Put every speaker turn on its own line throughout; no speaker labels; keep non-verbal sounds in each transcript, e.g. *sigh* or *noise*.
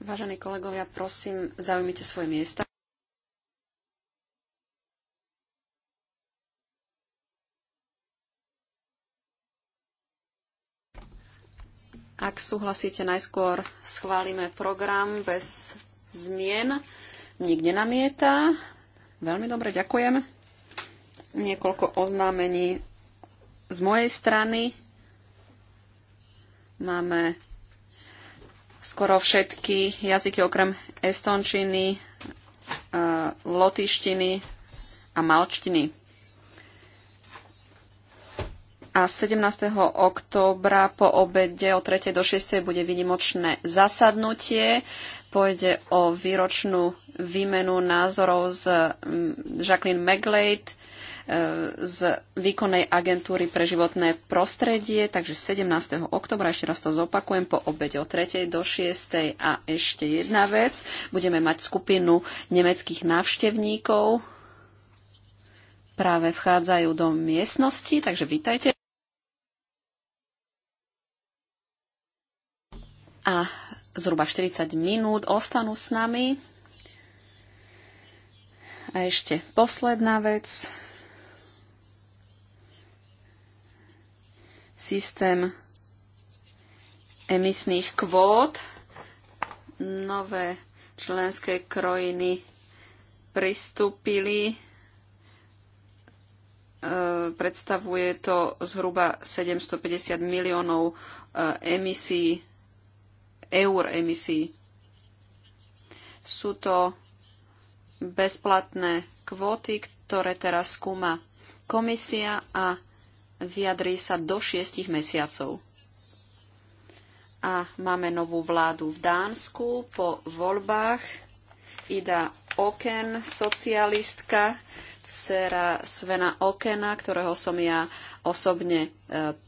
Vážení kolegovia, prosím, zaujmite svoje miesta. Ak súhlasíte, najskôr schválime program bez zmien. Nikde namieta. Veľmi dobre, ďakujem. Niekoľko oznámení z mojej strany máme skoro všetky jazyky okrem estončiny, e, lotištiny a malčtiny. A 17. októbra po obede o 3. do 6. bude vynimočné zasadnutie. Pôjde o výročnú výmenu názorov s Jacqueline Meglade, E, z výkonnej agentúry pre životné prostredie, takže 17. oktobra, ešte raz to zopakujem, po obede od 3. do 6. A ešte jedna vec, budeme mať skupinu nemeckých návštevníkov, práve vchádzajú do miestnosti, takže vítajte. A zhruba 40 minút ostanú s nami. A ešte posledná vec. systém emisných kvót. Nové členské krajiny pristúpili. E, predstavuje to zhruba 750 miliónov e, emisí, eur emisí. Sú to bezplatné kvóty, ktoré teraz skúma komisia a vyjadrí sa do šiestich mesiacov. A máme novú vládu v Dánsku po voľbách. Ida Oken, socialistka, dcera Svena Okena, ktorého som ja osobne e,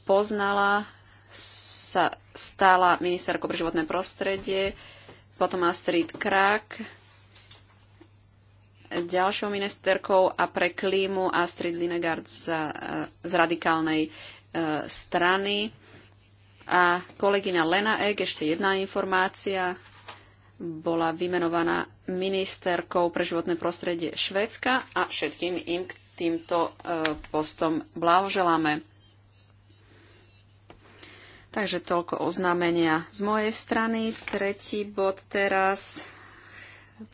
poznala, sa stala ministerkou pre životné prostredie, potom Astrid Krak, ďalšou ministerkou a pre klímu Astrid Linegard z, eh, z radikálnej eh, strany. A kolegyňa Lena Ek, ešte jedna informácia, bola vymenovaná ministerkou pre životné prostredie Švédska a všetkým im k týmto eh, postom blahoželáme. Takže toľko oznámenia z mojej strany. Tretí bod teraz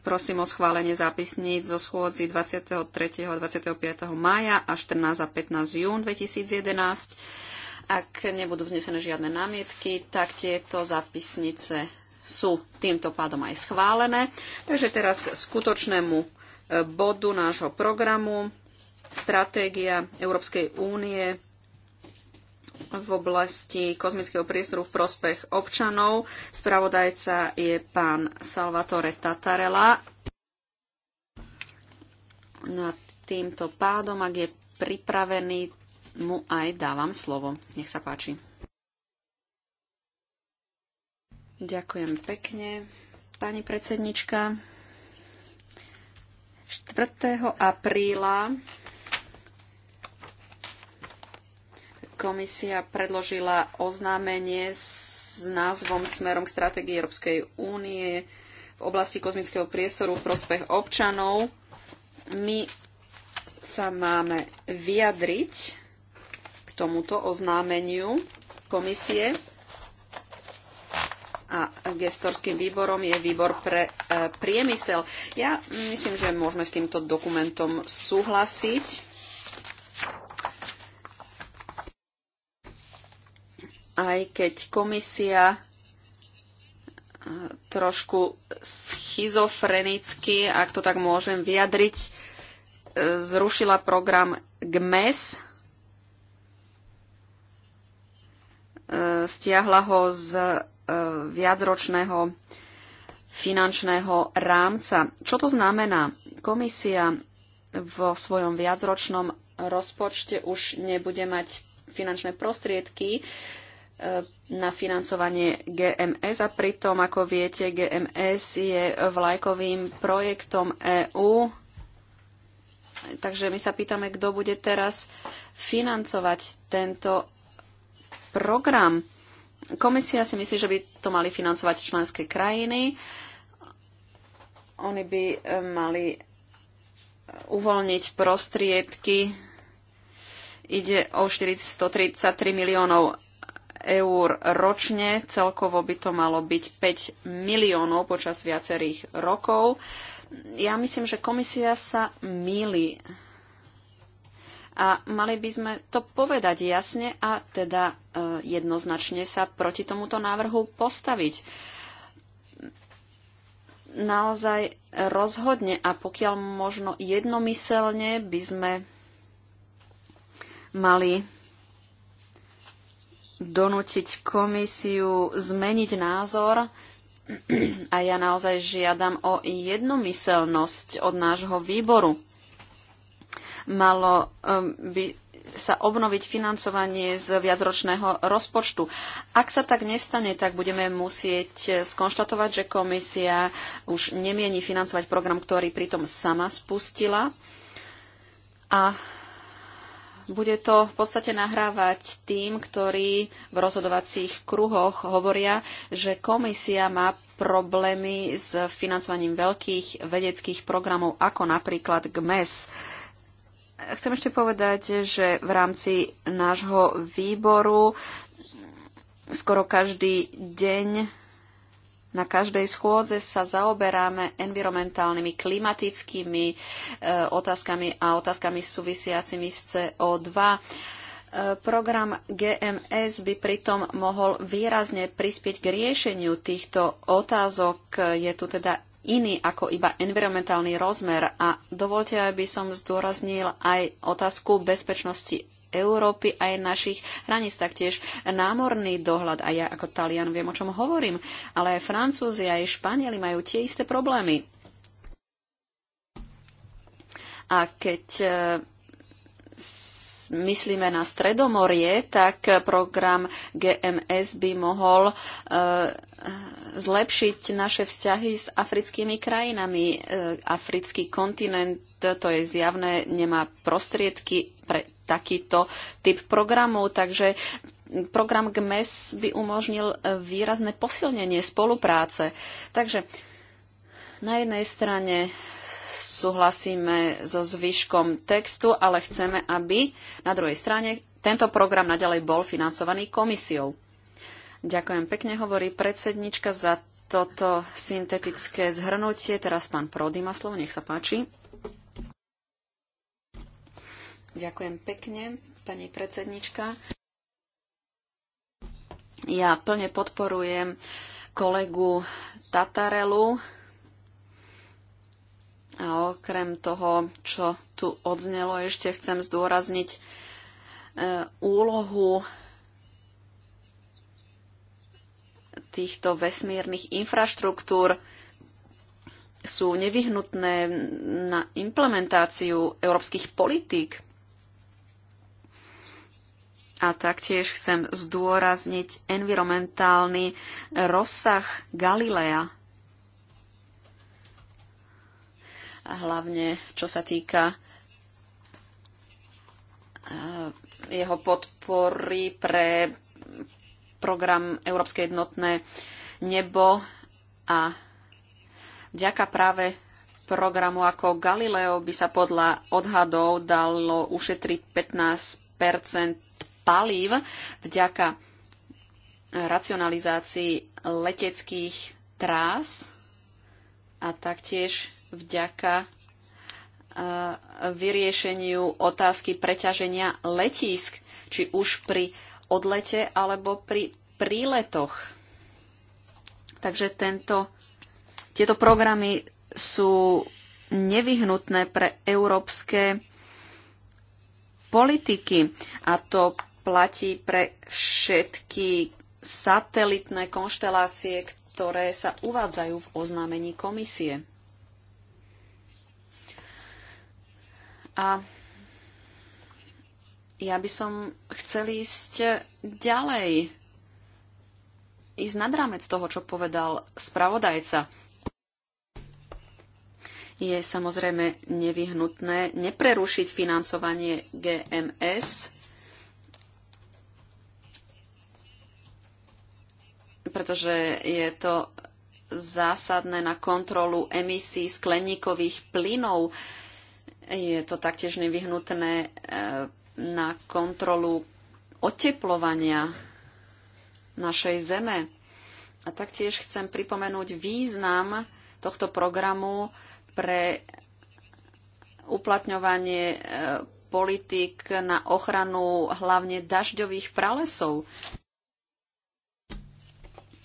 Prosím o schválenie zápisníc zo schôdzi 23. a 25. maja a 14. a 15. jún 2011. Ak nebudú vznesené žiadne námietky, tak tieto zápisnice sú týmto pádom aj schválené. Takže teraz k skutočnému e, bodu nášho programu stratégia Európskej únie v oblasti kozmického priestoru v prospech občanov. Spravodajca je pán Salvatore Tatarela. No a týmto pádom, ak je pripravený, mu aj dávam slovo. Nech sa páči. Ďakujem pekne, pani predsednička. 4. apríla Komisia predložila oznámenie s názvom Smerom k stratégii Európskej únie v oblasti kozmického priestoru v prospech občanov. My sa máme vyjadriť k tomuto oznámeniu komisie a gestorským výborom je výbor pre e, priemysel. Ja myslím, že môžeme s týmto dokumentom súhlasiť aj keď komisia e, trošku schizofrenicky, ak to tak môžem vyjadriť, e, zrušila program GMES, e, stiahla ho z viacročného finančného rámca. Čo to znamená? Komisia vo svojom viacročnom rozpočte už nebude mať finančné prostriedky E, na financovanie GMS a pritom, ako viete, GMS je vlajkovým projektom EÚ. Takže my sa pýtame, kto bude teraz financovať tento program. Komisia si myslí, že by to mali financovať členské krajiny. Oni by e, mali e, uvoľniť prostriedky. Ide o 433 miliónov eur ročne. Celkovo by to malo byť 5 miliónov počas viacerých rokov. Ja myslím, že komisia sa míli. A mali by sme to povedať jasne a teda e, jednoznačne sa proti tomuto návrhu postaviť. Naozaj rozhodne a pokiaľ možno jednomyselne by sme mali donútiť komisiu zmeniť názor a ja naozaj žiadam o jednomyselnosť od nášho výboru. Malo um, by sa obnoviť financovanie z viacročného rozpočtu. Ak sa tak nestane, tak budeme musieť skonštatovať, že komisia už nemieni financovať program, ktorý pritom sama spustila. A bude to v podstate nahrávať tým, ktorí v rozhodovacích kruhoch hovoria, že komisia má problémy s financovaním veľkých vedeckých programov, ako napríklad GMES. Chcem ešte povedať, že v rámci nášho výboru skoro každý deň na každej schôdze sa zaoberáme environmentálnymi, klimatickými e, otázkami a otázkami súvisiacimi s CO2. E, program GMS by pritom mohol výrazne prispieť k riešeniu týchto otázok. Je tu teda iný ako iba environmentálny rozmer a dovolte, aby som zdôraznil aj otázku bezpečnosti Európy aj našich hraníc, taktiež námorný dohľad. A ja ako Talian viem, o čom hovorím, ale aj Francúzi, aj Španieli majú tie isté problémy. A keď e, myslíme na Stredomorie, tak program GMS by mohol e, zlepšiť naše vzťahy s africkými krajinami. E, africký kontinent, to je zjavné, nemá prostriedky takýto typ programu, takže program GMES by umožnil e, výrazné posilnenie spolupráce. Takže na jednej strane súhlasíme so zvyškom textu, ale chceme, aby na druhej strane tento program nadalej bol financovaný komisiou. Ďakujem pekne, hovorí predsednička za toto syntetické zhrnutie. Teraz pán Prody má slovo, nech sa páči. Ďakujem pekne, pani predsednička. Ja plne podporujem kolegu Tatarelu a okrem toho, čo tu odznelo, ešte chcem zdôrazniť e, úlohu týchto vesmírnych infraštruktúr sú nevyhnutné na implementáciu európskych politík a taktiež chcem zdôrazniť environmentálny rozsah Galilea. A hlavne, čo sa týka eh, jeho podpory pre program Európske jednotné nebo a vďaka práve programu ako Galileo by sa podľa odhadov dalo ušetriť 15 palív vďaka racionalizácii leteckých trás a taktiež vďaka e, vyriešeniu otázky preťaženia letísk, či už pri odlete alebo pri príletoch. Takže tento, tieto programy sú nevyhnutné pre európske politiky a to platí pre všetky satelitné konštelácie, ktoré sa uvádzajú v oznámení komisie. A ja by som chcel ísť ďalej, ísť nad rámec toho, čo povedal spravodajca. Je samozrejme nevyhnutné neprerušiť financovanie GMS, pretože je to zásadné na kontrolu emisí skleníkových plynov. Je to taktiež nevyhnutné e, na kontrolu oteplovania našej zeme. A taktiež chcem pripomenúť význam tohto programu pre uplatňovanie e, politik na ochranu hlavne dažďových pralesov.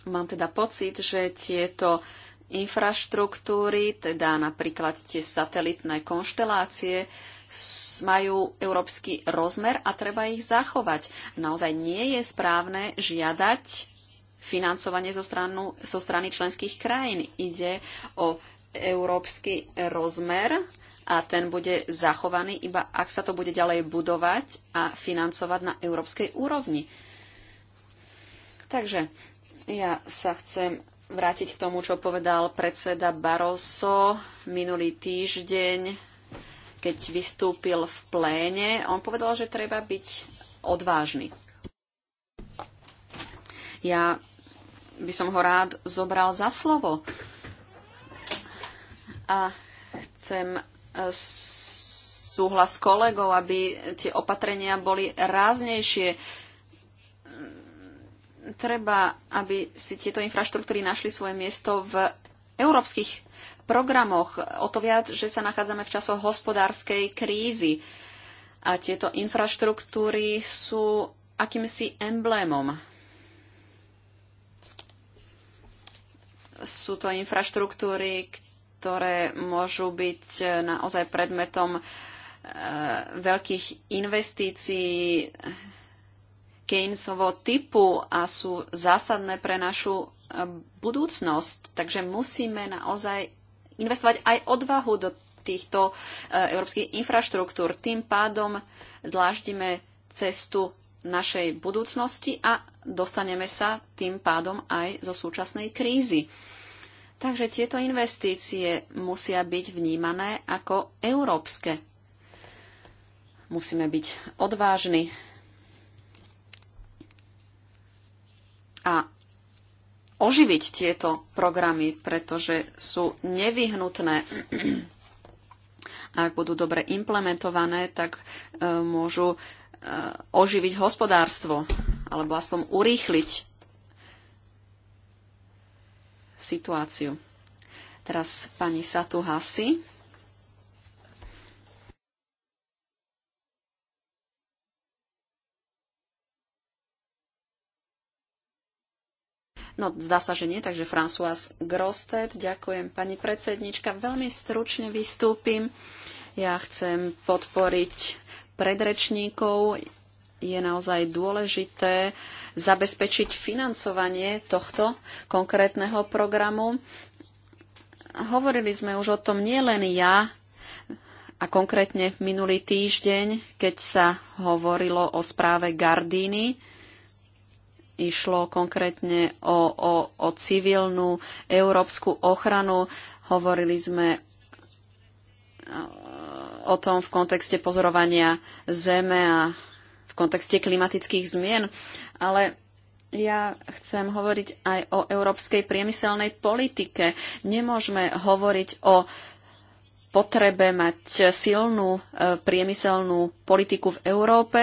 Mám teda pocit, že tieto infraštruktúry, teda napríklad tie satelitné konštelácie, majú európsky rozmer a treba ich zachovať. Naozaj nie je správne žiadať financovanie zo, stranu, zo strany členských krajín. Ide o európsky rozmer a ten bude zachovaný iba ak sa to bude ďalej budovať a financovať na európskej úrovni. Takže ja sa chcem vrátiť k tomu, čo povedal predseda Barroso minulý týždeň, keď vystúpil v pléne. On povedal, že treba byť odvážny. Ja by som ho rád zobral za slovo. A chcem e, súhlas kolegov, aby tie opatrenia boli ráznejšie treba, aby si tieto infraštruktúry našli svoje miesto v európskych programoch. O to viac, že sa nachádzame v časoch hospodárskej krízy. A tieto infraštruktúry sú akýmsi emblémom. Sú to infraštruktúry, ktoré môžu byť naozaj predmetom eh, veľkých investícií, Keynesovo typu a sú zásadné pre našu e, budúcnosť. Takže musíme naozaj investovať aj odvahu do týchto e, európskych infraštruktúr. Tým pádom dláždime cestu našej budúcnosti a dostaneme sa tým pádom aj zo súčasnej krízy. Takže tieto investície musia byť vnímané ako európske. Musíme byť odvážni a oživiť tieto programy, pretože sú nevyhnutné. Ak budú dobre implementované, tak e, môžu e, oživiť hospodárstvo alebo aspoň urýchliť situáciu. Teraz pani Satu Hasi. No, zdá sa, že nie, takže François Grostet, ďakujem pani predsednička. Veľmi stručne vystúpim. Ja chcem podporiť predrečníkov. Je naozaj dôležité zabezpečiť financovanie tohto konkrétneho programu. Hovorili sme už o tom nielen ja, a konkrétne minulý týždeň, keď sa hovorilo o správe Gardíny, išlo konkrétne o, o, o civilnú európsku ochranu. Hovorili sme e, o tom v kontexte pozorovania Zeme a v kontexte klimatických zmien, ale ja chcem hovoriť aj o európskej priemyselnej politike. Nemôžeme hovoriť o potrebe mať silnú e, priemyselnú politiku v Európe,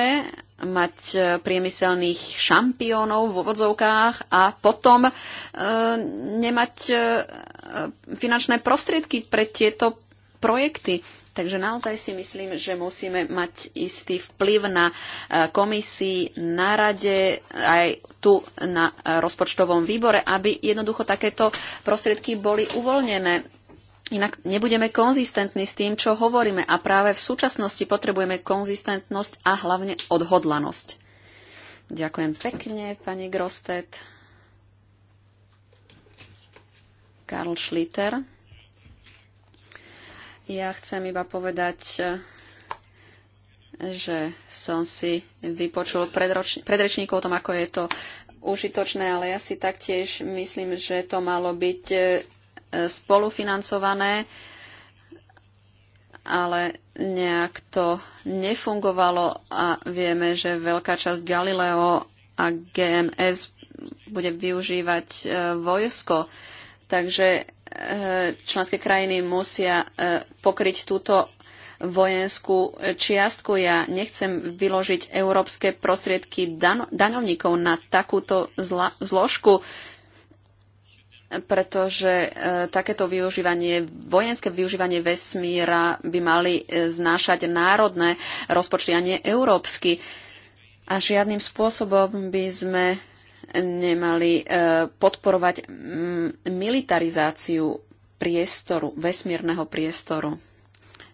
mať e, priemyselných šampiónov v vodzovkách a potom e, nemať e, e, finančné prostriedky pre tieto projekty. Takže naozaj si myslím, že musíme mať istý vplyv na komisii, na rade, aj tu na rozpočtovom výbore, aby jednoducho takéto prostriedky boli uvoľnené Inak nebudeme konzistentní s tým, čo hovoríme a práve v súčasnosti potrebujeme konzistentnosť a hlavne odhodlanosť. Ďakujem pekne, pani Grostet. Karl Schlitter. Ja chcem iba povedať, že som si vypočul predrečníkov o tom, ako je to užitočné, ale ja si taktiež myslím, že to malo byť spolufinancované, ale nejak to nefungovalo a vieme, že veľká časť Galileo a GMS bude využívať e, vojsko. Takže e, členské krajiny musia e, pokryť túto vojenskú čiastku. Ja nechcem vyložiť európske prostriedky daňovníkov na takúto zla- zložku pretože e, takéto využívanie, vojenské využívanie vesmíra by mali e, znášať národné rozpočty a nie európsky. A žiadnym spôsobom by sme nemali e, podporovať mm, militarizáciu priestoru, vesmírneho priestoru.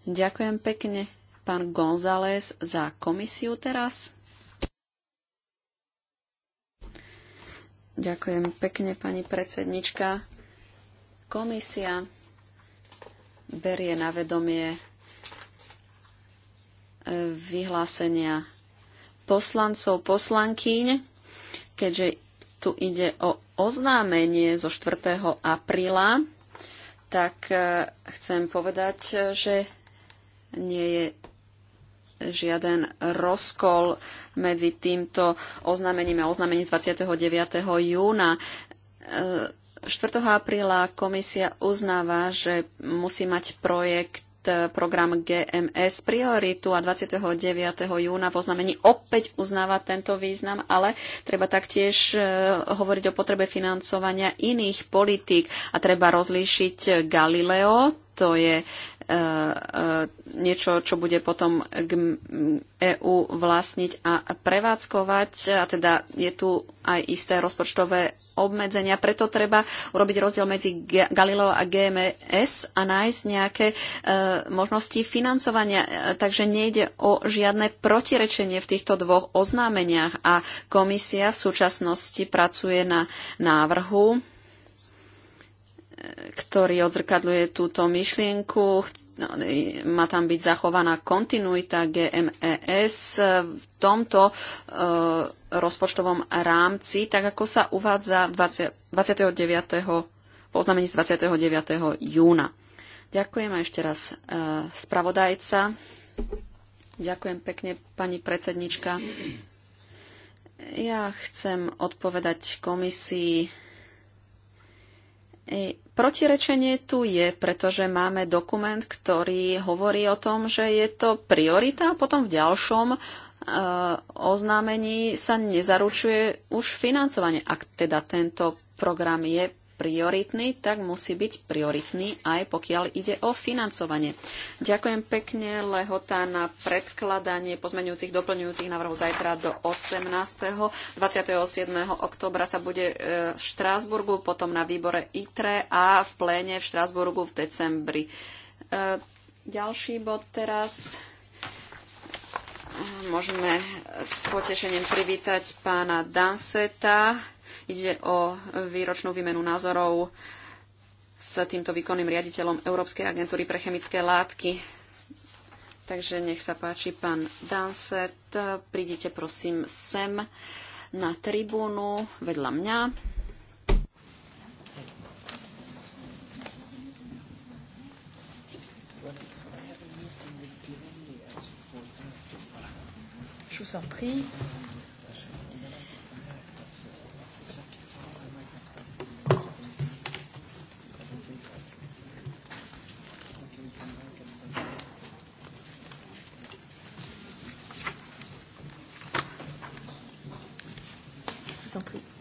Ďakujem pekne, pán González, za komisiu teraz. Ďakujem pekne, pani predsednička. Komisia berie na vedomie e, vyhlásenia poslancov, poslankyň, keďže tu ide o oznámenie zo 4. apríla, tak e, chcem povedať, že nie je žiaden rozkol medzi týmto oznámením a oznámením z 29. júna. 4. E, apríla komisia uznáva, že musí mať projekt e, program GMS prioritu a 29. júna v oznamení opäť uznáva tento význam, ale treba taktiež e, hovoriť o potrebe financovania iných politík a treba rozlíšiť Galileo, to je E, e, niečo, čo bude potom k EÚ vlastniť a prevádzkovať. A teda je tu aj isté rozpočtové obmedzenia. Preto treba urobiť rozdiel medzi Galileo a GMS a nájsť nejaké e, možnosti financovania. Takže nejde o žiadne protirečenie v týchto dvoch oznámeniach. A komisia v súčasnosti pracuje na návrhu ktorý odzrkadľuje túto myšlienku. No, má tam byť zachovaná kontinuita GMES v tomto e, rozpočtovom rámci, tak ako sa uvádza 29. po z 29. júna. Ďakujem a ešte raz e, spravodajca. Ďakujem pekne, pani predsednička. Ja chcem odpovedať komisii Protirečenie tu je, pretože máme dokument, ktorý hovorí o tom, že je to priorita a potom v ďalšom e, oznámení sa nezaručuje už financovanie. Ak teda tento program je prioritný, tak musí byť prioritný aj pokiaľ ide o financovanie. Ďakujem pekne. Lehota na predkladanie pozmeňujúcich, doplňujúcich návrhov zajtra do 18. 27. oktobra sa bude e, v Štrásburgu, potom na výbore ITRE a v pléne v Štrásburgu v decembri. E, ďalší bod teraz môžeme s potešením privítať pána Danseta, Ide o výročnú výmenu názorov s týmto výkonným riaditeľom Európskej agentúry pre chemické látky. Takže nech sa páči, pán Danset, prídite prosím sem na tribúnu vedľa mňa. Je vous en prie.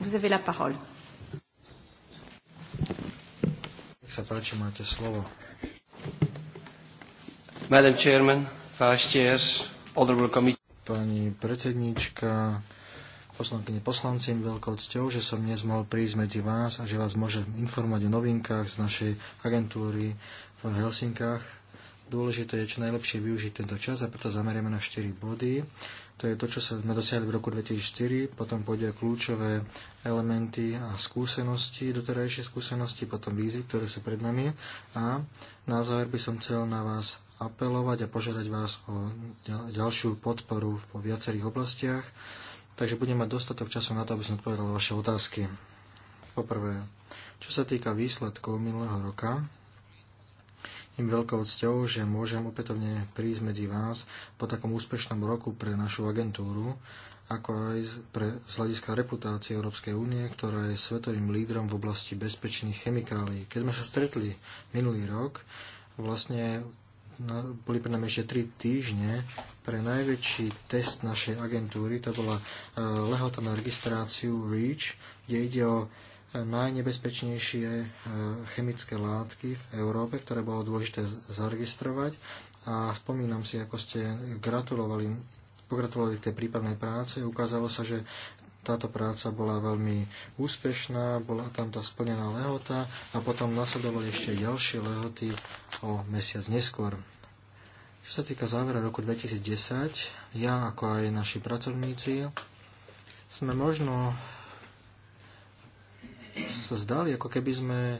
Vous avez la parole.
Nech sa páči, máte slovo. Madam Chairman, Vice Chairs, Honorable Committee. Pani predsednička, poslankyne poslanci, veľkou cťou, že som dnes mohol prísť medzi vás a že vás môžem informovať o novinkách z našej agentúry v Helsinkách. Dôležité je čo najlepšie využiť tento čas a preto zameriame na 4 body. To je to, čo sa sme dosiahli v roku 2004, potom pôjde kľúčové elementy a skúsenosti, doterajšie skúsenosti, potom výzvy, ktoré sú pred nami. A na záver by som chcel na vás apelovať a požiadať vás o ďalšiu podporu po viacerých oblastiach. Takže budem mať dostatok času na to, aby som odpovedal vaše otázky. Poprvé, čo sa týka výsledkov minulého roka, im veľkou cťou, že môžem opätovne prísť medzi vás po takom úspešnom roku pre našu agentúru, ako aj pre z hľadiska reputácie Európskej únie, ktorá je svetovým lídrom v oblasti bezpečných chemikálií. Keď sme sa stretli minulý rok, vlastne boli pre ešte tri týždne pre najväčší test našej agentúry, to bola eh, lehota na registráciu REACH, kde ide o najnebezpečnejšie eh, chemické látky v Európe, ktoré bolo dôležité zaregistrovať. A spomínam si, ako ste gratulovali, pogratulovali k tej prípadnej práce. Ukázalo sa, že táto práca bola veľmi úspešná, bola tam tá splnená lehota a potom nasledovali ešte ďalšie lehoty o mesiac neskôr. Čo sa týka závera roku 2010, ja ako aj naši pracovníci sme možno sa zdali, ako keby sme e,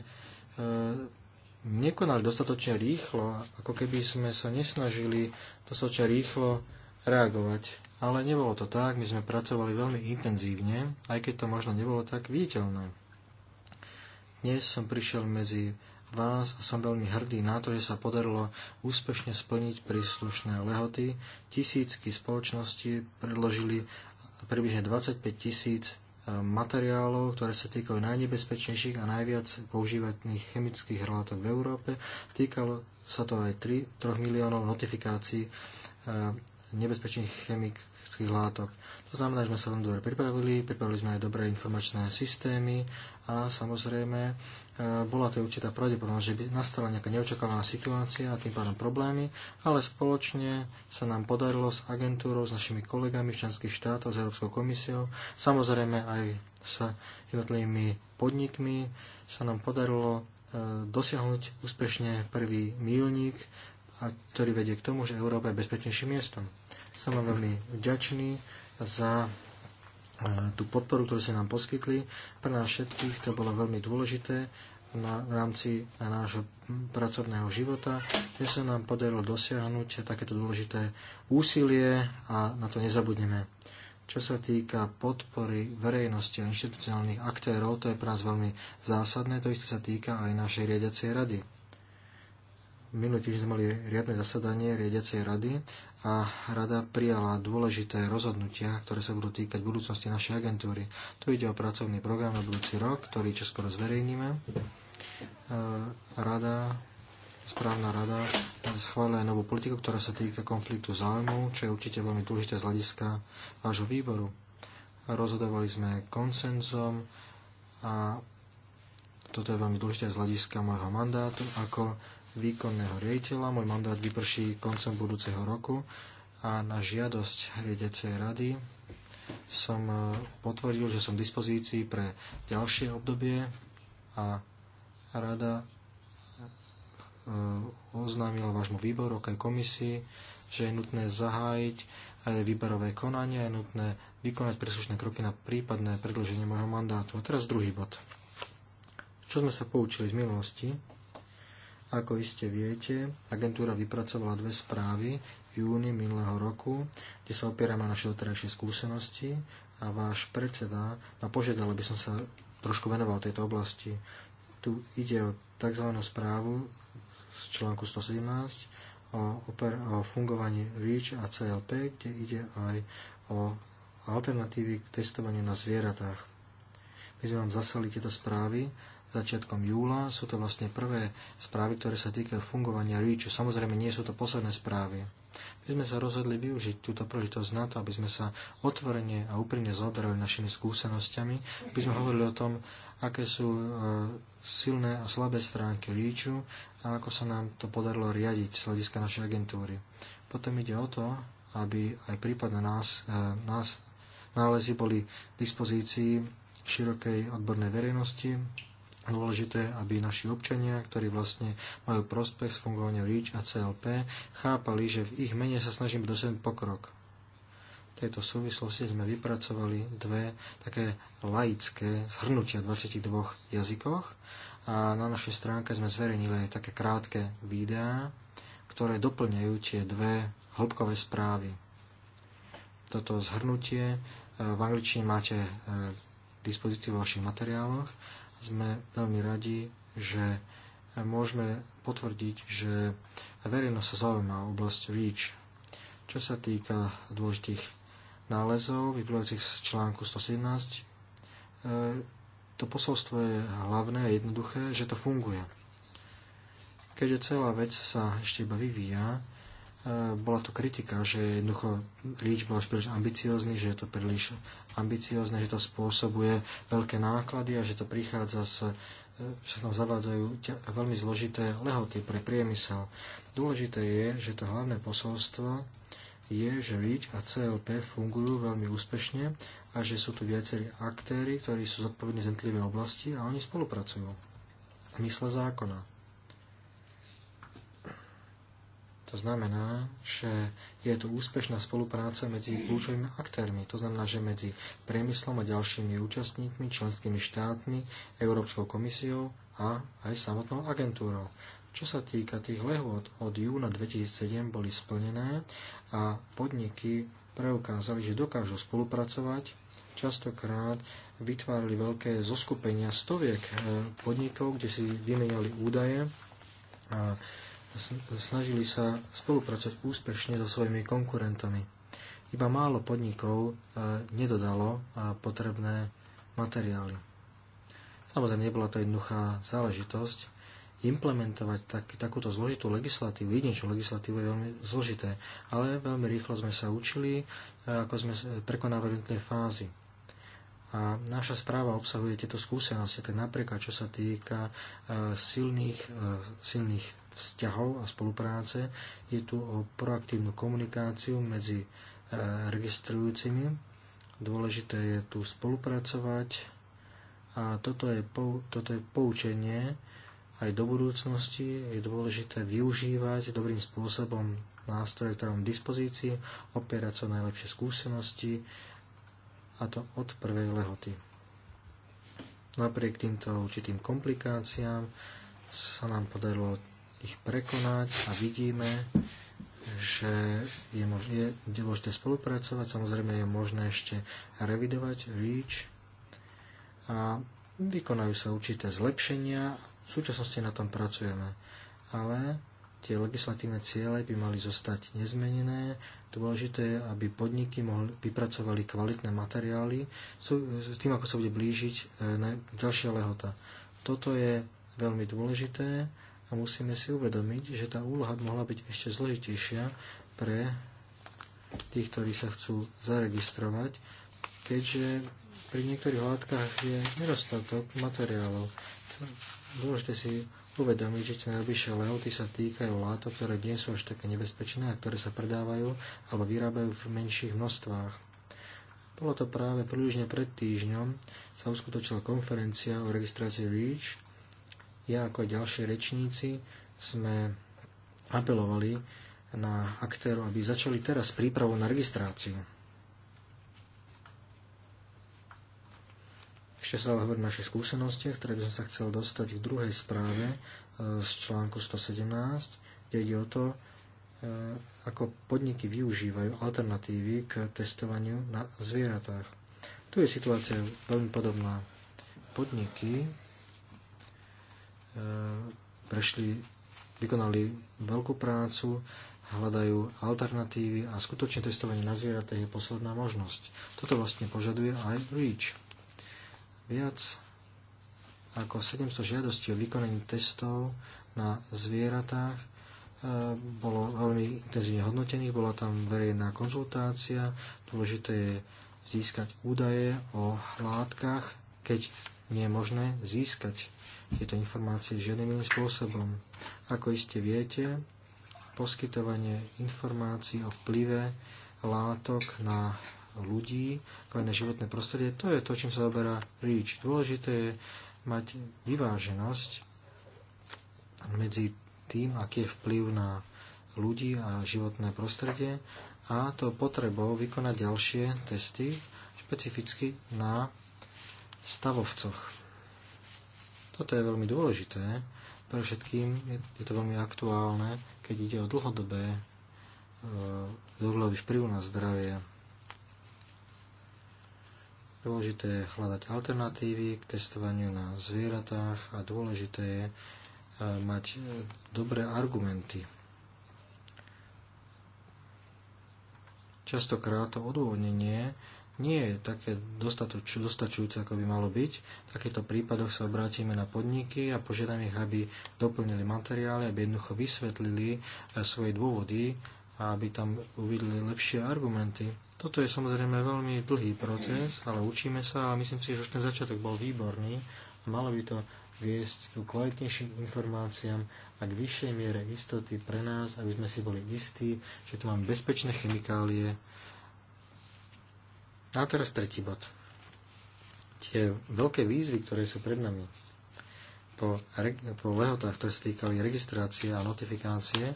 nekonali dostatočne rýchlo, ako keby sme sa nesnažili dostatočne rýchlo reagovať. Ale nebolo to tak, my sme pracovali veľmi intenzívne, aj keď to možno nebolo tak viditeľné. Dnes som prišiel medzi vás a som veľmi hrdý na to, že sa podarilo úspešne splniť príslušné lehoty. Tisícky spoločnosti predložili približne 25 tisíc materiálov, ktoré sa týkajú najnebezpečnejších a najviac používaných chemických hrlátok v Európe. Týkalo sa to aj 3, 3 miliónov notifikácií eh, nebezpečných chemických látok. To znamená, že sme sa veľmi dobre pripravili, pripravili sme aj dobré informačné systémy a samozrejme e, bola to určitá pravdepodobnosť, že by nastala nejaká neočakávaná situácia a tým pádom problémy, ale spoločne sa nám podarilo s agentúrou, s našimi kolegami v členských štátoch, s Európskou komisiou, samozrejme aj s jednotlivými podnikmi, sa nám podarilo e, dosiahnuť úspešne prvý mílnik, ktorý vedie k tomu, že Európa je bezpečnejším miestom. Som vám veľmi vďačný za e, tú podporu, ktorú ste nám poskytli. Pre nás všetkých to bolo veľmi dôležité na, v rámci nášho pracovného života, že sa nám podarilo dosiahnuť takéto dôležité úsilie a na to nezabudneme. Čo sa týka podpory verejnosti a inštitucionálnych aktérov, to je pre nás veľmi zásadné, to isté sa týka aj našej riadiacej rady. Minulý týždeň sme mali riadne zasadanie riadiacej rady a rada prijala dôležité rozhodnutia, ktoré sa budú týkať budúcnosti našej agentúry. Tu ide o pracovný program na budúci rok, ktorý čoskoro zverejníme. E, rada, správna rada schválila aj novú politiku, ktorá sa týka konfliktu záujmov, čo je určite veľmi dôležité z hľadiska vášho výboru. Rozhodovali sme konsenzom a toto je veľmi dôležité z hľadiska môjho mandátu ako výkonného riaditeľa. Môj mandát vyprší koncom budúceho roku a na žiadosť riadiacej rady som e, potvrdil, že som v dispozícii pre ďalšie obdobie a rada e, oznámila vášmu výboru, aj komisii, že je nutné zahájiť aj e, výberové konania, je nutné vykonať príslušné kroky na prípadné predlženie môjho mandátu. A teraz druhý bod. Čo sme sa poučili z minulosti? Ako iste viete, agentúra vypracovala dve správy v júni minulého roku, kde sa opierame na naše doterajšie skúsenosti a váš predseda ma požiadal, aby som sa trošku venoval tejto oblasti. Tu ide o tzv. správu z článku 117 o, oper- o fungovaní REACH a CLP, kde ide aj o alternatívy k testovaniu na zvieratách. My sme vám zaslali tieto správy začiatkom júla. Sú to vlastne prvé správy, ktoré sa týkajú fungovania REACHu. Samozrejme, nie sú to posledné správy. My sme sa rozhodli využiť túto príležitosť na to, aby sme sa otvorene a úprimne zaoberali našimi skúsenosťami, aby sme hovorili o tom, aké sú e, silné a slabé stránky REACHu a ako sa nám to podarilo riadiť z hľadiska našej agentúry. Potom ide o to, aby aj prípadne nás, e, nás nálezy boli k dispozícii širokej odbornej verejnosti, dôležité, aby naši občania, ktorí vlastne majú prospech z fungovania REACH a CLP, chápali, že v ich mene sa snažíme dosiahnuť pokrok. V tejto súvislosti sme vypracovali dve také laické zhrnutia v 22 jazykoch a na našej stránke sme zverejnili aj také krátke videá, ktoré doplňajú tie dve hĺbkové správy. Toto zhrnutie eh, v angličtine máte k eh, dispozícii vo vašich materiáloch sme veľmi radi, že môžeme potvrdiť, že verejnosť sa zaujíma oblasť REACH. Čo sa týka dôležitých nálezov vyplývajúcich z článku 117, e, to posolstvo je hlavné a jednoduché, že to funguje. Keďže celá vec sa ešte iba vyvíja, E, bola to kritika, že jednoducho REACH bol príliš ambiciózny, že je to príliš ambiciózne, že to spôsobuje veľké náklady a že to prichádza s e, sa tam zavádzajú veľmi zložité lehoty pre priemysel. Dôležité je, že to hlavné posolstvo je, že REACH a CLP fungujú veľmi úspešne a že sú tu viacerí aktéry, ktorí sú zodpovední z jednotlivé oblasti a oni spolupracujú. Mysle zákona. To znamená, že je tu úspešná spolupráca medzi kľúčovými aktérmi, to znamená, že medzi priemyslom a ďalšími účastníkmi, členskými štátmi, Európskou komisiou a aj samotnou agentúrou. Čo sa týka tých lehôd, od júna 2007 boli splnené a podniky preukázali, že dokážu spolupracovať, častokrát vytvárali veľké zoskupenia stoviek eh, podnikov, kde si vymenali údaje a snažili sa spolupracovať úspešne so svojimi konkurentami. Iba málo podnikov e, nedodalo e, potrebné materiály. Samozrejme, nebola to jednoduchá záležitosť. Implementovať tak, takúto zložitú legislatívu, jedinečnú legislatívu je veľmi zložité, ale veľmi rýchlo sme sa učili, e, ako sme prekonávali tie fázy a naša správa obsahuje tieto skúsenosti, tak napríklad čo sa týka silných, silných vzťahov a spolupráce. Je tu o proaktívnu komunikáciu medzi e, registrujúcimi. Dôležité je tu spolupracovať a toto je, pou, toto je poučenie aj do budúcnosti. Je dôležité využívať dobrým spôsobom nástroje, ktoré mám v dispozícii, opierať sa o najlepšie skúsenosti a to od prvej lehoty. Napriek týmto určitým komplikáciám sa nám podarilo ich prekonať a vidíme, že je možné, kde môžete spolupracovať. Samozrejme je možné ešte revidovať REACH a vykonajú sa určité zlepšenia. V súčasnosti na tom pracujeme. Ale tie legislatívne ciele by mali zostať nezmenené. Dôležité je, aby podniky mohli, vypracovali kvalitné materiály s tým, ako sa bude blížiť e, ďalšia lehota. Toto je veľmi dôležité a musíme si uvedomiť, že tá úloha mohla byť ešte zložitejšia pre tých, ktorí sa chcú zaregistrovať, keďže pri niektorých látkach je nedostatok materiálov. Dôležité si uvedomiť, že tie najbližšie lehoty sa týkajú látok, ktoré nie sú až také nebezpečné a ktoré sa predávajú alebo vyrábajú v menších množstvách. Bolo to práve približne pred týždňom, sa uskutočila konferencia o registrácii REACH ja ako ďalší rečníci sme apelovali na aktérov, aby začali teraz prípravu na registráciu. Ešte sa ale hovorím o našich skúsenostiach, ktoré by som sa chcel dostať k druhej správe e, z článku 117, kde ide o to, e, ako podniky využívajú alternatívy k testovaniu na zvieratách. Tu je situácia veľmi podobná. Podniky E, prešli, vykonali veľkú prácu, hľadajú alternatívy a skutočne testovanie na zvieratách je posledná možnosť. Toto vlastne požaduje aj REACH. Viac ako 700 žiadostí o vykonaní testov na zvieratách e, bolo veľmi intenzívne hodnotených, bola tam verejná konzultácia, dôležité je získať údaje o látkach, keď nie je možné získať tieto informácie žiadnym iným spôsobom. Ako iste viete, poskytovanie informácií o vplyve látok na ľudí, ako aj na životné prostredie, to je to, čím sa zaoberá REACH. Dôležité je mať vyváženosť medzi tým, aký je vplyv na ľudí a životné prostredie a to potrebou vykonať ďalšie testy špecificky na stavovcoch. Toto je veľmi dôležité. Pre všetkým je to veľmi aktuálne, keď ide o dlhodobé dlhodobý e, vplyv na zdravie. Dôležité je hľadať alternatívy k testovaniu na zvieratách a dôležité je e, mať e, dobré argumenty. Častokrát to odôvodnenie nie je také dostačujúce, ako by malo byť. V takýchto prípadoch sa obrátime na podniky a požiadame ich, aby doplnili materiály, aby jednoducho vysvetlili e, svoje dôvody a aby tam uvideli lepšie argumenty. Toto je samozrejme veľmi dlhý proces, ale učíme sa a myslím si, že už ten začiatok bol výborný a malo by to viesť k kvalitnejším informáciám a k vyššej miere istoty pre nás, aby sme si boli istí, že tu máme bezpečné chemikálie, a teraz tretí bod. Tie veľké výzvy, ktoré sú pred nami po, po lehotách, ktoré sa týkali registrácie a notifikácie,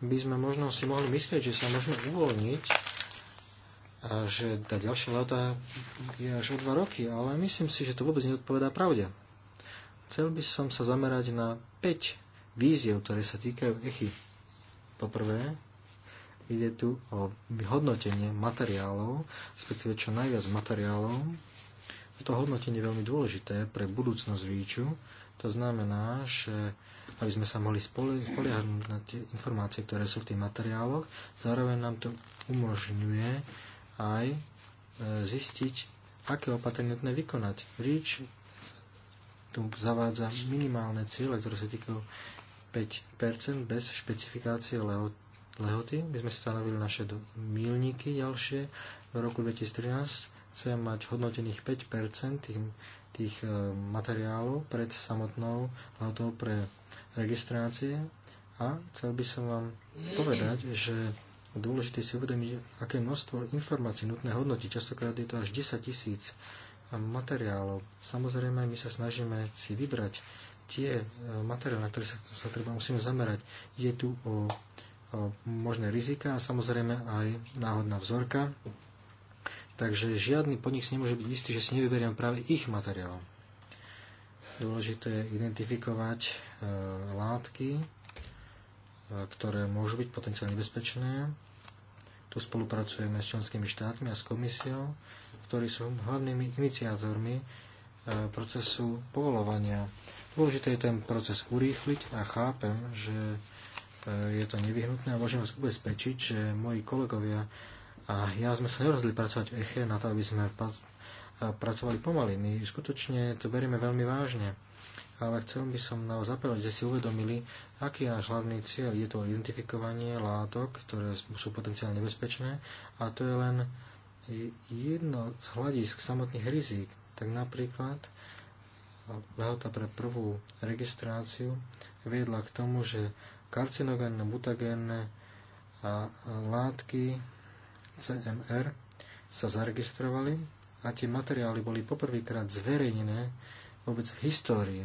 by sme možno si mohli myslieť, že sa môžeme uvoľniť a že tá ďalšia lehota je až o dva roky, ale myslím si, že to vôbec neodpovedá pravde. Chcel by som sa zamerať na 5 víziev, ktoré sa týkajú echy. Poprvé, Ide tu o vyhodnotenie materiálov, respektíve čo najviac materiálov. To hodnotenie je veľmi dôležité pre budúcnosť výču. To znamená, že aby sme sa mohli spoliehať na tie informácie, ktoré sú v tých materiáloch, zároveň nám to umožňuje aj e, zistiť, aké opatrenie nutné vykonať. Ríč tu zavádza minimálne ciele, ktoré sa týkajú 5% bez špecifikácie lehoty lehoty. My sme stanovili naše milníky ďalšie. V roku 2013 chcem mať hodnotených 5 tých, tých e, materiálov pred samotnou lehotou pre registrácie. A chcel by som vám povedať, že dôležité si uvedomiť, aké množstvo informácií nutné hodnotiť. Častokrát je to až 10 tisíc materiálov. Samozrejme, my sa snažíme si vybrať tie e, materiály, na ktoré sa, sa treba musíme zamerať. Je tu o možné rizika a samozrejme aj náhodná vzorka. Takže žiadny podnik si nemôže byť istý, že si nevyberiem práve ich materiál. Dôležité je identifikovať e, látky, e, ktoré môžu byť potenciálne nebezpečné. Tu spolupracujeme s členskými štátmi a s komisiou, ktorí sú hlavnými iniciátormi e, procesu povolovania. Dôležité je ten proces urýchliť a chápem, že E, je to nevyhnutné a môžem vás ubezpečiť, že moji kolegovia a ja sme sa nerozhodli pracovať v ECHE na to, aby sme pracovali pomaly. My skutočne to berieme veľmi vážne. Ale chcel by som na vás apelovať, že si uvedomili, aký je náš hlavný cieľ. Je to identifikovanie látok, ktoré sú potenciálne nebezpečné a to je len jedno z hľadisk samotných rizík. Tak napríklad e, lehota pre prvú registráciu viedla k tomu, že karcinogénne, mutagénne a látky CMR sa zaregistrovali a tie materiály boli poprvýkrát zverejnené vôbec v histórii.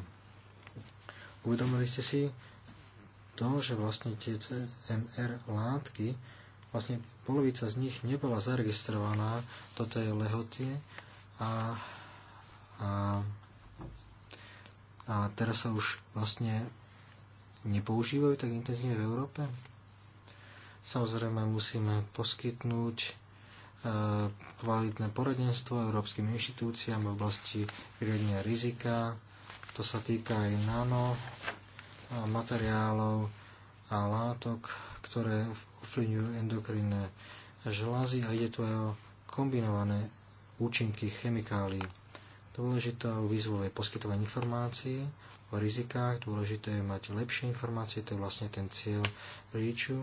Uvedomili ste si to, že vlastne tie CMR látky, vlastne polovica z nich nebola zaregistrovaná do tej lehoty a, a a teraz sa už vlastne nepoužívajú tak intenzívne v Európe? Samozrejme musíme poskytnúť e, kvalitné poradenstvo európskym inštitúciám v oblasti riadenia rizika. To sa týka aj nano e, materiálov a látok, ktoré ovplyvňujú endokrinné žlázy a ide tu aj o kombinované účinky chemikálií. Dôležitou výzvou je poskytovanie informácií o rizikách, dôležité je mať lepšie informácie, to je vlastne ten cieľ REACHu.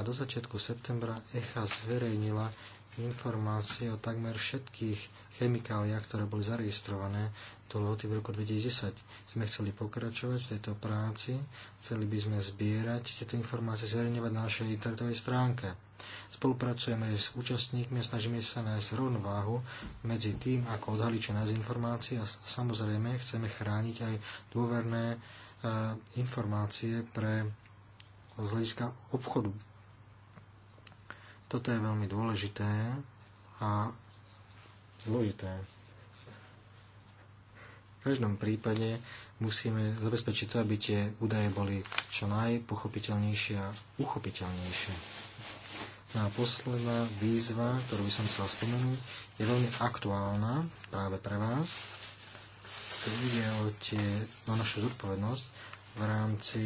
A do začiatku septembra ECHA zverejnila informácie o takmer všetkých chemikáliách, ktoré boli zaregistrované do lehoty v roku 2010. Sme chceli pokračovať v tejto práci, chceli by sme zbierať tieto informácie, zverejňovať na našej internetovej stránke. Spolupracujeme s účastníkmi a snažíme sa nájsť rovnováhu medzi tým, ako odhaliť čo nás informácií a samozrejme chceme chrániť aj dôverné e, informácie pre z hľadiska obchodu. Toto je veľmi dôležité a zložité. V každom prípade musíme zabezpečiť to, aby tie údaje boli čo najpochopiteľnejšie a uchopiteľnejšie. No a posledná výzva, ktorú by som chcel spomenúť, je veľmi aktuálna práve pre vás. To ide o, tie, o našu zodpovednosť v rámci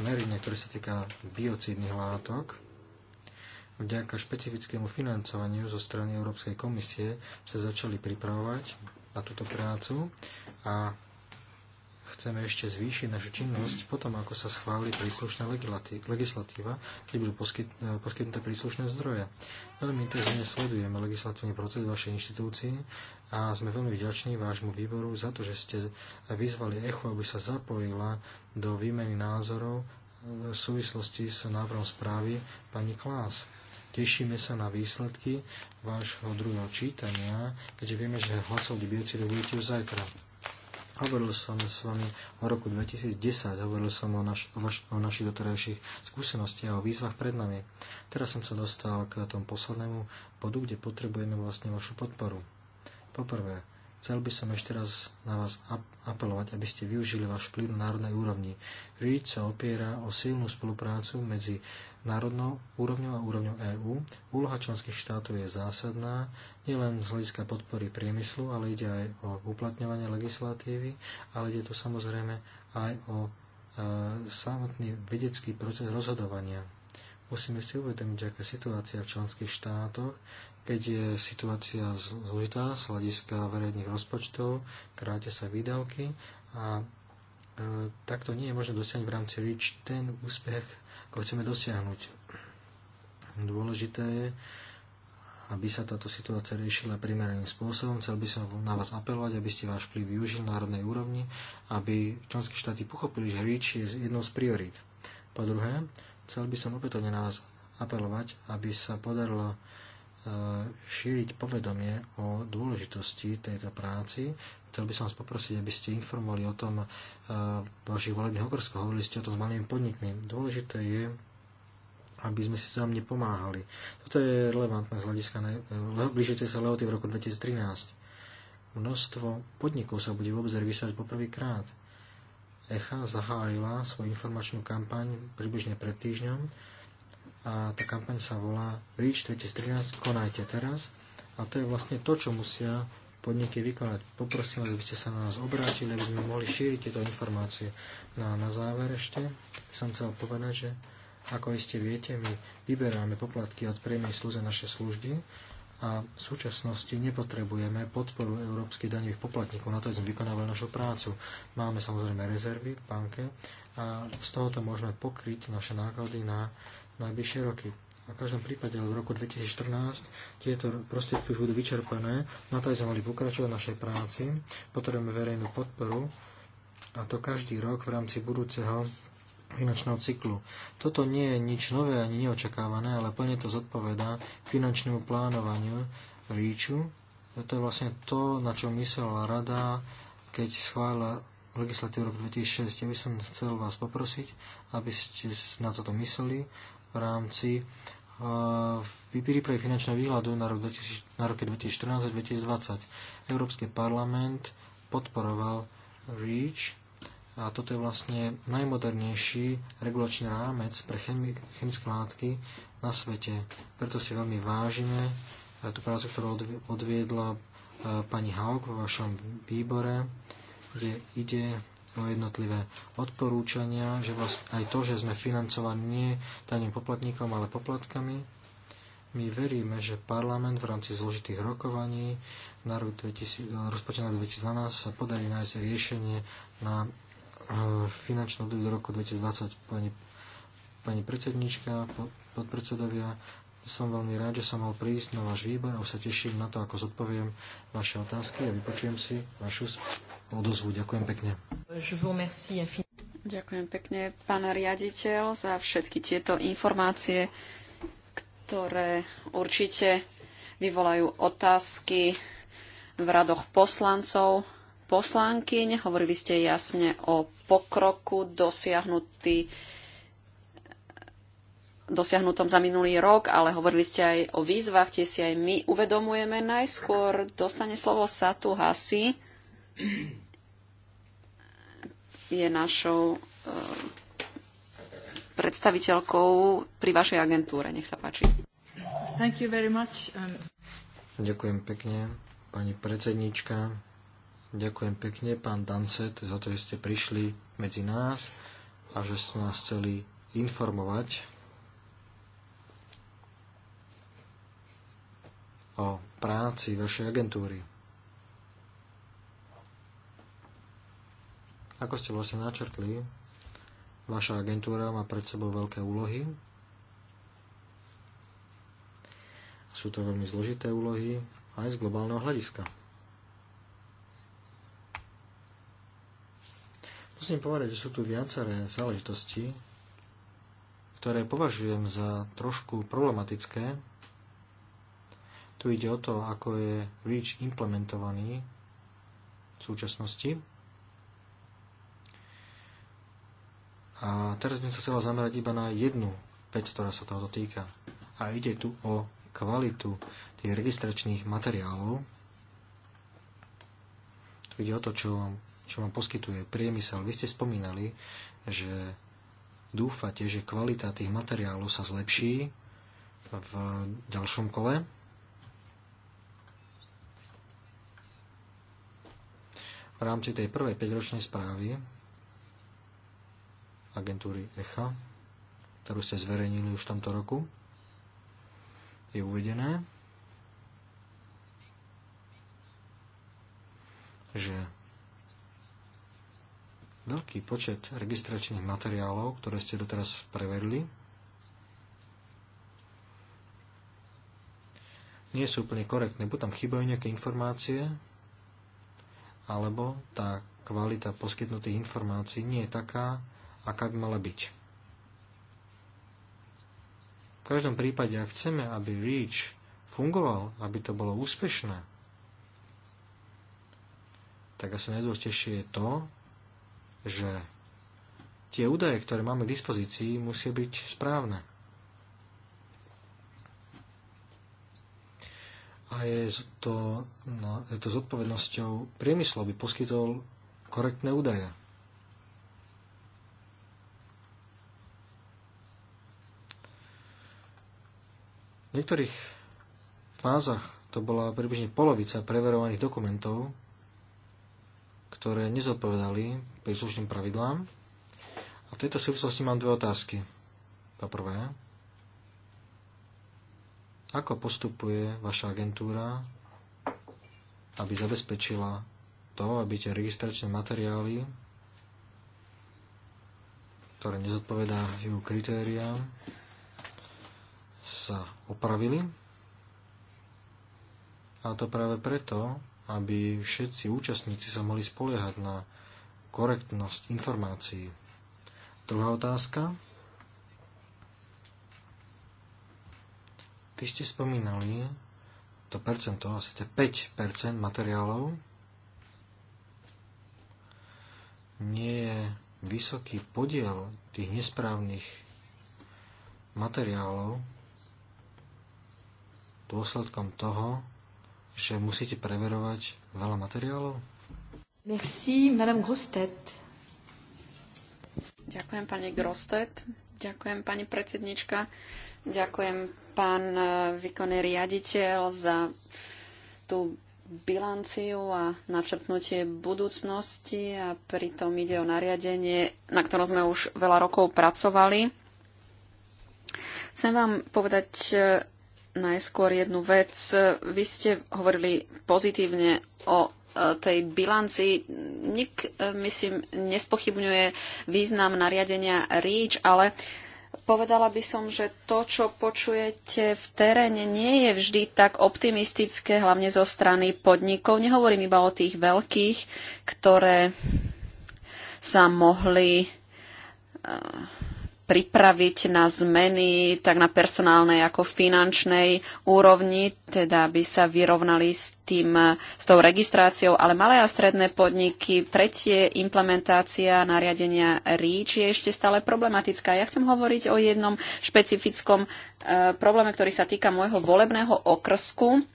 merenia, ktoré sa týka biocídnych látok. Vďaka špecifickému financovaniu zo strany Európskej komisie sa začali pripravovať na túto prácu a chceme ešte zvýšiť našu činnosť potom, ako sa schváli príslušná legislatíva, kde budú poskyt, e, poskytnuté príslušné zdroje. Veľmi intenzívne sledujeme legislatívny proces vašej inštitúcii a sme veľmi vďační vášmu výboru za to, že ste vyzvali ECHO, aby sa zapojila do výmeny názorov e, v súvislosti s návrhom správy pani Klás. Tešíme sa na výsledky vášho druhého čítania, keďže vieme, že hlasov biocidu budete už zajtra. Hovoril som s vami o roku 2010, hovoril som o, naš, o, vaš, o našich doterajších skúsenostiach, o výzvach pred nami. Teraz som sa dostal k tomu poslednému bodu, kde potrebujeme vlastne vašu podporu. Poprvé, Chcel by som ešte raz na vás apelovať, aby ste využili váš vplyv na národnej úrovni. Ríč sa opiera o silnú spoluprácu medzi národnou úrovňou a úrovňou EÚ. Úloha členských štátov je zásadná, nielen z hľadiska podpory priemyslu, ale ide aj o uplatňovanie legislatívy, ale ide tu samozrejme aj o e, samotný vedecký proces rozhodovania. Musíme si uvedomiť, že aká situácia v členských štátoch keď je situácia zložitá z hľadiska verejných rozpočtov, kráte sa výdavky a e, takto nie je možné dosiahnuť v rámci REACH ten úspech, ako chceme dosiahnuť. Dôležité je, aby sa táto situácia riešila primeraným spôsobom. Chcel by som na vás apelovať, aby ste váš vplyv využili na národnej úrovni, aby členské štáty pochopili, že REACH je jednou z priorít. Po druhé, chcel by som opätovne na vás apelovať, aby sa podarilo E, šíriť povedomie o dôležitosti tejto práci. Chcel by som vás poprosiť, aby ste informovali o tom v e, vašich volebných okrskoch. Hovorili ste o tom s malými podnikmi. Dôležité je, aby sme si tam nepomáhali. Toto je relevantné z hľadiska e, blížiacej sa leoty v roku 2013. Množstvo podnikov sa bude vôbec registrovať poprvýkrát. ECHA zahájila svoju informačnú kampaň približne pred týždňom a tá kampaň sa volá Reach 2013, konajte teraz. A to je vlastne to, čo musia podniky vykonať. Poprosím vás, aby ste sa na nás obrátili, aby sme mohli šíriť tieto informácie. No a na záver ešte som chcel povedať, že ako iste viete, my vyberáme poplatky od priemyslu za naše služby a v súčasnosti nepotrebujeme podporu európskych daňových poplatníkov. Na to sme vykonávali našu prácu. Máme samozrejme rezervy v banke a z tohoto môžeme pokryť naše náklady na najbližšie roky. A v každom prípade ale v roku 2014 tieto prostriedky už budú vyčerpané. Na to aj sme mali pokračovať v našej práci. Potrebujeme verejnú podporu a to každý rok v rámci budúceho finančného cyklu. Toto nie je nič nové ani neočakávané, ale plne to zodpovedá finančnému plánovaniu ríču. To je vlastne to, na čo myslela rada, keď schválila legislatívu roku 2006. Ja by som chcel vás poprosiť, aby ste na toto mysleli v rámci eh, prípravy finančného výhľadu na, rok 2000, na 2014 a 2020. Európsky parlament podporoval REACH a toto je vlastne najmodernejší regulačný rámec pre chemické látky na svete. Preto si veľmi vážime eh, tú prácu, ktorú odviedla eh, pani Haug vo vašom výbore, kde ide jednotlivé odporúčania, že vlastne aj to, že sme financovaní nie daním poplatníkom, ale poplatkami. My veríme, že parlament v rámci zložitých rokovaní na rok 2012 sa podarí nájsť riešenie na eh, finančnú obdobie do roku 2020. Pani, pani predsednička, podpredsedovia, som veľmi rád, že som mal prísť na váš výbor a už sa teším na to, ako zodpoviem vaše otázky a vypočujem si vašu odozvu. Ďakujem pekne.
Ďakujem pekne, pán riaditeľ, za všetky tieto informácie, ktoré určite vyvolajú otázky v radoch poslancov, poslankyň. Hovorili ste jasne o pokroku dosiahnutý dosiahnutom za minulý rok, ale hovorili ste aj o výzvach, tie si aj my uvedomujeme. Najskôr dostane slovo Satu Hasi je našou eh, predstaviteľkou pri vašej agentúre. Nech
sa páči. Thank you very much. Um... Ďakujem pekne, pani predsednička. Ďakujem pekne, pán Dancet, za to, že ste prišli medzi nás a že ste nás chceli informovať o práci vašej agentúry. Ako ste vlastne načrtli, vaša agentúra má pred sebou veľké úlohy. Sú to veľmi zložité úlohy aj z globálneho hľadiska. Musím povedať, že sú tu viaceré záležitosti, ktoré považujem za trošku problematické. Tu ide o to, ako je REACH implementovaný v súčasnosti. A teraz by som sa chcela zamerať iba na jednu vec, ktorá sa toho týka. A ide tu o kvalitu tých registračných materiálov. Tu ide o to, čo vám, čo vám poskytuje priemysel. Vy ste spomínali, že dúfate, že kvalita tých materiálov sa zlepší v ďalšom kole. V rámci tej prvej 5-ročnej správy agentúry ECHA, ktorú ste zverejnili už v tomto roku, je uvedené, že veľký počet registračných materiálov, ktoré ste doteraz preverili, nie sú úplne korektné. Buď tam chýbajú nejaké informácie, alebo tá kvalita poskytnutých informácií nie je taká, aká by mala byť. V každom prípade, ak chceme, aby REACH fungoval, aby to bolo úspešné, tak asi najdôležitejšie je to, že tie údaje, ktoré máme k dispozícii, musia byť správne. A je to, no, je to zodpovednosťou priemyslu, aby poskytol korektné údaje. V niektorých fázach to bola približne polovica preverovaných dokumentov, ktoré nezodpovedali príslušným pravidlám. A v tejto súvislosti mám dve otázky. Po prvé, ako postupuje vaša agentúra, aby zabezpečila to, aby tie registračné materiály, ktoré nezodpovedajú kritériám, sa opravili. A to práve preto, aby všetci účastníci sa mohli spoliehať na korektnosť informácií. Druhá otázka. Vy ste spomínali to percento, asi 5% materiálov nie je vysoký podiel tých nesprávnych materiálov dôsledkom toho, že musíte preverovať veľa materiálov?
Merci, Madame Grostet. Ďakujem, pani Grostet. Ďakujem, pani predsednička. Ďakujem, pán e, výkonný riaditeľ, za tú bilanciu a načrtnutie budúcnosti a pritom ide o nariadenie, na ktorom sme už veľa rokov pracovali. Chcem vám povedať e, najskôr jednu vec. Vy ste hovorili pozitívne o e, tej bilanci. Nik, e, myslím, nespochybňuje význam nariadenia REACH, ale povedala by som, že to, čo počujete v teréne, nie je vždy tak optimistické, hlavne zo strany podnikov. Nehovorím iba o tých veľkých, ktoré sa mohli e, pripraviť na zmeny tak na personálnej ako finančnej úrovni, teda by sa vyrovnali s, tým, s tou registráciou, ale malé a stredné podniky, tie implementácia nariadenia REACH je ešte stále problematická. Ja chcem hovoriť o jednom špecifickom e, probléme, ktorý sa týka môjho volebného okrsku.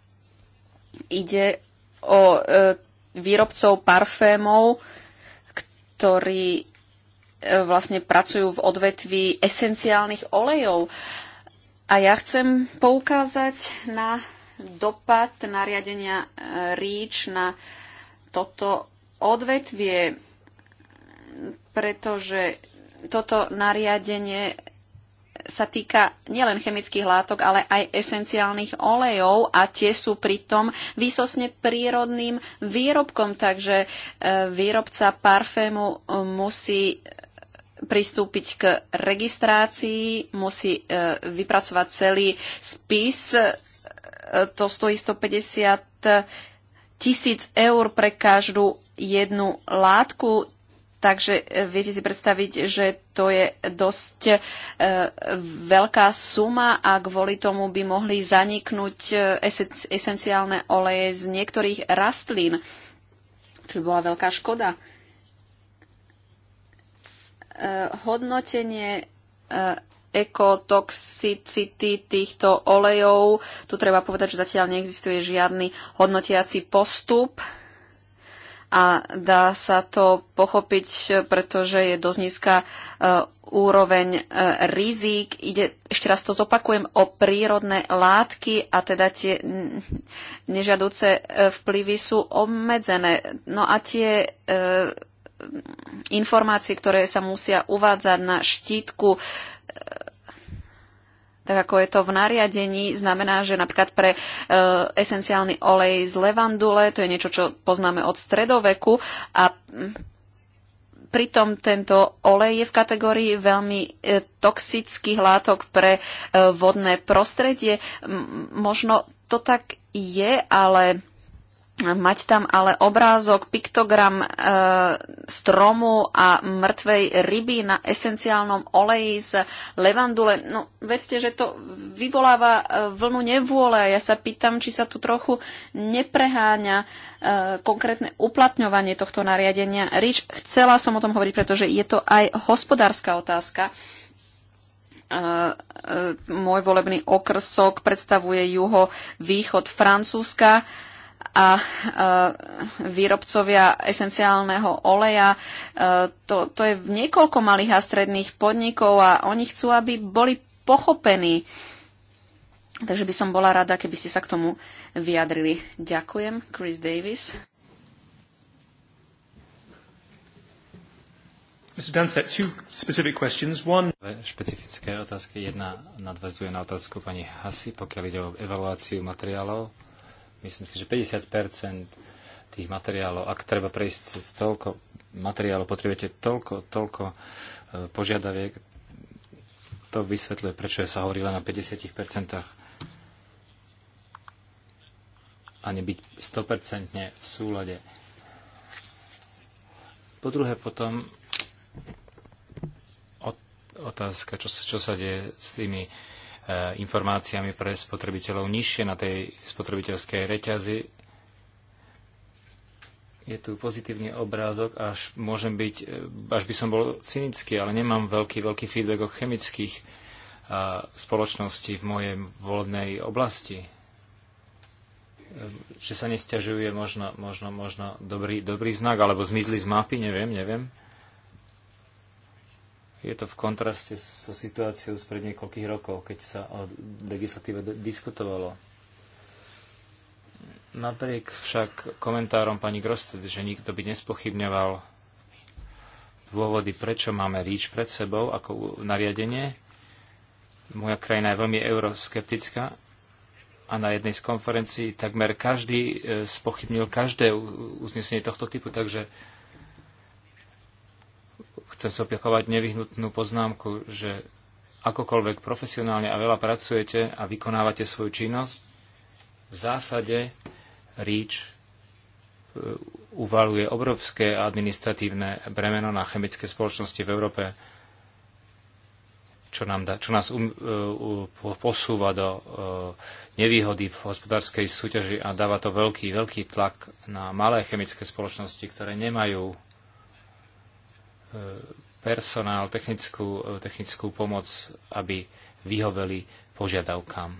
Ide o e, výrobcov parfémov, ktorí E, vlastne pracujú v odvetvi esenciálnych olejov. A ja chcem poukázať na dopad nariadenia e, REACH na toto odvetvie, pretože toto nariadenie sa týka nielen chemických látok, ale aj esenciálnych olejov a tie sú pritom výsosne prírodným výrobkom, takže e, výrobca parfému musí pristúpiť k registrácii, musí e, vypracovať celý spis. E, to stojí 150 tisíc eur pre každú jednu látku, takže e, viete si predstaviť, že to je dosť e, veľká suma a kvôli tomu by mohli zaniknúť esenciálne oleje z niektorých rastlín, čo bola veľká škoda. Eh, hodnotenie eh, ekotoxicity týchto olejov. Tu treba povedať, že zatiaľ neexistuje žiadny hodnotiaci postup a dá sa to pochopiť, pretože je dosť nízka eh, úroveň rizík. Ide, ešte raz to zopakujem, o prírodné látky a teda tie nežiaduce vplyvy sú obmedzené. No a tie informácie, ktoré sa musia uvádzať na štítku e, tak ako je to v nariadení, znamená, že napríklad pre e, esenciálny olej z levandule, to je niečo, čo poznáme od stredoveku a pritom tento olej je v kategórii veľmi e, toxických látok pre e, vodné prostredie. M možno to tak je, ale mať tam ale obrázok, piktogram e, stromu a mŕtvej ryby na esenciálnom oleji z levandule. No, vedzte, že to vyvoláva e, vlnu nevôle. Ja sa pýtam, či sa tu trochu nepreháňa e, konkrétne uplatňovanie tohto nariadenia. Rič, chcela som o tom hovoriť, pretože je to aj hospodárska otázka. Uh, uh, môj volebný okrsok predstavuje juho východ Francúzska. Uh, a výrobcovia esenciálneho oleja. E, to, to je niekoľko malých a stredných podnikov a oni chcú, aby boli pochopení. Takže by som bola rada, keby ste sa k tomu vyjadrili. Ďakujem, Chris Davis.
Mr. Danset, two specific questions. One... Špecifické otázky. Jedna nadvazuje na otázku pani Hasi, pokiaľ ide o evaluáciu materiálov Myslím si, že 50 tých materiálov, ak treba prejsť cez toľko materiálov, potrebujete toľko, toľko e, požiadaviek, to vysvetľuje, prečo sa hovorí len na 50 a nebyť 100% v súlade. Po druhé potom otázka, čo, čo sa deje s tými Eh, informáciami pre spotrebiteľov nižšie na tej spotrebiteľskej reťazi. Je tu pozitívny obrázok, až môžem byť, eh, až by som bol cynický, ale nemám veľký, veľký feedback o chemických eh, spoločností v mojej volebnej oblasti. Že sa nestiažuje možno, možno, možno dobrý, dobrý znak, alebo zmizli z mapy, neviem, neviem. Je to v kontraste so situáciou spred niekoľkých rokov, keď sa o legislatíve diskutovalo. Napriek však komentárom pani Grosted, že nikto by nespochybňoval dôvody, prečo máme ríč pred sebou ako nariadenie, moja krajina je veľmi euroskeptická a na jednej z konferencií takmer každý e, spochybnil každé uznesenie tohto typu, takže chcem sa opakovať nevyhnutnú poznámku, že akokoľvek profesionálne a veľa pracujete a vykonávate svoju činnosť, v zásade ríč e, uvaluje obrovské administratívne bremeno na chemické spoločnosti v Európe, čo, nám da, čo nás um, uh, posúva do uh, nevýhody v hospodárskej súťaži a dáva to veľký, veľký tlak na malé chemické spoločnosti, ktoré nemajú personál, technickú, technickú pomoc, aby vyhoveli požiadavkám.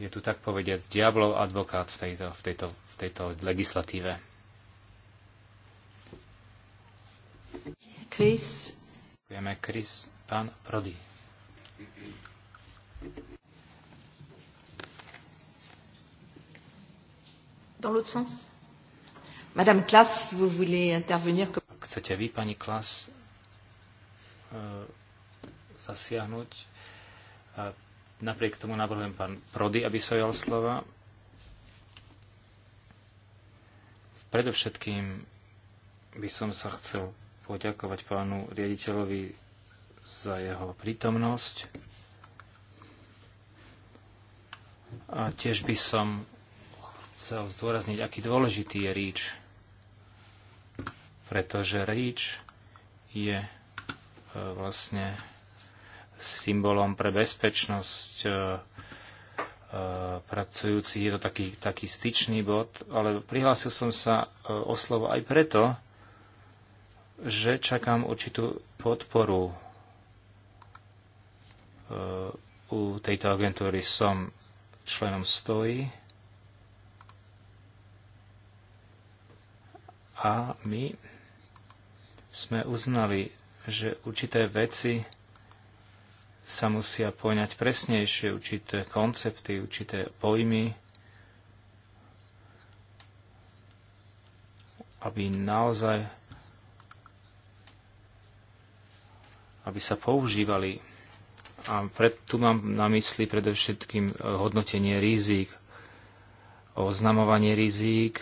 Je tu tak povediať diablov advokát v tejto, v tejto, v tejto legislatíve. Chris. Vieme, Chris. Pán Prody.
Dans l'autre sens
Madame Klaas, si vous voulez intervenir comme
chcete vy, pani Klas, e, zasiahnuť. A e, napriek tomu navrhujem pán Prody, aby sa jal slova. Predovšetkým by som sa chcel poďakovať pánu riaditeľovi za jeho prítomnosť. A tiež by som chcel zdôrazniť, aký dôležitý je ríč pretože REACH je e, vlastne symbolom pre bezpečnosť e, e, pracujúcich. Je to taký, taký styčný bod, ale prihlásil som sa o slovo aj preto, že čakám určitú podporu u tejto agentúry. Som členom stojí a my sme uznali, že určité veci sa musia poňať presnejšie, určité koncepty, určité pojmy, aby naozaj aby sa používali. A pred, tu mám na mysli predovšetkým hodnotenie rizik, oznamovanie rizik,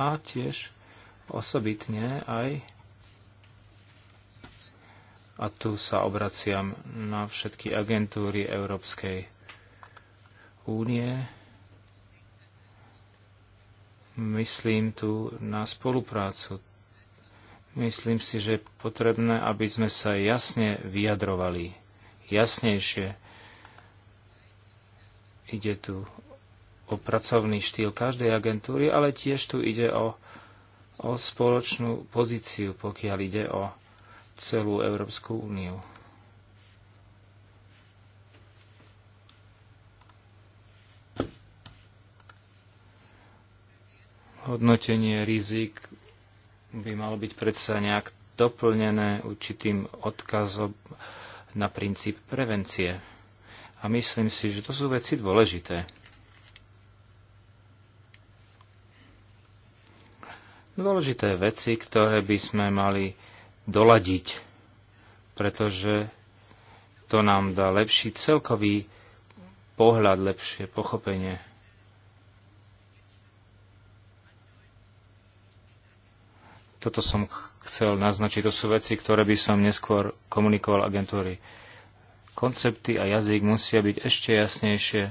a tiež osobitne aj a tu sa obraciam na všetky agentúry Európskej únie. Myslím tu na spoluprácu. Myslím si, že je potrebné, aby sme sa jasne vyjadrovali. Jasnejšie ide tu o pracovný štýl každej agentúry, ale tiež tu ide o, o spoločnú pozíciu, pokiaľ ide o celú Európsku úniu. Hodnotenie rizik by malo byť predsa nejak doplnené určitým odkazom na princíp prevencie. A myslím si, že to sú veci dôležité. dôležité veci, ktoré by sme mali doladiť, pretože to nám dá lepší celkový pohľad, lepšie pochopenie. Toto som chcel naznačiť. To sú veci, ktoré by som neskôr komunikoval agentúry. Koncepty a jazyk musia byť ešte jasnejšie.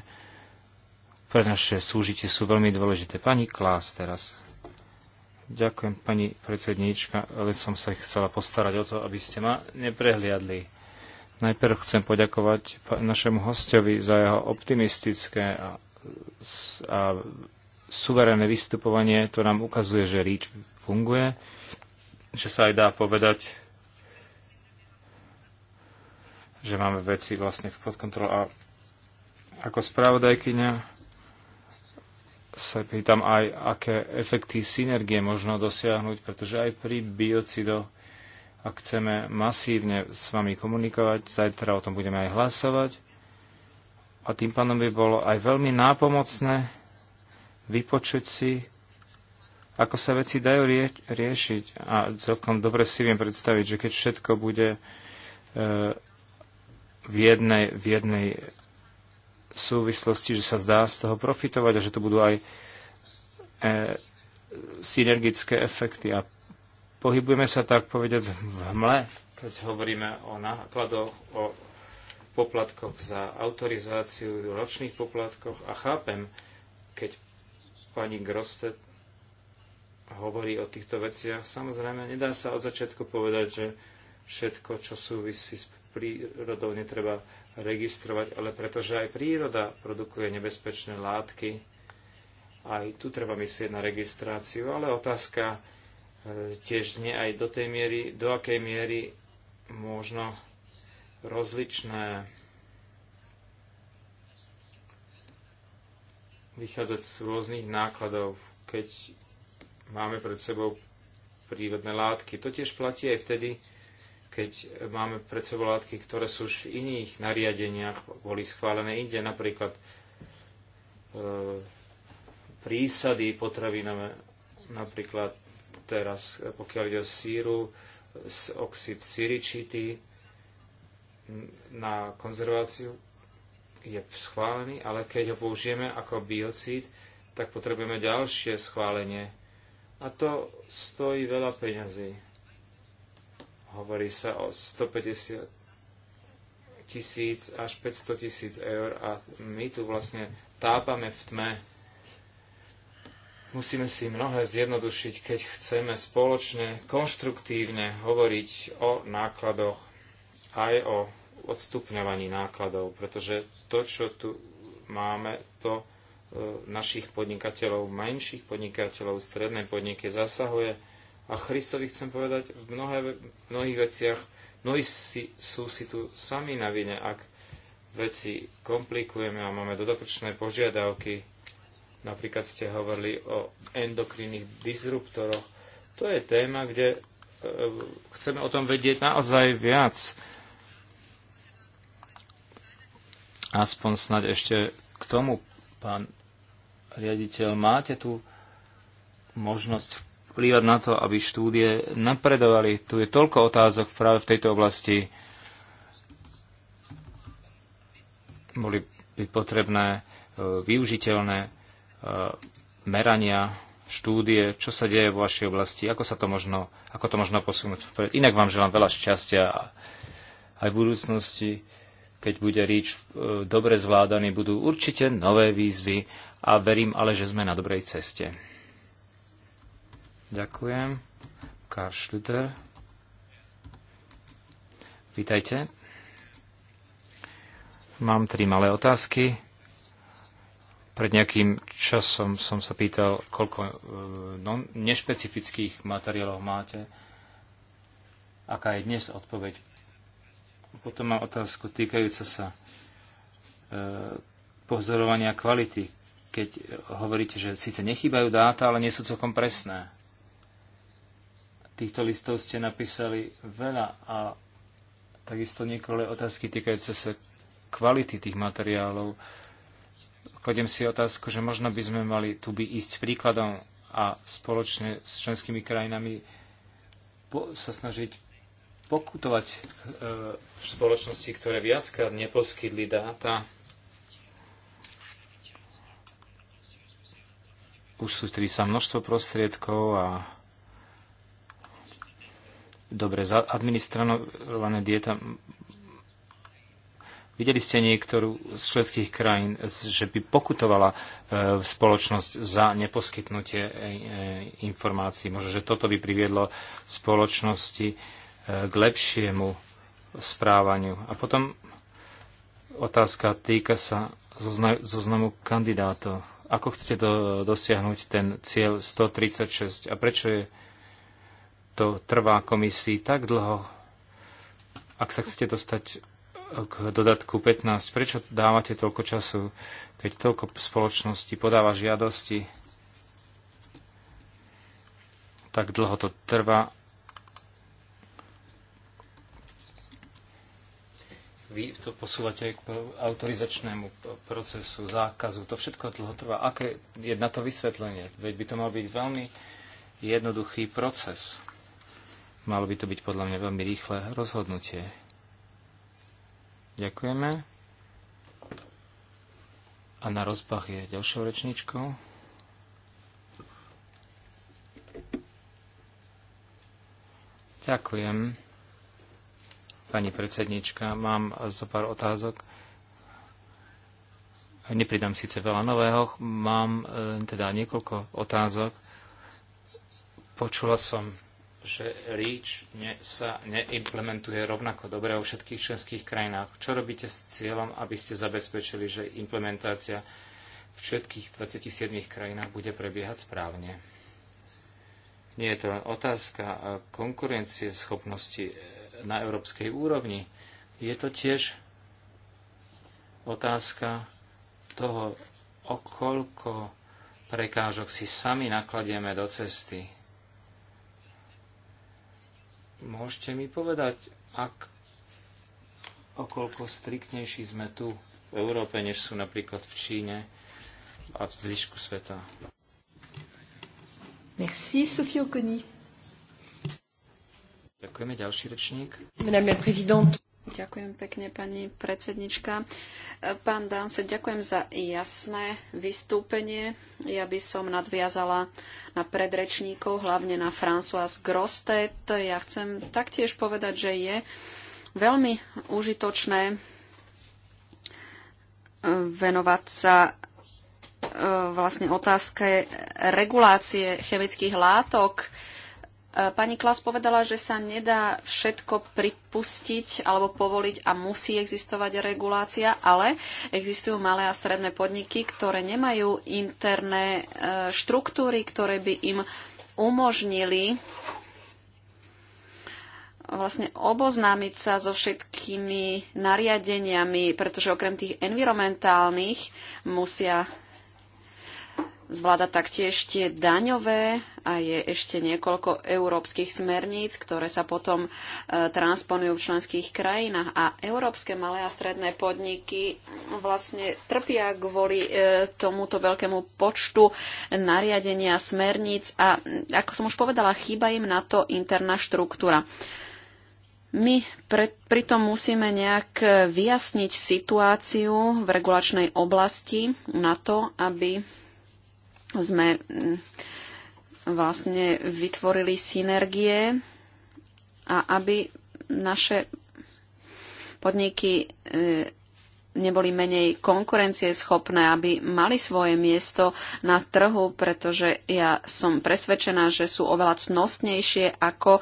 Pre naše súžitie sú veľmi dôležité. Pani Klás teraz. Ďakujem, pani predsedníčka, len som sa chcela postarať o to, aby ste ma neprehliadli. Najprv chcem poďakovať našemu hostovi za jeho optimistické a, a suverénne vystupovanie. To nám ukazuje, že REACH funguje, že sa aj dá povedať, že máme veci vlastne pod kontrolou. A ako spravodajkyňa sa pýtam aj, aké efekty synergie možno dosiahnuť, pretože aj pri biocidoch, ak chceme masívne s vami komunikovať, zajtra o tom budeme aj hlasovať. A tým pádom by bolo aj veľmi nápomocné vypočuť si, ako sa veci dajú rie- riešiť. A celkom dobre si viem predstaviť, že keď všetko bude e, v jednej, v jednej súvislosti, že sa dá z toho profitovať a že to budú aj e, synergické efekty. A pohybujeme sa tak povediať v hmle, keď hovoríme o nákladoch, o poplatkoch za autorizáciu, ročných poplatkoch a chápem, keď pani Grostet hovorí o týchto veciach. Samozrejme, nedá sa od začiatku povedať, že všetko, čo súvisí s prírodou, netreba registrovať, ale pretože aj príroda produkuje nebezpečné látky. Aj tu treba myslieť na registráciu, ale otázka e, tiež znie aj do tej miery, do akej miery možno rozličné vychádzať z rôznych nákladov, keď máme pred sebou prírodné látky. To tiež platí aj vtedy, keď máme pred sebou látky, ktoré sú už v iných nariadeniach, boli schválené inde, napríklad e, prísady potravinové, napríklad teraz, pokiaľ ide o síru, s oxid siričity na konzerváciu je schválený, ale keď ho použijeme ako biocid, tak potrebujeme ďalšie schválenie. A to stojí veľa peňazí. Hovorí sa o 150 tisíc až 500 tisíc eur a my tu vlastne tápame v tme. Musíme si mnohé zjednodušiť, keď chceme spoločne, konštruktívne hovoriť o nákladoch, aj o odstupňovaní nákladov, pretože to, čo tu máme, to e, našich podnikateľov, menších podnikateľov, stredné podniky zasahuje a Christovi chcem povedať, v mnohé, mnohých veciach, mnohí si, sú si tu sami na vine, ak veci komplikujeme a máme dodatočné požiadavky. Napríklad ste hovorili o endokrinných disruptoroch. To je téma, kde e, chceme o tom vedieť naozaj viac. Aspoň snad ešte k tomu, pán riaditeľ, máte tu možnosť vplývať na to, aby štúdie napredovali. Tu je toľko otázok práve v tejto oblasti. Boli by potrebné e, využiteľné e, merania, štúdie, čo sa deje vo vašej oblasti, ako, sa to možno, ako to možno posunúť vpred. Inak vám želám veľa šťastia aj v budúcnosti keď bude ríč e, dobre zvládaný, budú určite nové výzvy a verím ale, že sme na dobrej ceste. Ďakujem. Karl Schlüter. Vítajte. Mám tri malé otázky. Pred nejakým časom som sa pýtal, koľko e, non, nešpecifických materiálov máte. Aká je dnes odpoveď? Potom mám otázku týkajúca sa e, pozorovania kvality, keď hovoríte, že síce nechýbajú dáta, ale nie sú celkom presné. Týchto listov ste napísali veľa a takisto niekoľko otázky týkajúce sa kvality tých materiálov. Kladiem si otázku, že možno by sme mali tu by ísť príkladom a spoločne s členskými krajinami sa snažiť pokutovať e, spoločnosti, ktoré viackrát neposkydli dáta. Už sú tedy sa množstvo prostriedkov a dobre zaadministrované dieta. Videli ste niektorú z členských krajín, že by pokutovala e, spoločnosť za neposkytnutie e, e, informácií. Možno, že toto by priviedlo spoločnosti k lepšiemu správaniu. A potom otázka týka sa zoznamu kandidátov. Ako chcete do, dosiahnuť ten cieľ 136 a prečo je to trvá komisii tak dlho, ak sa chcete dostať eh, k dodatku 15, prečo dávate toľko času, keď toľko spoločnosti podáva žiadosti? Tak dlho to trvá. Vy to posúvate k autorizačnému procesu, zákazu, to všetko dlho trvá. Aké je na to vysvetlenie? Veď by to mal byť veľmi jednoduchý proces. Malo by to byť podľa mňa veľmi rýchle rozhodnutie. Ďakujeme. A na rozbach je ďalšou rečničkou. Ďakujem. Pani predsednička, mám zo pár otázok. Nepridám síce veľa nového, mám eh, teda niekoľko otázok. Počula som že REACH ne, sa neimplementuje rovnako dobre vo všetkých členských krajinách. Čo robíte s cieľom, aby ste zabezpečili, že implementácia v všetkých 27 krajinách bude prebiehať správne? Nie je to len otázka konkurencie schopnosti eh, na európskej úrovni. Je to tiež otázka toho, o koľko prekážok si sami nakladieme do cesty Môžete mi povedať, ak okolko striktnejší sme tu v Európe, než sú napríklad v Číne a v zvyšku sveta.
Merci, Sofie Okoni.
Ďakujeme, ďalší rečník. Madame la
Ďakujem pekne, pani predsednička. Pán Dánse, ďakujem za jasné vystúpenie. Ja by som nadviazala na predrečníkov, hlavne na François Grostet. Ja chcem taktiež povedať, že je veľmi užitočné eh, venovať sa eh, vlastne otázke regulácie chemických látok Eh, pani Klas povedala, že sa nedá všetko pripustiť alebo povoliť a musí existovať regulácia, ale existujú malé a stredné podniky, ktoré nemajú interné eh, štruktúry, ktoré by im umožnili eh, vlastne oboznámiť sa so všetkými nariadeniami, pretože okrem tých environmentálnych musia zvláda taktiež tie daňové a je ešte niekoľko európskych smerníc, ktoré sa potom e, transponujú v členských krajinách. A európske malé a stredné podniky vlastne trpia kvôli e, tomuto veľkému počtu nariadenia smerníc a, ako som už povedala, chýba im na to interná štruktúra. My pre, pritom musíme nejak vyjasniť situáciu v regulačnej oblasti na to, aby sme mm, vlastne vytvorili synergie a aby naše podniky e, neboli menej konkurencieschopné, aby mali svoje miesto na trhu, pretože ja som presvedčená, že sú oveľa cnostnejšie ako e,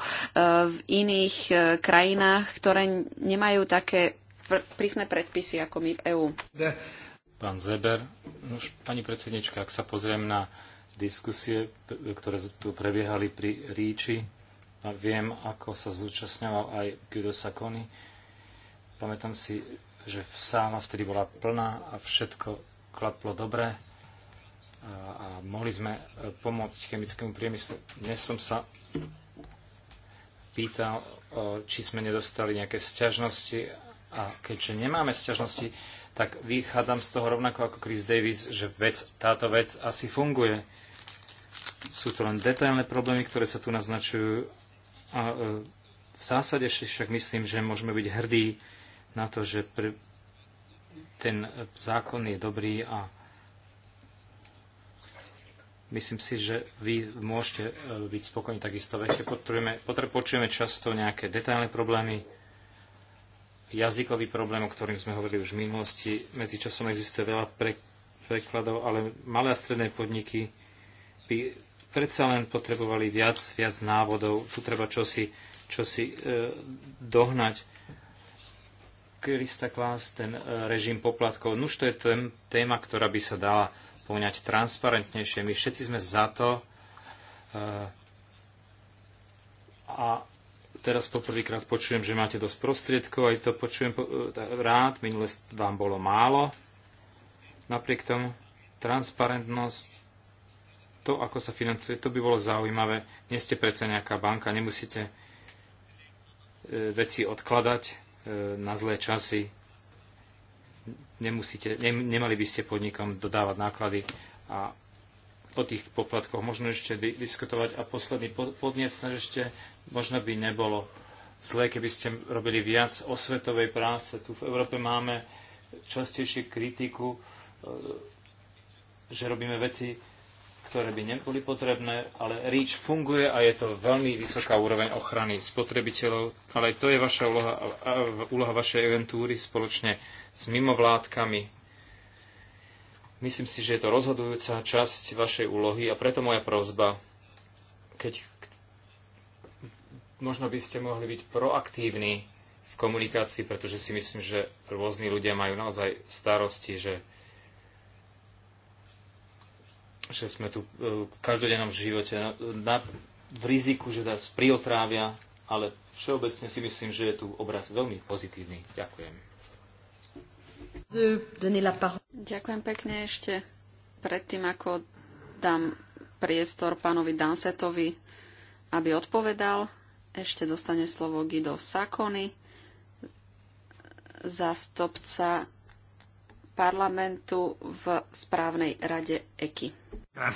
v iných e, krajinách, ktoré nemajú také prísne predpisy ako my v EÚ.
Pán Zeber, no pani predsednička, ak sa pozriem na diskusie, ktoré tu prebiehali pri Ríči, a viem, ako sa zúčastňoval aj Guido Sakony. Pamätám si, že v sála vtedy bola plná a všetko klaplo dobre a, a mohli sme e, pomôcť chemickému priemyslu. Dnes som sa pýtal, či sme nedostali nejaké sťažnosti a keďže nemáme sťažnosti, tak vychádzam z toho rovnako ako Chris Davis, že vec, táto vec asi funguje. Sú to len detailné problémy, ktoré sa tu naznačujú. A e, v zásade však myslím, že môžeme byť hrdí na to, že pr- ten zákon je dobrý a myslím si, že vy môžete e, byť spokojní takisto. Viete, potrebujeme, potrebujeme často nejaké detailné problémy, jazykový problém, o ktorým sme hovorili už v minulosti. Medzičasom existuje veľa pre, prekladov, ale malé a stredné podniky by predsa len potrebovali viac, viac návodov. Tu treba čosi, čosi e, dohnať. Krista Klas, ten e, režim poplatkov, nuž to je ten, téma, ktorá by sa dala poňať transparentnejšie. My všetci sme za to e, a Teraz poprvýkrát počujem, že máte dosť prostriedkov, aj to počujem e, rád, minule vám bolo málo. Napriek tomu transparentnosť, to, ako sa financuje, to by bolo zaujímavé. Nie ste predsa nejaká banka, nemusíte e, veci odkladať e, na zlé časy. Nemusíte, nemali by ste podnikom dodávať náklady a o tých poplatkoch možno ešte diskutovať. A posledný podnec ešte možno by nebolo zlé, keby ste robili viac osvetovej práce. Tu v Európe máme častejšie kritiku, e, že robíme veci, ktoré by neboli potrebné, ale REACH funguje a je to veľmi vysoká úroveň ochrany spotrebiteľov, ale aj to je vaša úloha, úloha vašej agentúry spoločne s mimovládkami, Myslím si, že je to rozhodujúca časť vašej úlohy a preto moja prozba, keď možno by ste mohli byť proaktívni v komunikácii, pretože si myslím, že rôzni ľudia majú naozaj starosti, že že sme tu e, v každodennom živote na, na, v riziku, že nás priotrávia, ale všeobecne si myslím, že je tu obraz veľmi pozitívny. Ďakujem.
Ďakujem pekne ešte predtým, ako dám priestor pánovi Dansetovi, aby odpovedal. Ešte dostane slovo Guido Sakony, zástupca parlamentu v správnej rade EKI. E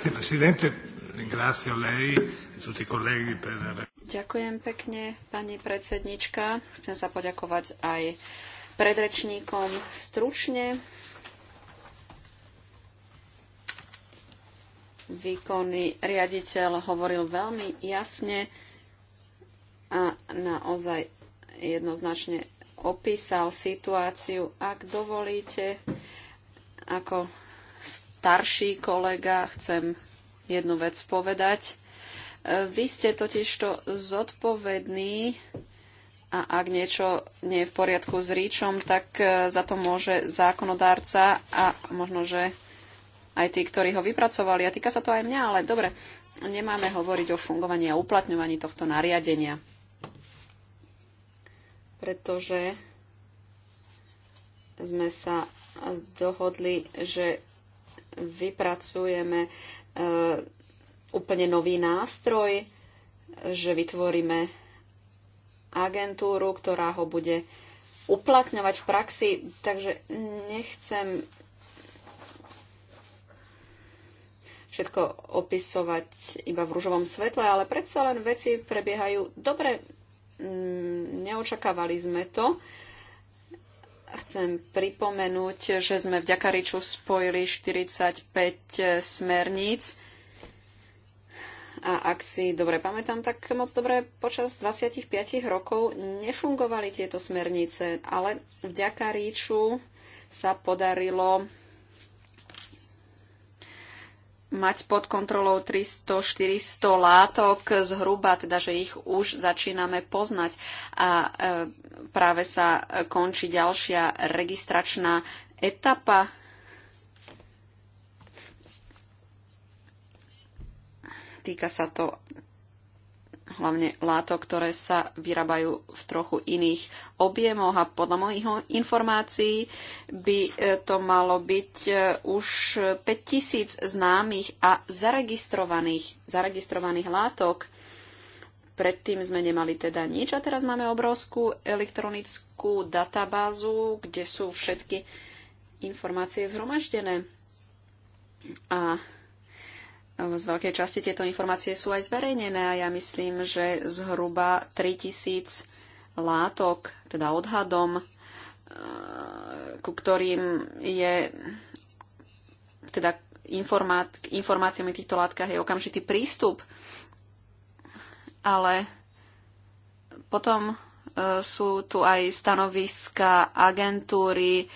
Ďakujem pekne, pani predsednička. Chcem sa poďakovať aj predrečníkom stručne. Výkonný riaditeľ hovoril veľmi jasne a naozaj jednoznačne opísal situáciu. Ak dovolíte, ako starší kolega chcem jednu vec povedať. Vy ste totižto zodpovední a ak niečo nie je v poriadku s ríčom, tak e, za to môže zákonodárca a možno, že aj tí, ktorí ho vypracovali. A týka sa to aj mňa, ale dobre, nemáme hovoriť o fungovaní a uplatňovaní tohto nariadenia. Pretože sme sa dohodli, že vypracujeme e, úplne nový nástroj, že vytvoríme agentúru, ktorá ho bude uplatňovať v praxi. Takže nechcem všetko opisovať iba v rúžovom svetle, ale predsa len veci prebiehajú dobre. Mm, neočakávali sme to. Chcem pripomenúť, že sme vďaka Riču spojili 45 smerníc a ak si dobre pamätám, tak moc dobre počas 25 rokov nefungovali tieto smernice, ale vďaka Ríču sa podarilo mať pod kontrolou 300-400 látok zhruba, teda že ich už začíname poznať a e, práve sa končí ďalšia registračná etapa Týka sa to hlavne látok, ktoré sa vyrábajú v trochu iných objemoch a podľa mojich informácií by e, to malo byť e, už 5000 známych a zaregistrovaných, zaregistrovaných látok. Predtým sme nemali teda nič a teraz máme obrovskú elektronickú databázu, kde sú všetky informácie zhromaždené. A z veľkej časti tieto informácie sú aj zverejnené a ja myslím, že zhruba 3000 látok, teda odhadom, e, ku ktorým je teda informát, k informáciám o týchto látkach je okamžitý prístup, ale potom e, sú tu aj stanoviska agentúry,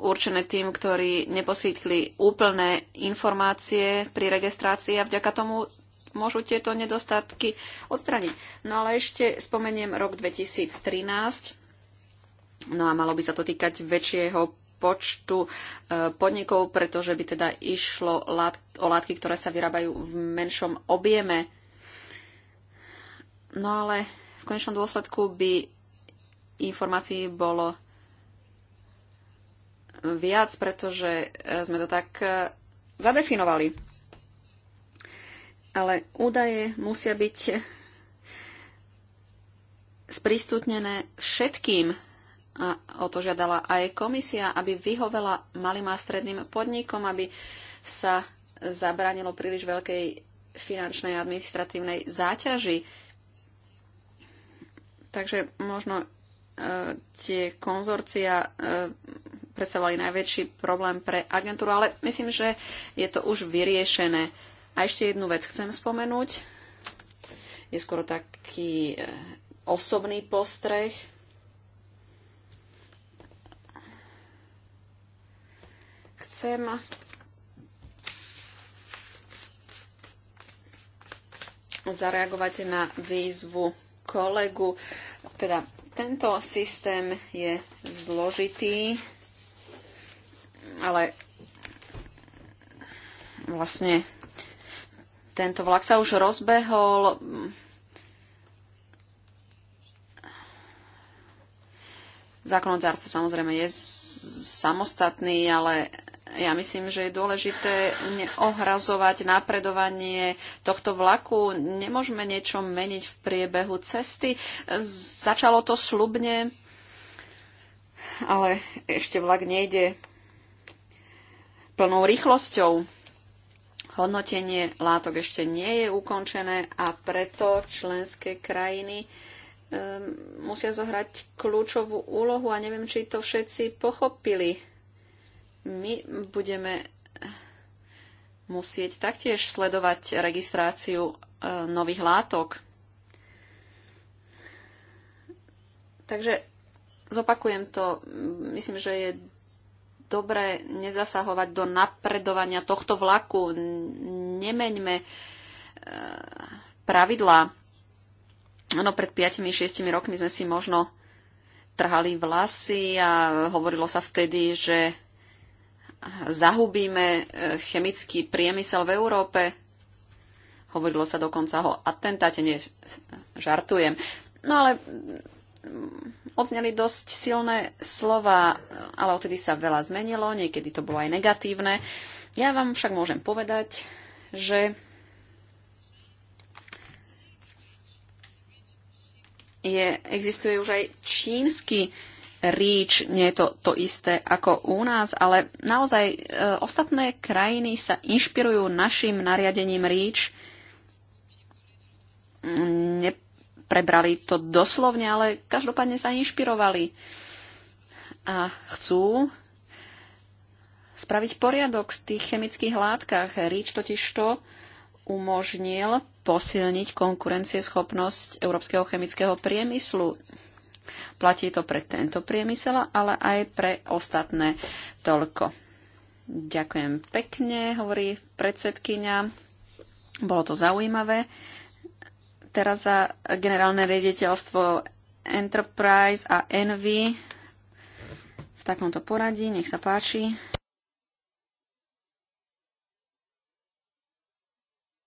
určené tým, ktorí neposkytli úplné informácie pri registrácii a vďaka tomu môžu tieto nedostatky odstraniť. No ale ešte spomeniem rok 2013. No a malo by sa to týkať väčšieho počtu e, podnikov, pretože by teda išlo o látky, ktoré sa vyrábajú v menšom objeme. No ale v konečnom dôsledku by informácií bolo viac, pretože e, sme to tak e, zadefinovali. Ale údaje musia byť sprístupnené všetkým. A o to žiadala aj komisia, aby vyhovela malým a stredným podnikom, aby sa zabránilo príliš veľkej finančnej a administratívnej záťaži. Takže možno e, tie konzorcia e, predstavovali najväčší problém pre agentúru, ale myslím, že je to už vyriešené. A ešte jednu vec chcem spomenúť. Je skoro taký e, osobný postreh. Chcem zareagovať na výzvu kolegu. Teda tento systém je zložitý ale vlastne tento vlak sa už rozbehol. Zákonodárca samozrejme je samostatný, ale ja myslím, že je dôležité neohrazovať napredovanie tohto vlaku. Nemôžeme niečo meniť v priebehu cesty. Začalo to slubne, ale ešte vlak nejde plnou rýchlosťou. Hodnotenie látok ešte nie je ukončené a preto členské krajiny musia zohrať kľúčovú úlohu a neviem, či to všetci pochopili. My budeme eh, musieť taktiež sledovať registráciu eh, nových látok. Takže zopakujem to. Myslím, že je dobre nezasahovať do napredovania tohto vlaku. Nemeňme e, pravidlá. Áno, pred 5-6 rokmi sme si možno trhali vlasy a hovorilo sa vtedy, že zahubíme e, chemický priemysel v Európe. Hovorilo sa dokonca o atentáte, nie, žartujem. No ale mm, odzneli dosť silné slova, ale odtedy sa veľa zmenilo, niekedy to bolo aj negatívne. Ja vám však môžem povedať, že je, existuje už aj čínsky ríč, nie je to to isté ako u nás, ale naozaj e, ostatné krajiny sa inšpirujú našim nariadením ríč. Ne, prebrali to doslovne, ale každopádne sa inšpirovali a chcú spraviť poriadok v tých chemických látkach. REACH totiž to umožnil posilniť konkurencieschopnosť európskeho chemického priemyslu. Platí to pre tento priemysel, ale aj pre ostatné toľko. Ďakujem pekne, hovorí predsedkyňa. Bolo to zaujímavé teraz za generálne riaditeľstvo Enterprise a Envy. V takomto poradí, nech sa páči.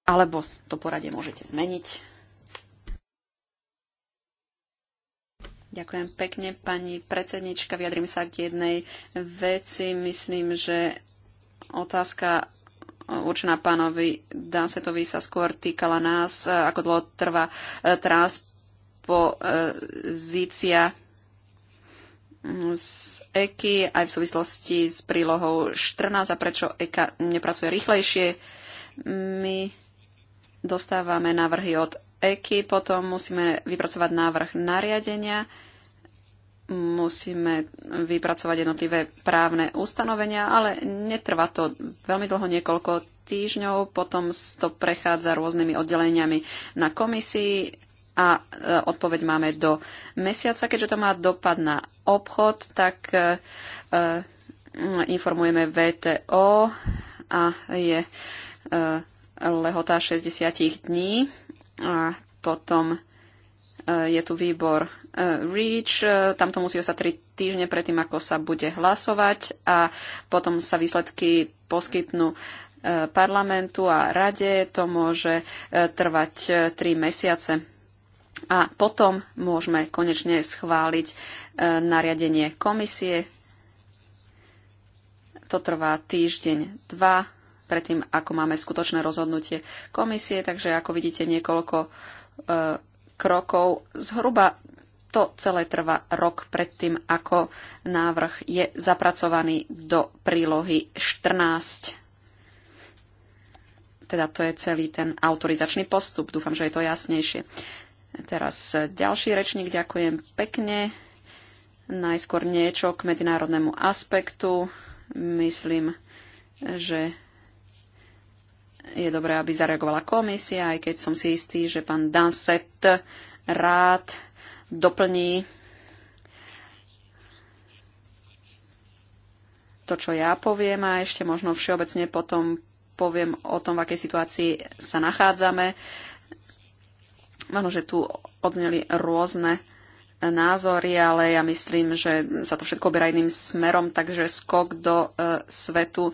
Alebo to poradie môžete zmeniť. Ďakujem pekne, pani predsednička. Vyjadrím sa k jednej veci. Myslím, že otázka určená pánovi Dansetovi sa skôr týkala nás, e, ako dlho trvá e, transpozícia mm, z EKI aj v súvislosti s prílohou 14 a prečo EKA nepracuje rýchlejšie. My dostávame návrhy od EKI, potom musíme vypracovať návrh nariadenia musíme vypracovať jednotlivé právne ustanovenia, ale netrvá to veľmi dlho, niekoľko týždňov, potom to prechádza rôznymi oddeleniami na komisii a e, odpoveď máme do mesiaca. Keďže to má dopad na obchod, tak e, e, informujeme VTO a je lehota 60 dní a potom je tu výbor e, REACH, e, tamto musí sa 3 týždne predtým, ako sa bude hlasovať a potom sa výsledky poskytnú e, parlamentu a rade. To môže trvať 3 mesiace. A potom môžeme konečne schváliť nariadenie komisie. To trvá týždeň, dva predtým, ako máme skutočné rozhodnutie komisie. Takže ako vidíte, niekoľko krokov. Zhruba to celé trvá rok predtým, ako návrh je zapracovaný do prílohy 14. Teda to je celý ten autorizačný postup. Dúfam, že je to jasnejšie. Teraz ďalší rečník. Ďakujem pekne. Najskôr niečo k medzinárodnému aspektu. Myslím, že je dobré, aby zareagovala komisia, aj keď som si istý, že pán Danset rád doplní to, čo ja poviem a ešte možno všeobecne potom poviem o tom, v akej situácii sa nachádzame. Možno, že tu odzneli rôzne názory, ale ja myslím, že sa to všetko oberá iným smerom, takže skok do e, svetu e,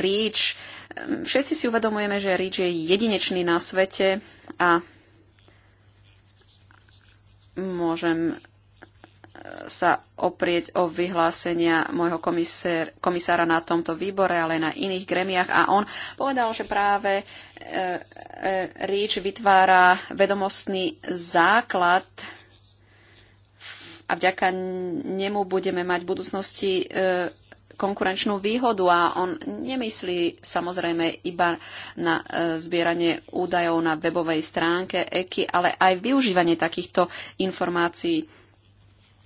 REACH Všetci si uvedomujeme, že Ridge je jedinečný na svete a môžem e, sa oprieť o vyhlásenia môjho komisér, komisára na tomto výbore, ale aj na iných gremiách. A on povedal, že práve e, e, REACH vytvára vedomostný základ a vďaka nemu budeme mať v budúcnosti e, konkurenčnú výhodu a on nemyslí samozrejme iba na e, zbieranie údajov na webovej stránke EKI, ale aj využívanie takýchto informácií.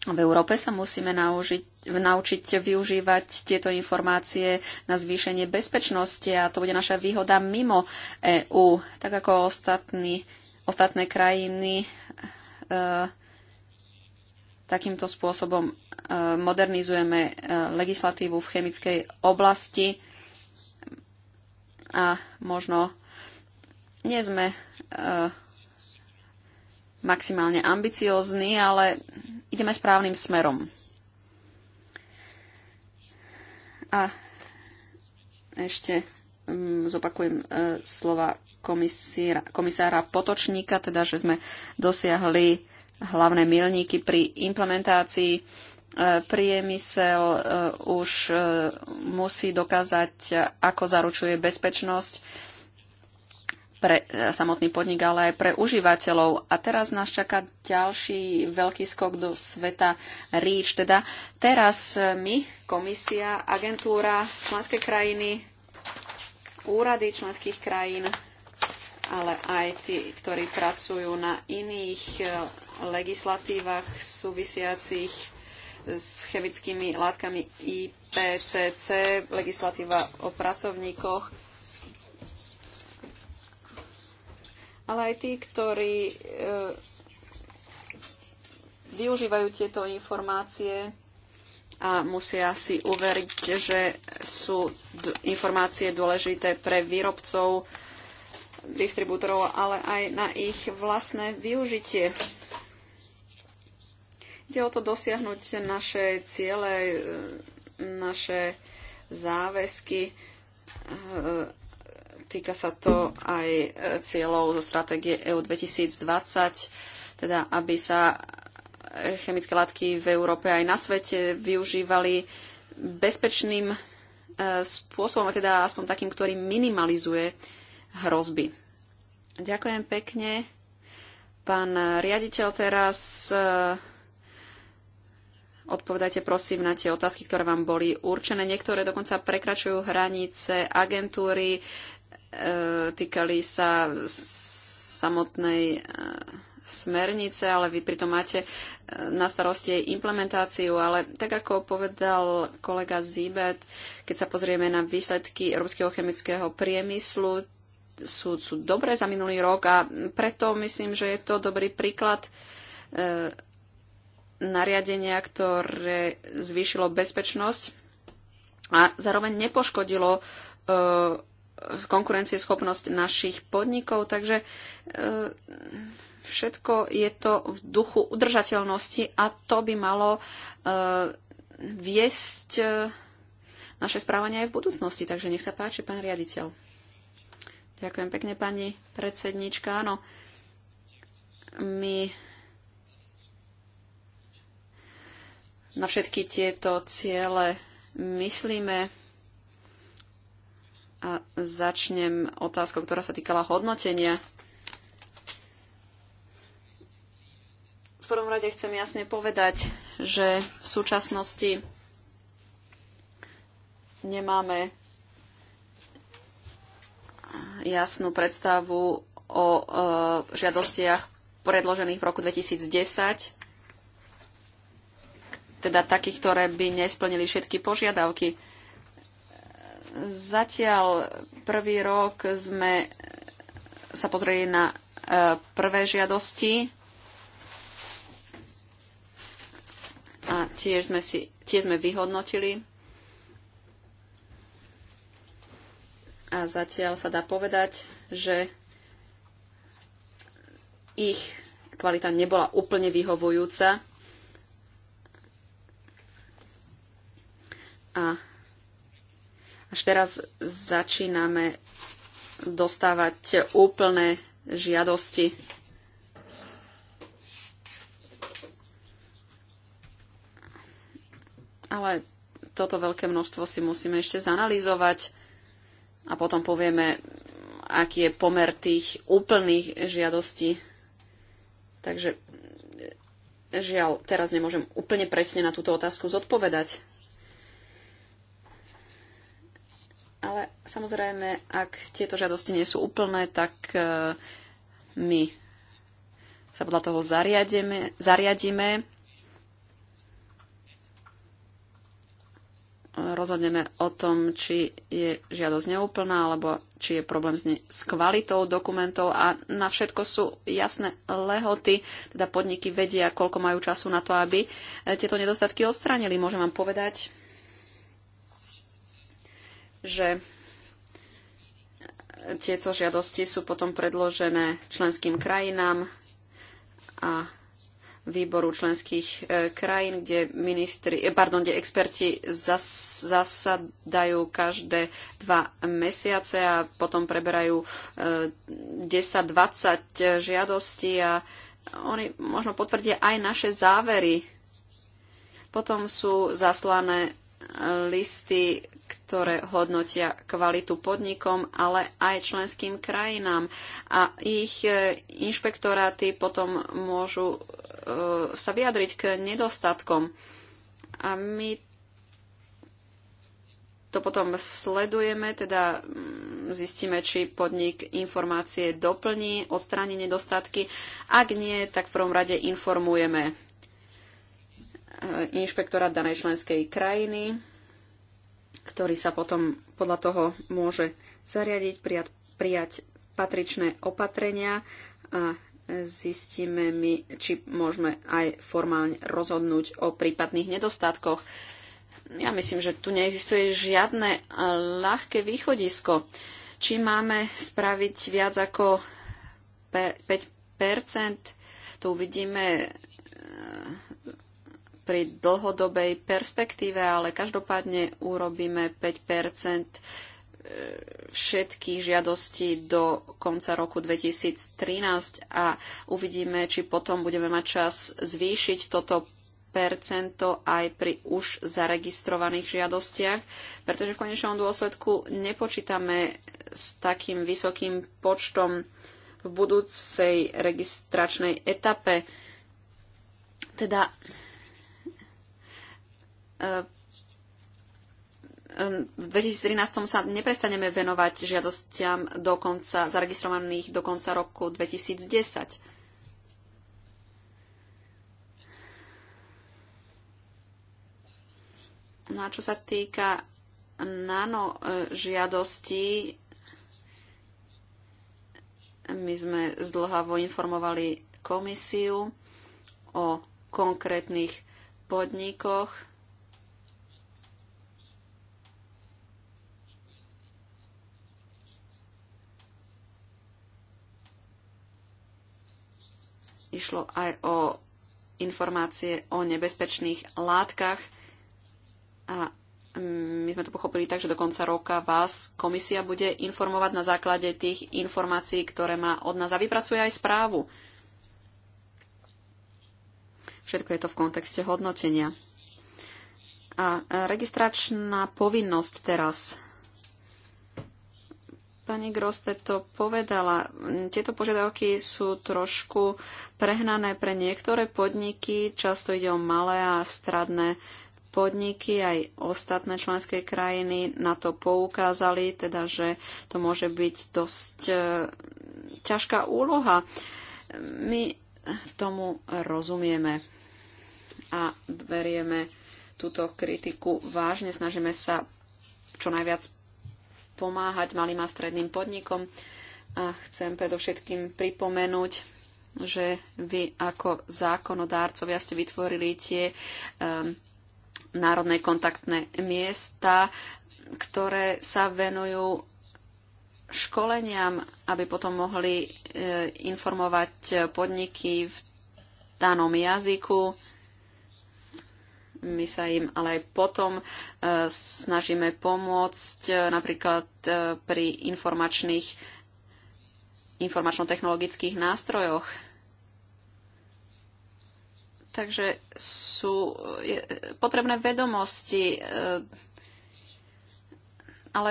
V Európe sa musíme naužiť, naučiť využívať tieto informácie na zvýšenie bezpečnosti a to bude naša výhoda mimo EÚ, tak ako ostatní, ostatné krajiny e, takýmto spôsobom modernizujeme eh, legislatívu v chemickej oblasti a možno nie sme eh, maximálne ambiciózni, ale ideme správnym smerom. A ešte mm, zopakujem eh, slova komisára Potočníka, teda že sme dosiahli hlavné milníky pri implementácii priemysel e, už e, musí dokázať, ako zaručuje bezpečnosť pre e, samotný podnik, ale aj pre užívateľov. A teraz nás čaká ďalší veľký skok do sveta REACH. Teda teraz my, komisia, agentúra, členské krajiny, úrady členských krajín, ale aj tí, ktorí pracujú na iných legislatívach súvisiacich s chemickými látkami IPCC, legislatíva o pracovníkoch, ale aj tí, ktorí e, využívajú tieto informácie a musia si uveriť, že sú informácie dôležité pre výrobcov, distribútorov, ale aj na ich vlastné využitie. Ide o to dosiahnuť naše ciele, e, naše záväzky. E, týka sa to aj e, cieľov zo stratégie EU 2020, teda aby sa chemické látky v Európe aj na svete využívali bezpečným spôsobom, a teda aspoň takým, ktorý minimalizuje hrozby. Ďakujem pekne. Pán riaditeľ teraz Odpovedajte prosím na tie otázky, ktoré vám boli určené. Niektoré dokonca prekračujú hranice agentúry, e, týkali sa samotnej e, smernice, ale vy pritom máte e, na starosti jej implementáciu. Ale tak ako povedal kolega Zíbet, keď sa pozrieme na výsledky európskeho chemického priemyslu, sú, sú dobré za minulý rok a preto myslím, že je to dobrý príklad e, nariadenia, ktoré zvýšilo bezpečnosť a zároveň nepoškodilo eh, konkurencieschopnosť našich podnikov. Takže eh, všetko je to v duchu udržateľnosti a to by malo eh, viesť naše správanie aj v budúcnosti. Takže nech sa páči, pán riaditeľ. Ďakujem pekne, pani predsednička. Áno, my na všetky tieto ciele myslíme. A začnem otázkou, ktorá sa týkala hodnotenia. V prvom rade chcem jasne povedať, že v súčasnosti nemáme jasnú predstavu o e, žiadostiach predložených v roku 2010 teda takých, ktoré by nesplnili všetky požiadavky. Zatiaľ prvý rok sme sa pozreli na e, prvé žiadosti a tiež sme, si, tiež sme vyhodnotili. A zatiaľ sa dá povedať, že ich kvalita nebola úplne vyhovujúca A až teraz začíname dostávať úplné žiadosti. Ale toto veľké množstvo si musíme ešte zanalýzovať a potom povieme, aký je pomer tých úplných žiadostí. Takže e, e, žiaľ, teraz nemôžem úplne presne na túto otázku zodpovedať. Ale samozrejme, ak tieto žiadosti nie sú úplné, tak e, my sa podľa toho zariadíme, zariadíme rozhodneme o tom, či je žiadosť neúplná, alebo či je problém s, ne- s kvalitou dokumentov a na všetko sú jasné lehoty, teda podniky vedia, koľko majú času na to, aby e, tieto nedostatky odstránili. Môžem vám povedať, že tieto žiadosti sú potom predložené členským krajinám a výboru členských e, krajín, kde, ministri, e, pardon, kde experti zas, zasadajú každé dva mesiace a potom preberajú 10-20 e, žiadostí a oni možno potvrdia aj naše závery. Potom sú zaslané listy ktoré hodnotia kvalitu podnikom, ale aj členským krajinám. A ich e, inšpektoráty potom môžu e, sa vyjadriť k nedostatkom. A my to potom sledujeme, teda mm, zistíme, či podnik informácie doplní, odstráni nedostatky. Ak nie, tak v prvom rade informujeme e, inšpektorát danej členskej krajiny ktorý sa potom podľa toho môže zariadiť, prijať, prijať patričné opatrenia a zistíme my, či môžeme aj formálne rozhodnúť o prípadných nedostatkoch. Ja myslím, že tu neexistuje žiadne ľahké východisko. Či máme spraviť viac ako 5%, to uvidíme pri dlhodobej perspektíve, ale každopádne urobíme 5 e, všetkých žiadostí do konca roku 2013 a uvidíme, či potom budeme mať čas zvýšiť toto percento aj pri už zaregistrovaných žiadostiach, pretože v konečnom dôsledku nepočítame s takým vysokým počtom v budúcej registračnej etape. Teda v 2013 sa neprestaneme venovať žiadostiam do konca, zaregistrovaných do konca roku 2010. No a čo sa týka nano e, žiadosti, my sme zdlhavo informovali komisiu o konkrétnych podnikoch Išlo aj o informácie o nebezpečných látkach a my sme to pochopili tak, že do konca roka vás komisia bude informovať na základe tých informácií, ktoré má od nás a vypracuje aj správu. Všetko je to v kontexte hodnotenia. A registračná povinnosť teraz Pani Groste to povedala. Tieto požiadavky sú trošku prehnané pre niektoré podniky. Často ide o malé a stradné podniky, aj ostatné členské krajiny na to poukázali, teda že to môže byť dosť e, ťažká úloha. My tomu rozumieme a berieme túto kritiku vážne, snažíme sa čo najviac pomáhať malým a stredným podnikom. A chcem predovšetkým pripomenúť, že vy ako zákonodárcovia ste vytvorili tie um, národné kontaktné miesta, ktoré sa venujú školeniam, aby potom mohli e, informovať podniky v danom jazyku my sa im ale aj potom e, snažíme pomôcť e, napríklad e, pri informačných informačno-technologických nástrojoch. Takže sú potrebné vedomosti, ale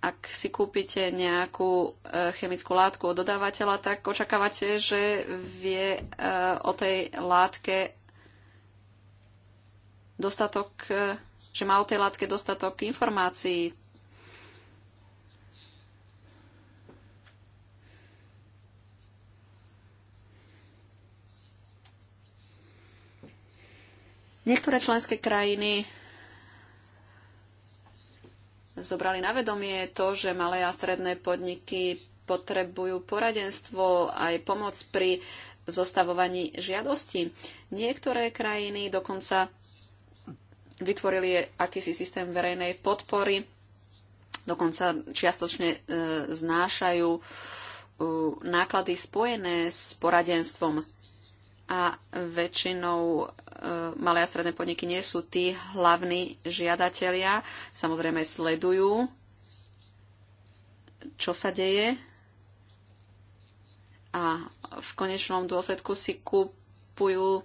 ak si kúpite nejakú e, chemickú látku od dodávateľa, tak očakávate, že vie e, o tej látke dostatok, e, že má o tej látke dostatok informácií. Niektoré členské krajiny zobrali na vedomie to, že malé a stredné podniky potrebujú poradenstvo aj pomoc pri zostavovaní žiadosti. Niektoré krajiny dokonca vytvorili akýsi systém verejnej podpory, dokonca čiastočne e, znášajú e, náklady spojené s poradenstvom a väčšinou e, malé a stredné podniky nie sú tí hlavní žiadatelia. Samozrejme sledujú, čo sa deje a v konečnom dôsledku si kúpujú e,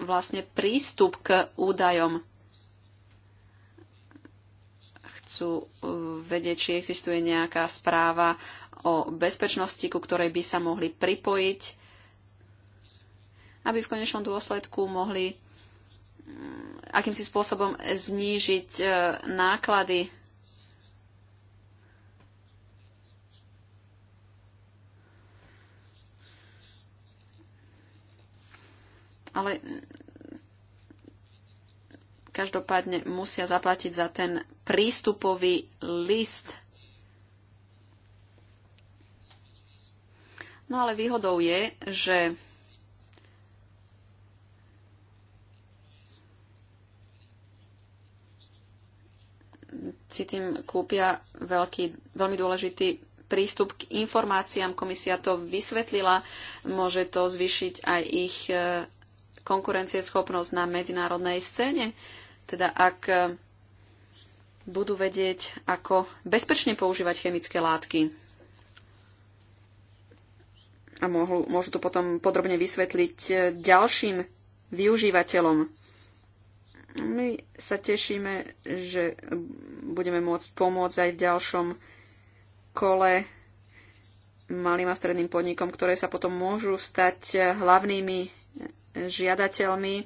vlastne prístup k údajom. Chcú e, vedieť, či existuje nejaká správa o bezpečnosti, ku ktorej by sa mohli pripojiť aby v konečnom dôsledku mohli mm, akýmsi spôsobom znížiť e, náklady ale mm, každopádne musia zaplatiť za ten prístupový list. No ale výhodou je, že si tým kúpia veľký, veľmi dôležitý prístup k informáciám. Komisia to vysvetlila, môže to zvyšiť aj ich e, konkurencieschopnosť na medzinárodnej scéne. Teda ak e, budú vedieť, ako bezpečne používať chemické látky. A môžu, môžu to potom podrobne vysvetliť e, ďalším využívateľom my sa tešíme, že budeme môcť pomôcť aj v ďalšom kole malým a stredným podnikom, ktoré sa potom môžu stať hlavnými žiadateľmi.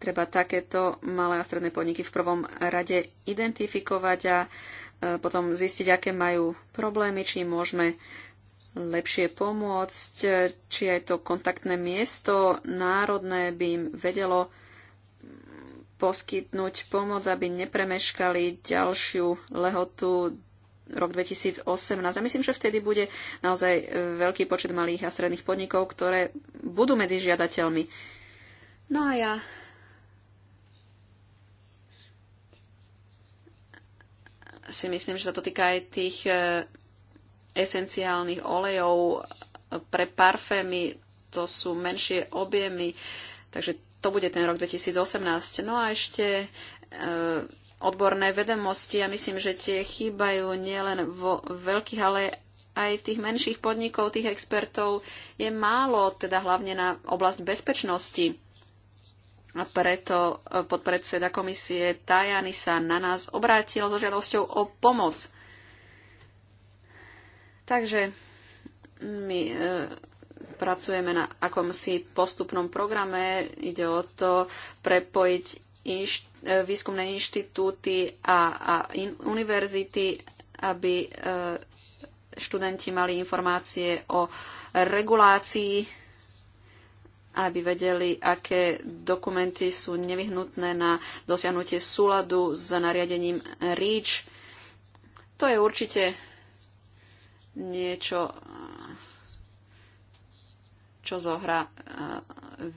Treba takéto malé a stredné podniky v prvom rade identifikovať a e, potom zistiť, aké majú problémy, či im môžeme lepšie pomôcť, či aj to kontaktné miesto národné by im vedelo poskytnúť pomoc, aby nepremeškali ďalšiu lehotu rok 2018. A myslím, že vtedy bude naozaj e, veľký počet malých a stredných podnikov, ktoré budú medzi žiadateľmi. No a ja si myslím, že sa to týka aj tých e, esenciálnych olejov pre parfémy. To sú menšie objemy, takže to bude ten rok 2018. No a ešte e, odborné vedomosti. Ja myslím, že tie chýbajú nielen vo veľkých, ale aj tých menších podnikov, tých expertov je málo, teda hlavne na oblasť bezpečnosti. A preto e, podpredseda komisie Tajany sa na nás obrátil so žiadosťou o pomoc. Takže my e, pracujeme na akomsi postupnom programe. Ide o to prepojiť inš, e, výskumné inštitúty a, a in, univerzity, aby e, študenti mali informácie o regulácii aby vedeli, aké dokumenty sú nevyhnutné na dosiahnutie súladu s nariadením REACH. To je určite niečo, čo zohrá e,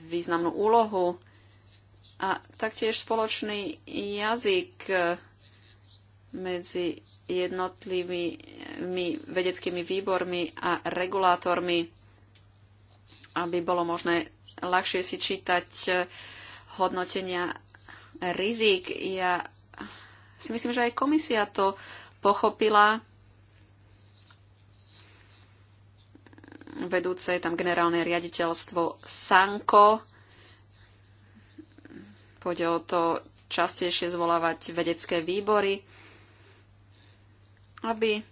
významnú úlohu. A taktiež spoločný jazyk e, medzi jednotlivými vedeckými výbormi a regulátormi, aby bolo možné ľahšie si čítať e, hodnotenia rizik. Ja si myslím, že aj komisia to pochopila vedúce, je tam generálne riaditeľstvo Sanko. Pôjde o to častejšie zvolávať vedecké výbory, aby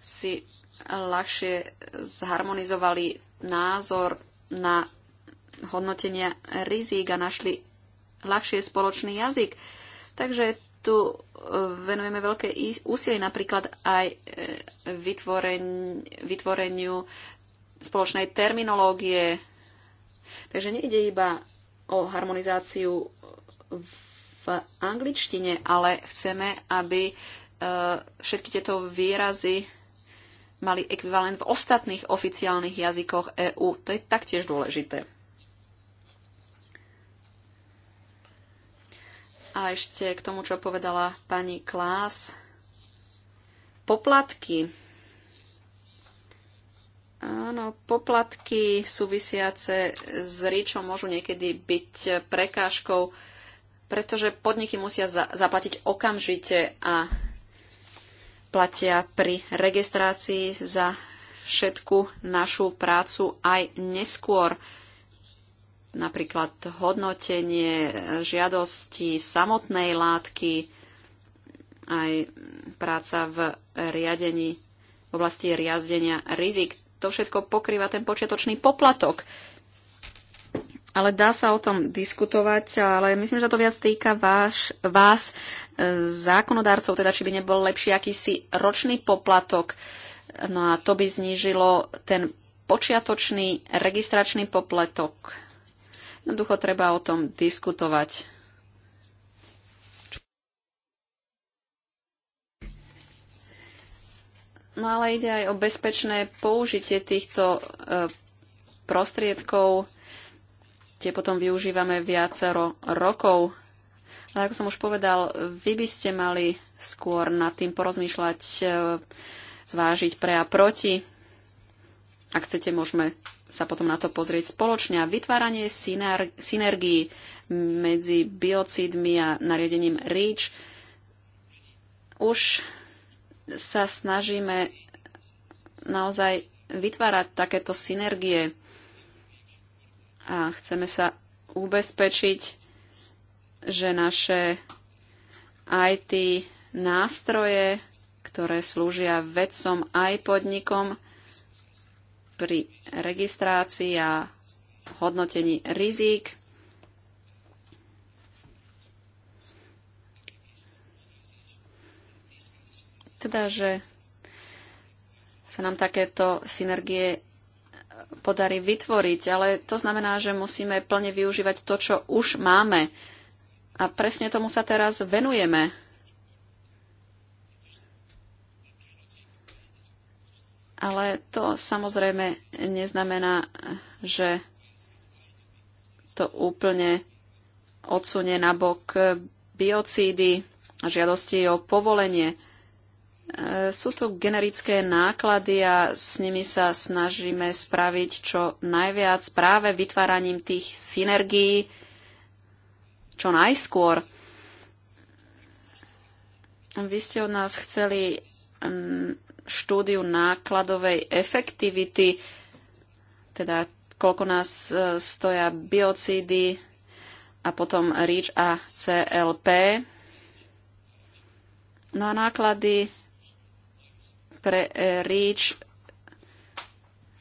si ľahšie zharmonizovali názor na hodnotenia rizík a našli ľahšie spoločný jazyk. Takže tu e, venujeme veľké úsilie napríklad aj e, vytvoreň, vytvoreniu spoločnej terminológie. Takže nejde iba o harmonizáciu v angličtine, ale chceme, aby e, všetky tieto výrazy mali ekvivalent v ostatných oficiálnych jazykoch EÚ. To je taktiež dôležité. A ešte k tomu, čo povedala pani Klás. Poplatky. Áno, poplatky súvisiace s ričom môžu niekedy byť prekážkou, pretože podniky musia za- zaplatiť okamžite a platia pri registrácii za všetku našu prácu aj neskôr napríklad hodnotenie žiadosti samotnej látky, aj práca v riadení, v oblasti riadenia rizik. To všetko pokrýva ten počiatočný poplatok. Ale dá sa o tom diskutovať, ale myslím, že to viac týka váš, vás, e, zákonodárcov, teda či by nebol lepší akýsi ročný poplatok. No a to by znížilo ten počiatočný registračný poplatok Jednoducho treba o tom diskutovať. No ale ide aj o bezpečné použitie týchto e, prostriedkov. Tie potom využívame viacero rokov. Ale ako som už povedal, vy by ste mali skôr nad tým porozmýšľať, e, zvážiť pre a proti. Ak chcete, môžeme sa potom na to pozrieť spoločne a vytváranie synergií medzi biocidmi a nariadením REACH. Už sa snažíme naozaj vytvárať takéto synergie a chceme sa ubezpečiť, že naše IT nástroje, ktoré slúžia vedcom aj podnikom, pri registrácii a hodnotení rizík. Teda, že sa nám takéto synergie podarí vytvoriť, ale to znamená, že musíme plne využívať to, čo už máme. A presne tomu sa teraz venujeme. Ale to samozrejme neznamená, že to úplne odsunie na bok biocídy a žiadosti o povolenie. E, sú tu generické náklady a s nimi sa snažíme spraviť čo najviac práve vytváraním tých synergií čo najskôr. Vy ste od nás chceli štúdiu nákladovej efektivity, teda koľko nás e, stoja biocídy a potom REACH a CLP. No a náklady pre e, REACH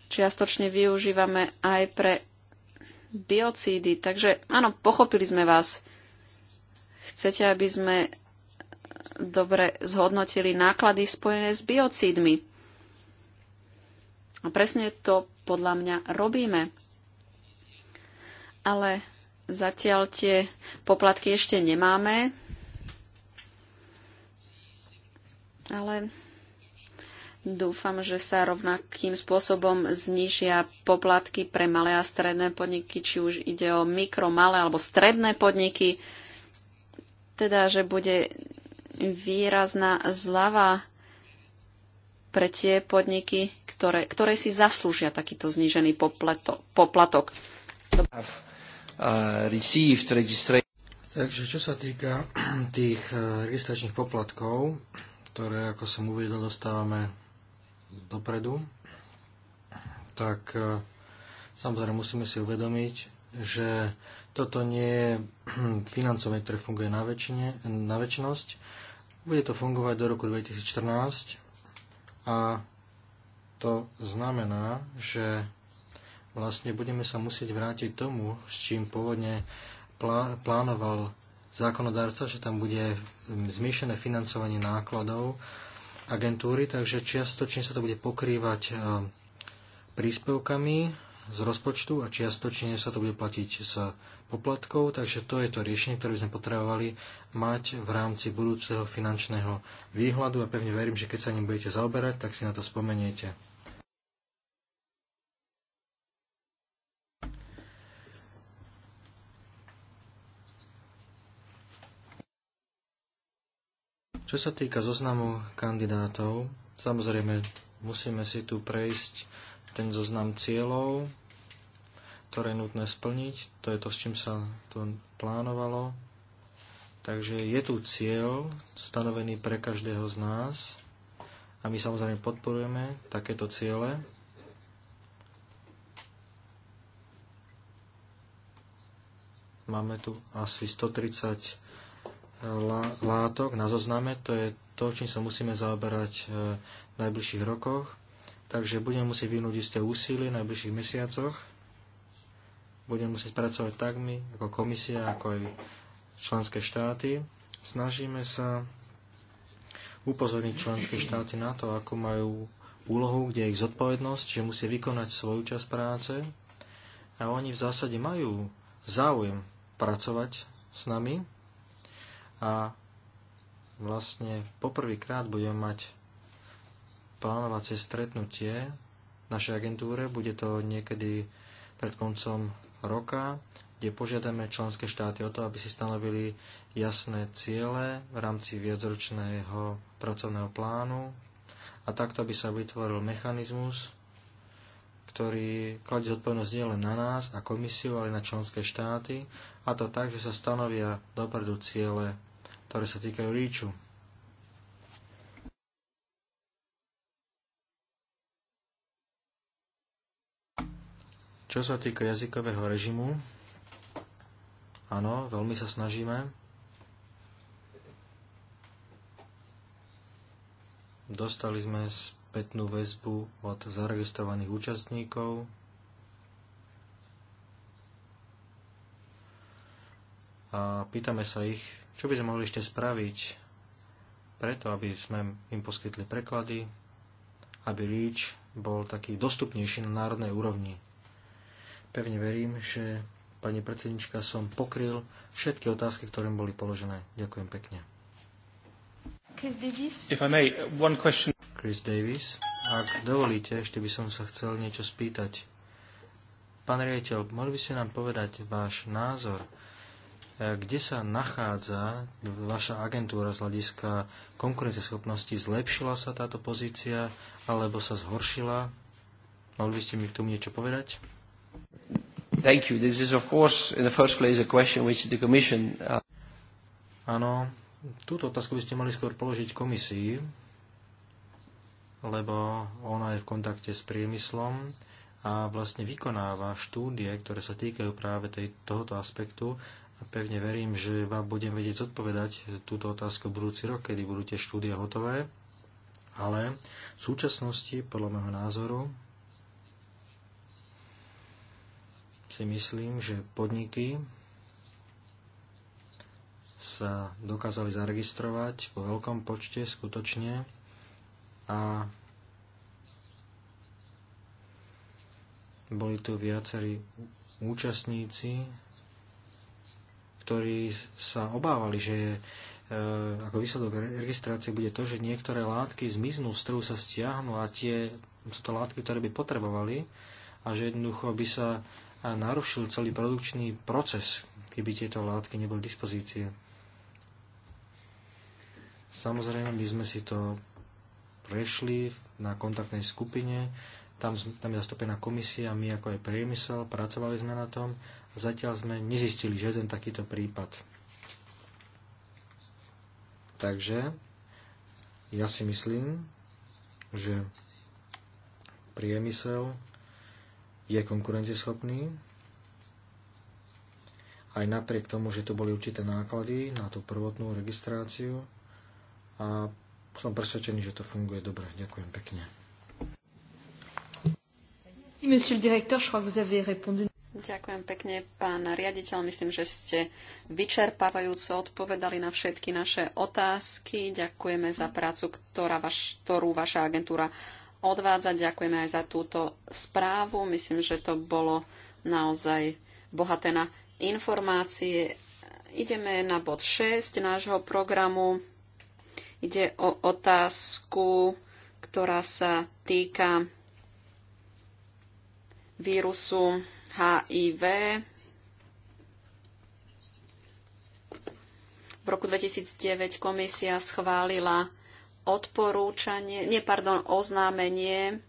čiastočne využívame aj pre biocídy. Takže áno, pochopili sme vás. Chcete, aby sme dobre zhodnotili náklady spojené s biocídmi. A presne to podľa mňa robíme. Ale zatiaľ tie poplatky ešte nemáme. Ale Dúfam, že sa rovnakým spôsobom znižia poplatky pre malé a stredné podniky, či už ide o mikro, malé alebo stredné podniky. Teda, že bude výrazná zľava pre tie podniky, ktoré, ktoré si zaslúžia takýto znížený
poplatok. Uh, Takže čo sa týka *clears throat* tých uh, registračných poplatkov, ktoré, ako som uvedel, dostávame dopredu, tak uh, samozrejme musíme si uvedomiť, že toto nie je *clears throat* financovanie, ktoré funguje na, väčšine, na väčšnosť bude to fungovať do roku 2014 a to znamená, že vlastne budeme sa musieť vrátiť tomu, s čím pôvodne plánoval zákonodárca, že tam bude zmiešané financovanie nákladov agentúry, takže čiastočne sa to bude pokrývať e, príspevkami z rozpočtu a čiastočne sa to bude platiť z poplatkov, takže to je to riešenie, ktoré by sme potrebovali, mať v rámci budúceho finančného výhľadu a pevne verím, že keď sa ním budete zaoberať, tak si na to spomeniete. Čo sa týka zoznamu kandidátov, samozrejme musíme si tu prejsť ten zoznam cieľov, ktoré je nutné splniť. To je to, s čím sa tu plánovalo. Takže je tu cieľ stanovený pre každého z nás a my samozrejme podporujeme takéto ciele. Máme tu asi 130 eh, látok na zozname, to je to, čím sa musíme zaoberať eh, v najbližších rokoch. Takže budeme musieť vynúť isté úsilie v najbližších mesiacoch. Budeme musieť pracovať tak my, ako komisia, ako aj členské štáty. Snažíme sa upozorniť členské štáty na to, ako majú úlohu, kde je ich zodpovednosť, že musí vykonať svoju časť práce a oni v zásade majú záujem pracovať s nami a vlastne poprvýkrát budeme mať plánovacie stretnutie našej agentúre, bude to niekedy pred koncom roka kde požiadame členské štáty o to, aby si stanovili jasné ciele v rámci viacročného pracovného plánu a takto by sa vytvoril mechanizmus, ktorý kladie zodpovednosť nie len na nás, a komisiu, ale na členské štáty a to tak, že sa stanovia dopredu ciele, ktoré sa týkajú ríču. Čo sa týka jazykového režimu, Áno, veľmi sa snažíme. Dostali sme spätnú väzbu od zaregistrovaných účastníkov. A pýtame sa ich, čo by sme mohli ešte spraviť preto, aby sme im poskytli preklady, aby REACH bol taký dostupnejší na národnej úrovni. Pevne verím, že pani predsednička, som pokryl všetky otázky, ktoré boli položené. Ďakujem pekne.
Chris Davis. If I may,
one question. Chris Davis. Ak dovolíte, ešte by som sa chcel niečo spýtať. Pán riaditeľ, mohli by ste nám povedať váš názor, e, kde sa nachádza vaša agentúra z hľadiska konkurenceschopnosti? Zlepšila sa táto pozícia alebo sa zhoršila? Mohli by ste mi k tomu niečo povedať? Thank you. This is of course in the first place a question which the commission uh... Áno, túto otázku by ste mali skôr položiť komisii, lebo ona je v kontakte s priemyslom a vlastne vykonáva štúdie, ktoré sa týkajú práve tej, tohoto aspektu a pevne verím, že vám budem vedieť zodpovedať túto otázku v budúci rok, kedy budú tie štúdie hotové, ale v súčasnosti, podľa môjho názoru, si myslím, že podniky sa dokázali zaregistrovať vo veľkom počte skutočne a boli tu viacerí účastníci, ktorí sa obávali, že e, ako výsledok registrácie bude to, že niektoré látky zmiznú, z trhu sa stiahnu a tie sú to látky, ktoré by potrebovali a že jednoducho by sa a narušil celý produkčný proces, keby tieto látky neboli dispozície. Samozrejme, my sme si to prešli na kontaktnej skupine, tam, tam je zastúpená komisia, my ako aj priemysel, pracovali sme na tom a zatiaľ sme nezistili žiaden takýto prípad. Takže ja si myslím, že priemysel je konkurenceschopný. Aj napriek tomu, že tu boli určité náklady na tú prvotnú registráciu a som presvedčený, že to funguje dobre. Ďakujem pekne.
Ďakujem pekne, pán riaditeľ. Myslím, že ste vyčerpávajúco odpovedali na všetky naše otázky. Ďakujeme za prácu, ktorá vaš, ktorú vaša agentúra odvádzať. Ďakujeme aj za túto správu. Myslím, že to bolo naozaj bohaté na informácie. Ideme na bod 6 nášho programu. Ide o otázku, ktorá sa týka vírusu HIV. V roku 2009 komisia schválila odporúčanie, nie, pardon, oznámenie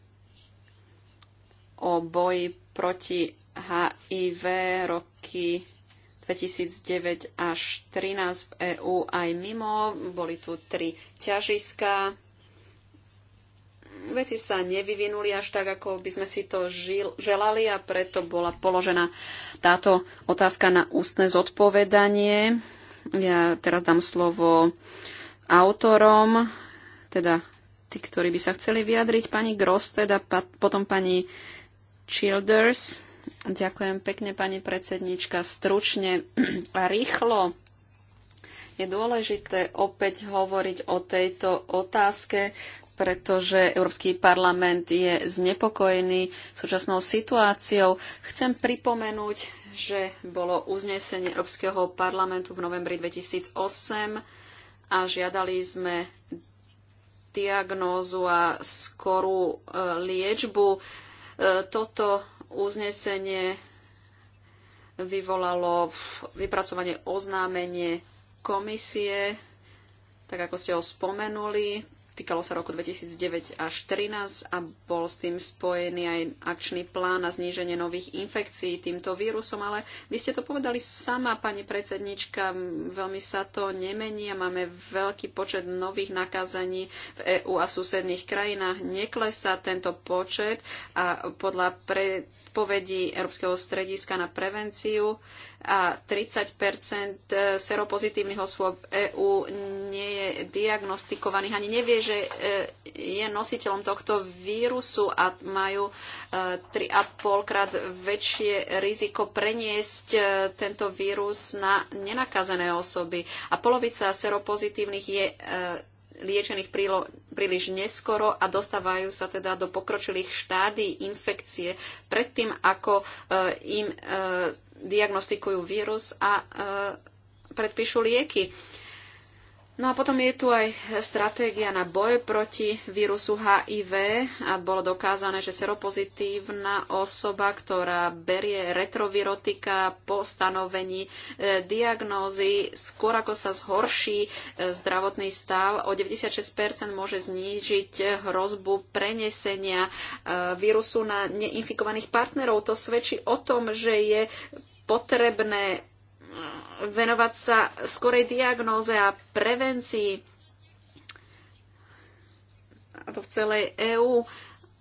o boji proti HIV roky 2009 až 2013 v EÚ aj mimo. Boli tu tri ťažiska. Veci sa nevyvinuli až tak, ako by sme si to žil, želali a preto bola položená táto otázka na ústne zodpovedanie. Ja teraz dám slovo autorom teda tí, ktorí by sa chceli vyjadriť, pani Gross teda, potom pani Childers. Ďakujem pekne, pani predsednička. Stručne a rýchlo je dôležité opäť hovoriť o tejto otázke, pretože Európsky parlament je znepokojený súčasnou situáciou. Chcem pripomenúť, že bolo uznesenie Európskeho parlamentu v novembri 2008 a žiadali sme diagnózu a skorú e, liečbu. E, toto uznesenie vyvolalo vypracovanie oznámenie komisie, tak ako ste ho spomenuli. Týkalo sa roku 2009 až 2013 a bol s tým spojený aj akčný plán na zníženie nových infekcií týmto vírusom, ale vy ste to povedali sama, pani predsednička, veľmi sa to nemení a máme veľký počet nových nakazaní v EÚ a susedných krajinách. Neklesá tento počet a podľa predpovedí Európskeho strediska na prevenciu a 30 seropozitívnych osôb EÚ nie je diagnostikovaných, ani nevie, že e, je nositeľom tohto vírusu a majú 3,5 e, krát väčšie riziko preniesť e, tento vírus na nenakazené osoby. A polovica seropozitívnych je liečených príliš neskoro a dostávajú sa teda do pokročilých štádií infekcie predtým, ako im diagnostikujú vírus a e, predpíšu lieky. No a potom je tu aj stratégia na boj proti vírusu HIV a bolo dokázané, že seropozitívna osoba, ktorá berie retrovirotika po stanovení e, diagnózy, skôr ako sa zhorší e, zdravotný stav, o 96% môže znížiť hrozbu prenesenia e, vírusu na neinfikovaných partnerov. To svedčí o tom, že je potrebné venovať sa skorej diagnóze a prevencii a to v celej EÚ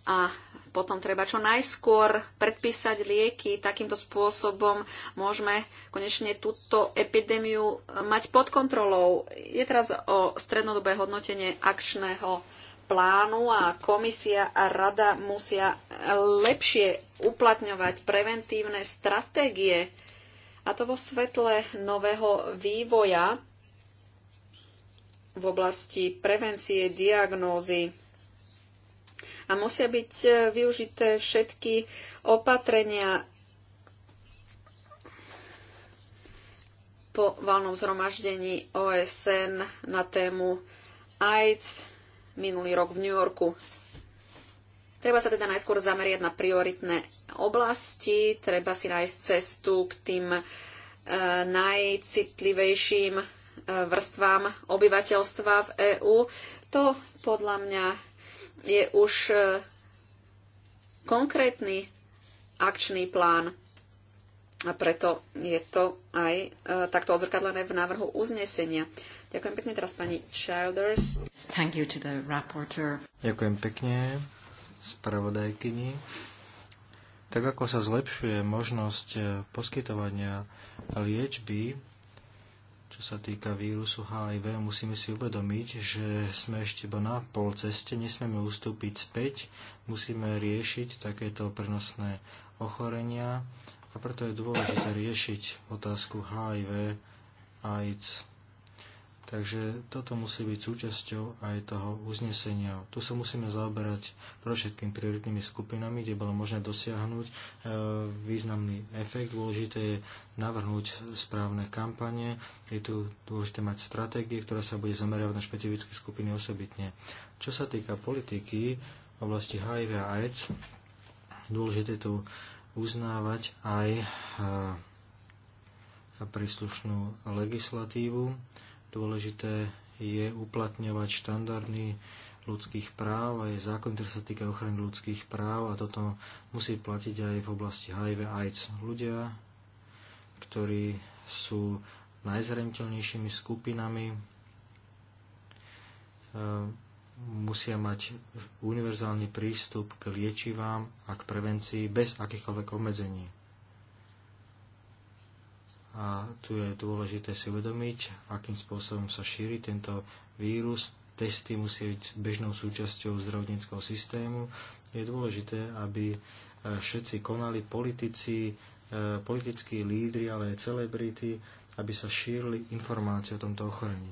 a potom treba čo najskôr predpísať lieky. Takýmto spôsobom môžeme konečne túto epidémiu mať pod kontrolou. Je teraz o strednodobé hodnotenie akčného plánu a komisia a rada musia lepšie uplatňovať preventívne stratégie a to vo svetle nového vývoja v oblasti prevencie, diagnózy. A musia byť e, využité všetky opatrenia po valnom zhromaždení OSN na tému AIDS minulý rok v New Yorku. Treba sa teda najskôr zameriať na prioritné oblasti, treba si nájsť cestu k tým e, najcitlivejším e, vrstvám obyvateľstva v EÚ. To podľa mňa je už e, konkrétny akčný plán a preto je to aj e, takto odzrkadlené v návrhu uznesenia. Ďakujem pekne teraz pani Childers. Thank you to the
Ďakujem pekne spravodajkyni tak ako sa zlepšuje možnosť e, poskytovania liečby, čo sa týka vírusu HIV, musíme si uvedomiť, že sme ešte iba na pol ceste, nesmieme ustúpiť späť, musíme riešiť takéto prenosné ochorenia a preto je dôležité riešiť otázku HIV, AIDS. Takže toto musí byť súčasťou aj toho uznesenia. Tu sa musíme zaoberať pre všetkým prioritnými skupinami, kde bolo možné dosiahnuť e, významný efekt. Dôležité je navrhnúť správne kampanie. Je tu dôležité mať stratégie, ktorá sa bude zameriavať na špecifické skupiny osobitne. Čo sa týka politiky v oblasti HIV a AIDS, dôležité tu uznávať aj e, príslušnú legislatívu Dôležité je uplatňovať štandardy ľudských práv a je zákon, ktorý sa týka ochrany ľudských práv a toto musí platiť aj v oblasti HIV AIDS. Ľudia, ktorí sú najzraniteľnejšími skupinami, e, musia mať univerzálny prístup k liečivám a k prevencii bez akýchkoľvek obmedzení a tu je dôležité si uvedomiť, akým spôsobom sa šíri tento vírus. Testy musí byť bežnou súčasťou zdravotníckého systému. Je dôležité, aby e, všetci konali politici, e, politickí lídry, ale aj celebrity, aby sa šírili informácie o tomto ochorení.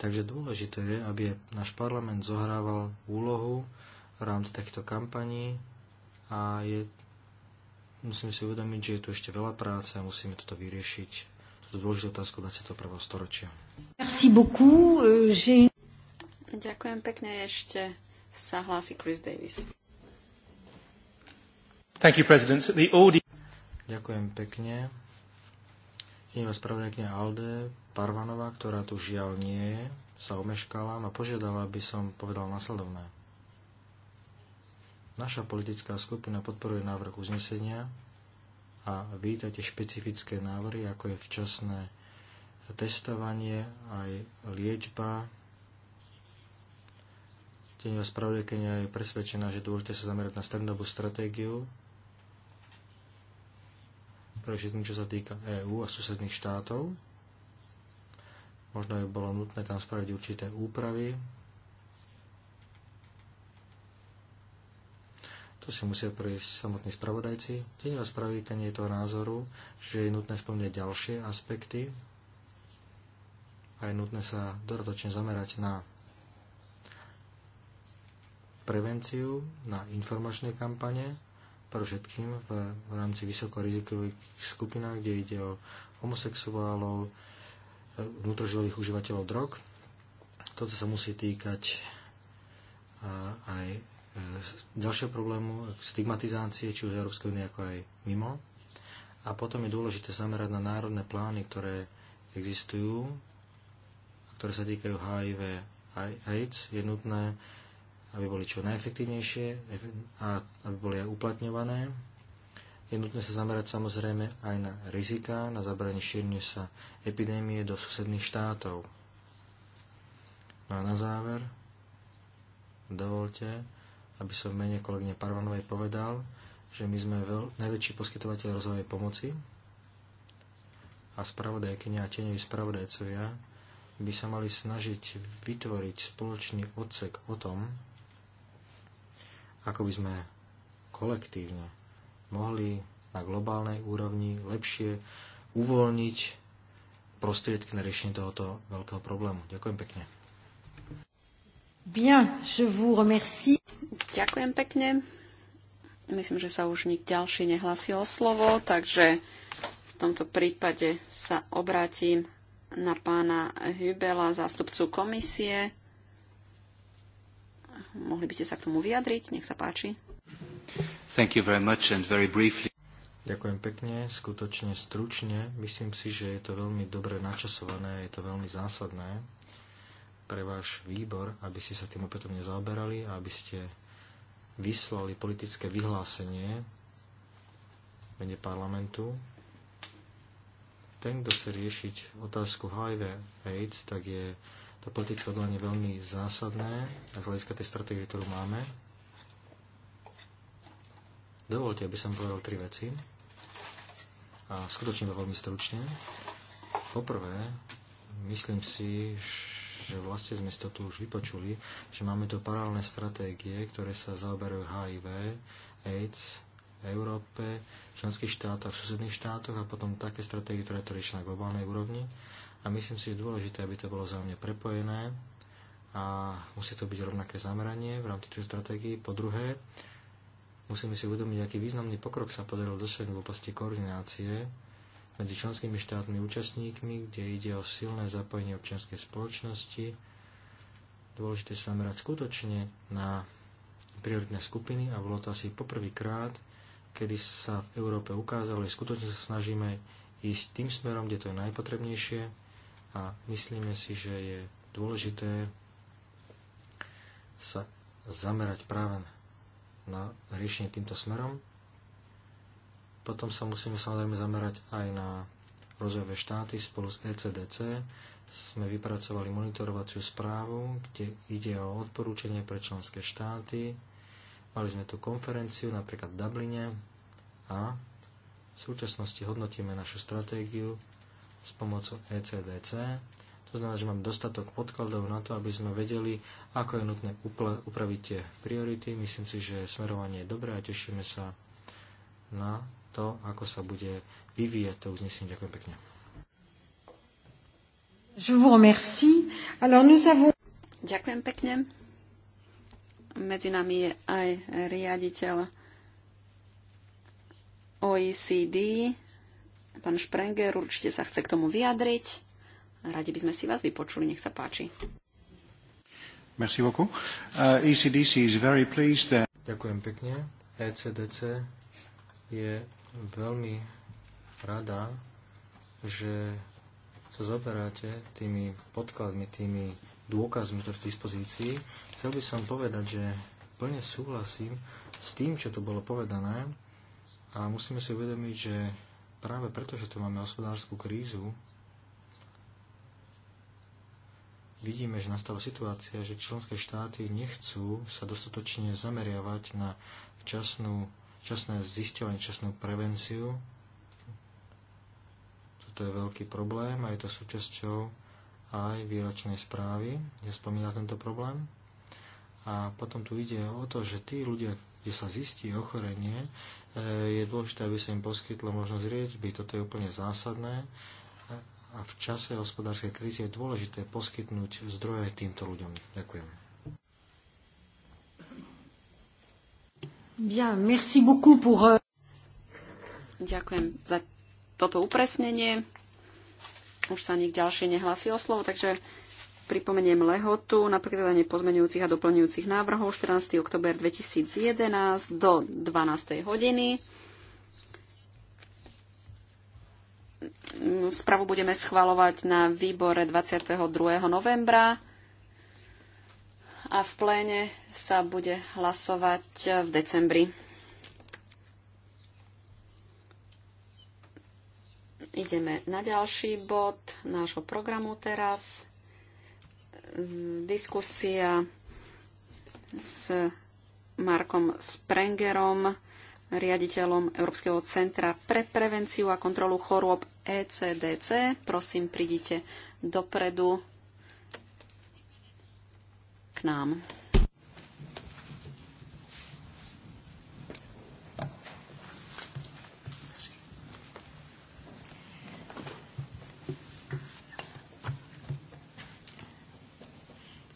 Takže dôležité je, aby náš parlament zohrával úlohu v rámci takýchto kampaní, a je, musím si uvedomiť, že je tu ešte veľa práce a musíme toto vyriešiť, túto dôležitú otázku 21. storočia. Merci
beaucoup. Euh, Ďakujem pekne. Ešte sa hlási Chris Davis.
Thank you, President. The audi- Ďakujem pekne. Je vás spravodajkňa Alde Parvanová, ktorá tu žiaľ nie je, sa omeškala a požiadala, aby som povedal nasledovné. Naša politická skupina podporuje návrh uznesenia a vítate špecifické návrhy, ako je včasné testovanie, aj liečba. Tieňová spravodajkenia je presvedčená, že dôležité sa zamerať na strednodobú stratégiu, pre všetkým, čo sa týka EÚ a susedných štátov. Možno by bolo nutné tam spraviť určité úpravy, To si musia prejsť samotní spravodajci. vás spravodajka je toho názoru, že je nutné spomínať ďalšie aspekty a je nutné sa dodatočne zamerať na prevenciu, na informačné kampane, pre všetkým v, v rámci vysokorizikových skupinách, kde ide o homosexuálov, vnútrožilových užívateľov drog. Toto sa musí týkať aj ďalšieho problému stigmatizácie, či už Európskej únie, ako aj mimo. A potom je dôležité zamerať na národné plány, ktoré existujú, a ktoré sa týkajú HIV a AIDS. Je nutné, aby boli čo najefektívnejšie a aby boli aj uplatňované. Je nutné sa zamerať samozrejme aj na rizika, na zabranie šírenia sa epidémie do susedných štátov. No a na záver, dovolte, aby som v mene kolegyne Parvanovej povedal, že my sme veľ, najväčší poskytovateľ rozvojovej pomoci a spravodajkyňa a tieňoví spravodajcovia by sa mali snažiť vytvoriť spoločný odsek o tom, ako by sme kolektívne mohli na globálnej úrovni lepšie uvoľniť prostriedky na riešenie tohoto veľkého problému. Ďakujem pekne.
Bien, je vous remercie. Ďakujem
pekne. Myslím, že sa už nik ďalší nehlasil o slovo, takže v tomto prípade sa obrátim na pána Hübela, zástupcu komisie. Mohli by ste sa k tomu vyjadriť? Nech sa páči.
Thank you very much and very briefly. Ďakujem pekne, skutočne stručne. Myslím si, že je to veľmi dobre načasované, je to veľmi zásadné pre váš výbor, aby ste sa tým opätovne zaoberali a aby ste vyslali politické vyhlásenie mene parlamentu. Ten, kto chce riešiť otázku HIV AIDS, tak je to politické odhodlanie veľmi zásadné a z hľadiska tej stratégie, ktorú máme. Dovolte, aby som povedal tri veci. A skutočne to veľmi stručne. Poprvé, myslím si, že že vlastne sme to tu už vypočuli, že máme tu paralelné stratégie, ktoré sa zaoberajú HIV, AIDS, Európe, členských štátoch, susedných štátoch a potom také stratégie, ktoré to riešia na globálnej úrovni. A myslím si, že je dôležité, aby to bolo zájomne prepojené a musí to byť rovnaké zameranie v rámci tých stratégií. Po druhé, musíme si uvedomiť, aký významný pokrok sa podaril dosiahnuť v oblasti koordinácie medzi členskými štátmi účastníkmi, kde ide o silné zapojenie občianskej spoločnosti. Dôležité sa merať skutočne na prioritné skupiny a bolo to asi poprvýkrát, kedy sa v Európe ukázalo, že skutočne sa snažíme ísť tým smerom, kde to je najpotrebnejšie a myslíme si, že je dôležité sa zamerať práve na riešenie týmto smerom. Potom sa musíme samozrejme zamerať aj na rozvojové štáty spolu s ECDC. Sme vypracovali monitorovaciu správu, kde ide o odporúčanie pre členské štáty. Mali sme tu konferenciu napríklad v Dubline a v súčasnosti hodnotíme našu stratégiu s pomocou ECDC. To znamená, že mám dostatok podkladov na to, aby sme vedeli, ako je nutné upraviť tie priority. Myslím si, že smerovanie je dobré a tešíme sa na to, ako sa bude vyvíjať to uznesenie. Ďakujem pekne. Je vous remercie.
Alors nous avons... Ďakujem pekne. Medzi nami je aj riaditeľ OECD, pán Šprenger, určite sa chce k tomu vyjadriť. Radi by sme si vás vypočuli, nech sa
páči. Merci beaucoup. Uh, ECDC is very pleased that... Ďakujem pekne. ECDC je veľmi rada, že sa zoberáte tými podkladmi, tými dôkazmi, ktoré v dispozícii. Chcel by som povedať, že plne súhlasím s tým, čo tu bolo povedané a musíme si uvedomiť, že práve preto, že tu máme hospodárskú krízu, vidíme, že nastala situácia, že členské štáty nechcú sa dostatočne zameriavať na včasnú časné zisťovanie, časnú prevenciu. Toto je veľký problém a je to súčasťou aj výročnej správy, kde spomína tento problém. A potom tu ide o to, že tí ľudia, kde sa zistí ochorenie, e, je dôležité, aby sa im poskytlo možnosť liečby. Toto je úplne zásadné a v čase hospodárskej krízy je dôležité poskytnúť zdroje týmto ľuďom. Ďakujem. Bien, merci beaucoup pour... Euh,
Ďakujem za toto upresnenie. Už sa nik ďalšie nehlasí o slovo, takže pripomeniem lehotu na prekladanie pozmenujúcich a doplňujúcich návrhov 14. oktober 2011 do 12. hodiny. Spravu budeme schvalovať na výbore 22. novembra a v pléne sa bude hlasovať v decembri. Ideme na ďalší bod nášho programu teraz. Diskusia s Markom Sprengerom, riaditeľom Európskeho centra pre prevenciu a kontrolu chorôb ECDC. Prosím, prídite dopredu nám.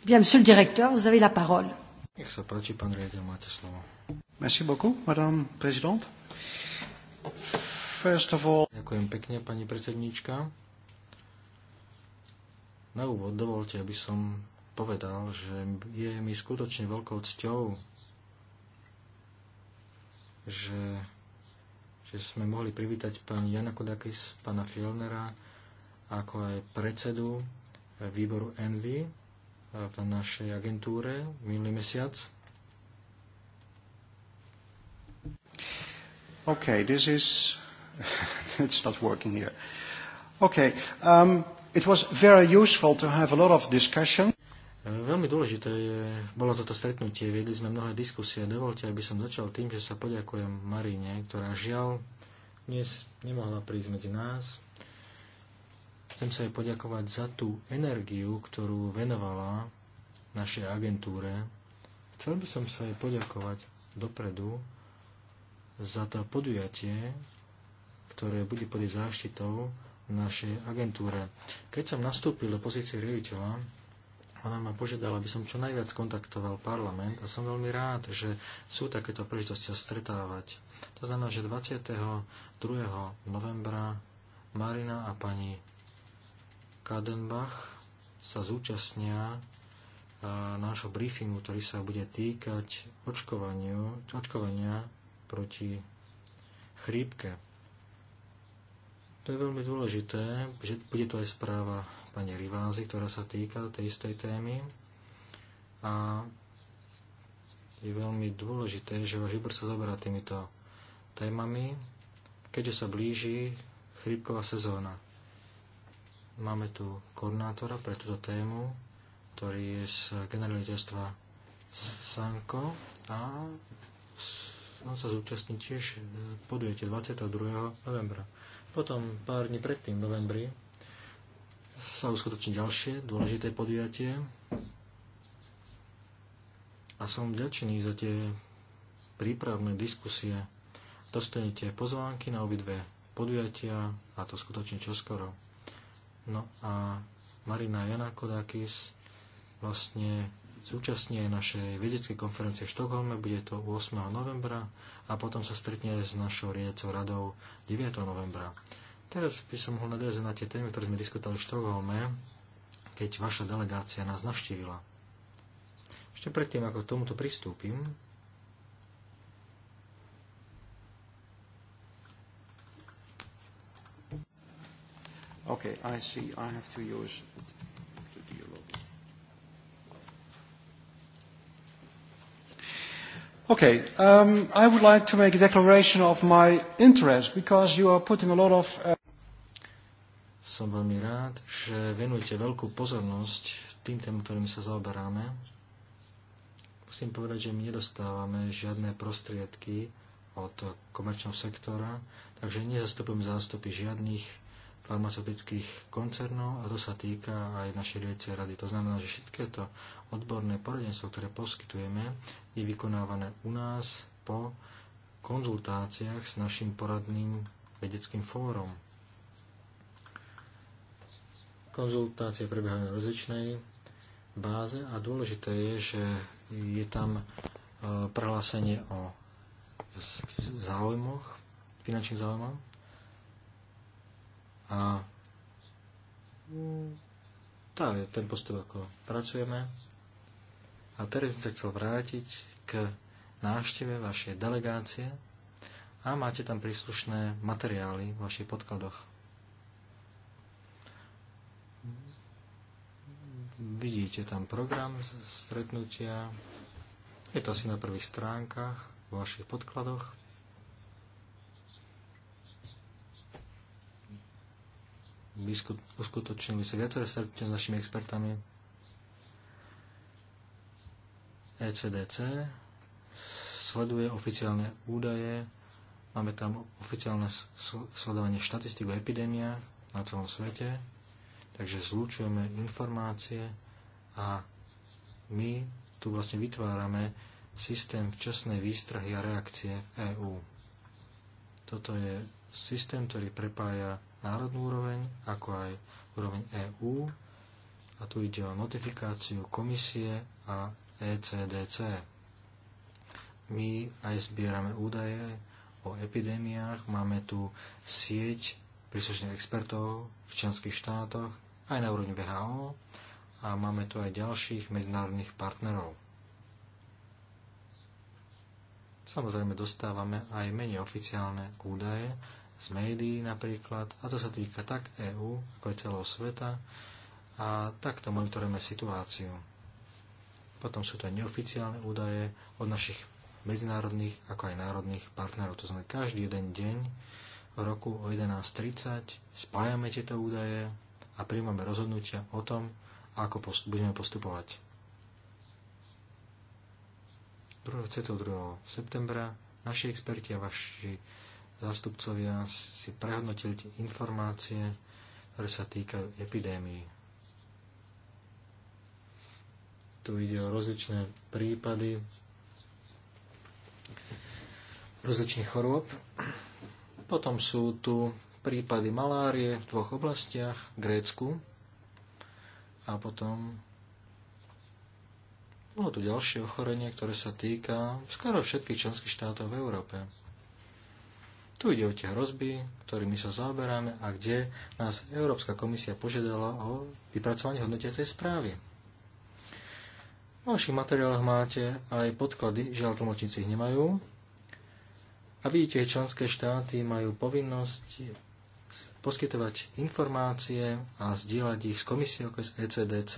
Bien, monsieur le directeur, vous avez la parole.
Nech sa páči, pán riaditeľ, máte slovo. Merci beaucoup, madame présidente. First of all... Ďakujem pekne, pani predsedníčka. Na úvod dovolte, aby som povedal, že je mi skutočne veľkou cťou, že, že sme mohli privítať pani Jana Kodakis, pána Fielnera, ako aj predsedu výboru Envy v našej agentúre minulý mesiac. OK, this is... *laughs* It's not working here. OK, um, it was very useful to have a lot of discussion. Veľmi dôležité je, bolo toto stretnutie, viedli sme mnohé diskusie. Dovolte, aby som začal tým, že sa poďakujem Marine, ktorá žiaľ dnes nemohla prísť medzi nás. Chcem sa jej poďakovať za tú energiu, ktorú venovala našej agentúre. Chcel by som sa jej poďakovať dopredu za to podujatie, ktoré bude pod záštitou našej agentúre. Keď som nastúpil do pozície riaditeľa, ona ma požiadala, aby som čo najviac kontaktoval parlament a som veľmi rád, že sú takéto príležitosti stretávať. To znamená, že 22. novembra Marina a pani Kadenbach sa zúčastnia e, nášho briefingu, ktorý sa bude týkať očkovania proti chrípke. To je veľmi dôležité, že bude tu aj správa pani Rivázy, ktorá sa týka tej istej témy. A je veľmi dôležité, že váš výbor sa zaoberá týmito témami, keďže sa blíži chrípková sezóna. Máme tu koordinátora pre túto tému, ktorý je z generaliteľstva Sanko a on sa zúčastní tiež eh, podujete 22. novembra. Potom pár dní predtým, novembri, sa uskutoční ďalšie dôležité podujatie. A som vďačený za tie prípravné diskusie. Dostanete pozvánky na obidve podujatia a to skutočne čoskoro. No a Marina Janakodakis vlastne zúčastní našej vedeckej konferencie v Štokholme, bude to 8. novembra a potom sa stretne s našou riadiacou radou 9. novembra. Teraz by som mohol nadviazať na tie témy, ktoré sme diskutovali v Štokholme, keď vaša delegácia nás navštívila. Ešte predtým, ako k tomuto pristúpim,
Okay, I see. I have to use the dialogue.
Okay, um, I would like to make a declaration of my interest because you are putting a lot of. Uh... Som veľmi rád, že venujete veľkú pozornosť tým témam, ktorými sa zaoberáme. Musím povedať, že my nedostávame žiadne prostriedky od komerčného sektora, takže nezastupujeme zástupy žiadnych farmaceutických koncernov a to sa týka aj našej riadiacej rady. To znamená, že všetky to odborné poradenstvo, ktoré poskytujeme, je vykonávané u nás po konzultáciách s našim poradným vedeckým fórom. Konzultácie prebiehajú na rozličnej báze a dôležité je, že je tam e, prehlásenie o záujmoch, finančných záujmoch a mm, tá je ten postup, ako pracujeme. A teraz sa chcel vrátiť k návšteve vašej delegácie a máte tam príslušné materiály v vašich podkladoch. Vidíte tam program stretnutia. Je to asi na prvých stránkach v vašich podkladoch. Uskutočnili sa viaceré stretnutia s našimi expertami ECDC, sleduje oficiálne údaje, máme tam oficiálne sledovanie štatistik o epidémiách na celom svete, Takže zlučujeme informácie a my tu vlastne vytvárame systém včasnej výstrahy a reakcie EÚ. Toto je systém, ktorý prepája národnú úroveň, ako aj úroveň EÚ. A tu ide o notifikáciu komisie a ECDC. My aj zbierame údaje o epidémiách, máme tu sieť príslušných expertov v členských štátoch, aj na úrovni VHO a máme tu aj ďalších medzinárodných partnerov. Samozrejme dostávame aj menej oficiálne údaje z médií napríklad, a to sa týka tak EÚ, ako aj celého sveta, a takto monitorujeme situáciu. Potom sú to aj neoficiálne údaje od našich medzinárodných ako aj národných partnerov. To znamená, každý jeden deň v roku o 11.30 spájame tieto údaje, a príjmame rozhodnutia o tom, ako budeme postupovať. 22. septembra naši experti a vaši zástupcovia si prehodnotili tie informácie, ktoré sa týkajú epidémií. Tu ide o rozličné prípady rozličných chorôb. Potom sú tu prípady malárie v dvoch oblastiach, v Grécku a potom bolo tu ďalšie ochorenie, ktoré sa týka skoro všetkých členských štátov v Európe. Tu ide o tie hrozby, ktorými sa zaoberáme a kde nás Európska komisia požiadala o vypracovanie hodnotiacej správy. V vašich materiáloch máte aj podklady, žiaľ tlmočníci ich nemajú. A vidíte, že členské štáty majú povinnosť poskytovať informácie a zdieľať ich s komisiou z ECDC.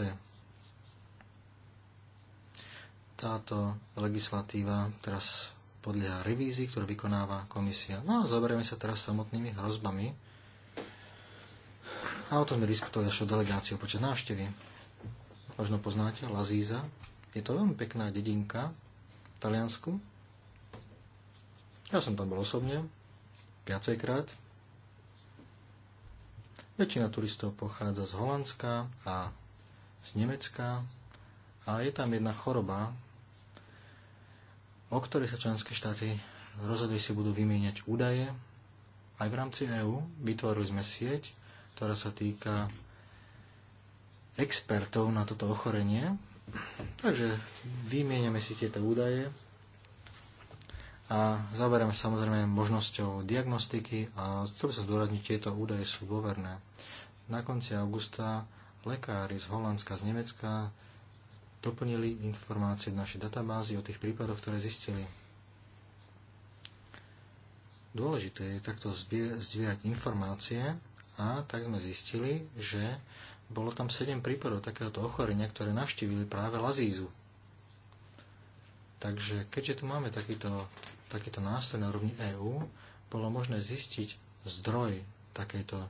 Táto legislatíva teraz podľa revízii, ktorú vykonáva komisia. No a zoberieme sa teraz samotnými hrozbami. A o tom sme diskutovali našou delegáciou počas návštevy. Možno poznáte Lazíza. Je to veľmi pekná dedinka v Taliansku. Ja som tam bol osobne, viacejkrát, Väčšina turistov pochádza z Holandska a z Nemecka a je tam jedna choroba, o ktorej sa členské štáty rozhodli si budú vymieňať údaje. Aj v rámci EÚ vytvorili sme sieť, ktorá sa týka expertov na toto ochorenie. Takže vymieňame si tieto údaje a zaberieme samozrejme možnosťou diagnostiky a chcel by sa zdôrazniť, tieto údaje sú dôverné. Na konci augusta lekári z Holandska, z Nemecka doplnili informácie v našej databázy o tých prípadoch, ktoré zistili. Dôležité je takto zdvierať informácie a tak sme zistili, že bolo tam 7 prípadov takéhoto ochorenia, ktoré navštívili práve Lazízu. Takže keďže tu máme takýto takýto nástroj na úrovni EÚ, bolo možné zistiť zdroj takejto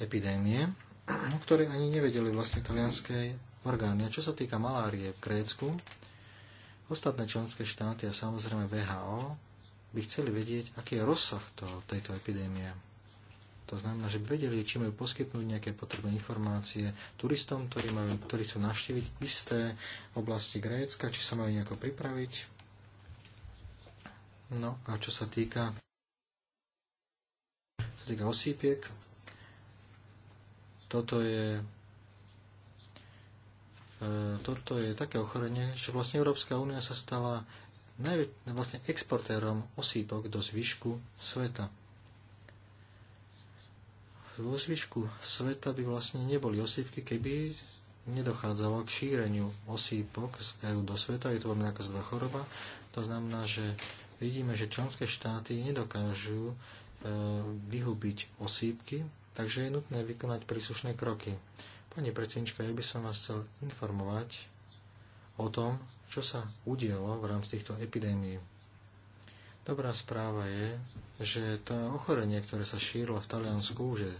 epidémie, o *clears throat* ktorej ani nevedeli vlastne talianské orgány. A čo sa týka malárie v Grécku, ostatné členské štáty a samozrejme VHO by chceli vedieť, aký je rozsah to, tejto epidémie. To znamená, že by vedeli, či majú poskytnúť nejaké potrebné informácie turistom, ktorí, majú, ktorí chcú navštíviť isté oblasti Grécka, či sa majú nejako pripraviť. No a čo sa týka, čo sa týka osýpiek, toto je e, toto je také ochorenie, že vlastne Európska únia sa stala vlastne exportérom osýpok do zvyšku sveta. Vo zvyšku sveta by vlastne neboli osýpky, keby nedochádzalo k šíreniu osýpok z EU do sveta. Je to veľmi nákazová choroba. To znamená, že vidíme, že členské štáty nedokážu e, vyhubiť osýpky, takže je nutné vykonať príslušné kroky. Pani predsednička, ja by som vás chcel informovať o tom, čo sa udialo v rámci týchto epidémií. Dobrá správa je, že to ochorenie, ktoré sa šírilo v Taliansku, že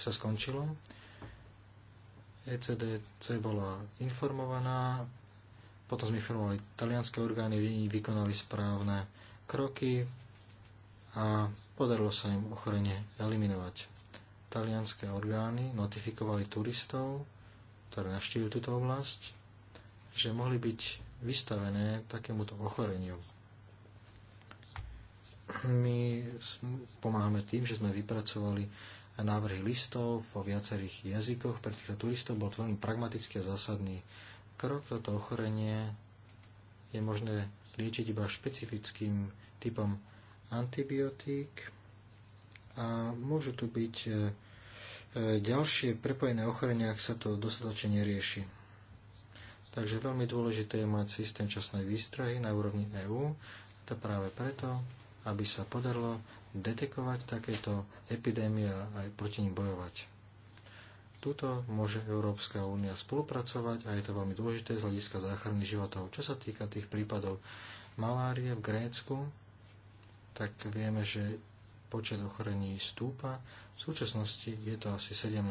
už sa skončilo. ECDC bola informovaná, potom sme informovali talianské orgány, vykonali správne kroky a podarilo sa im ochorenie eliminovať. Talianské orgány notifikovali turistov, ktorí navštívili túto oblasť, že mohli byť vystavené takémuto ochoreniu. My pomáhame tým, že sme vypracovali návrhy listov vo viacerých jazykoch. Pre týchto turistov bol to veľmi pragmatický a zásadný krok. Toto ochorenie je možné liečiť iba špecifickým typom antibiotík a môžu tu byť e, e, ďalšie prepojené ochorenia, ak sa to dostatočne nerieši. Takže veľmi dôležité je mať systém časnej výstrahy na úrovni EÚ, to práve preto, aby sa podarilo detekovať takéto epidémie a aj proti nim bojovať. Tuto môže Európska únia spolupracovať a je to veľmi dôležité z hľadiska záchrany životov. Čo sa týka tých prípadov malárie v Grécku, tak vieme, že počet ochorení stúpa. V súčasnosti je to asi 17.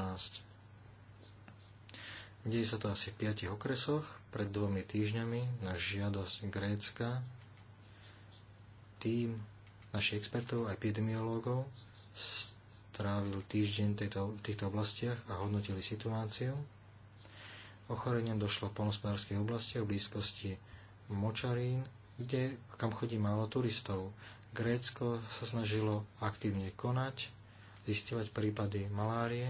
Deje sa to asi v 5 okresoch. Pred dvomi týždňami na žiadosť Grécka tým našich expertov a epidemiológov trávil týždeň v týchto oblastiach a hodnotili situáciu. Ochoreniam došlo v polnospodárských oblastiach v blízkosti Močarín, kde, kam chodí málo turistov. Grécko sa snažilo aktívne konať, zistovať prípady malárie.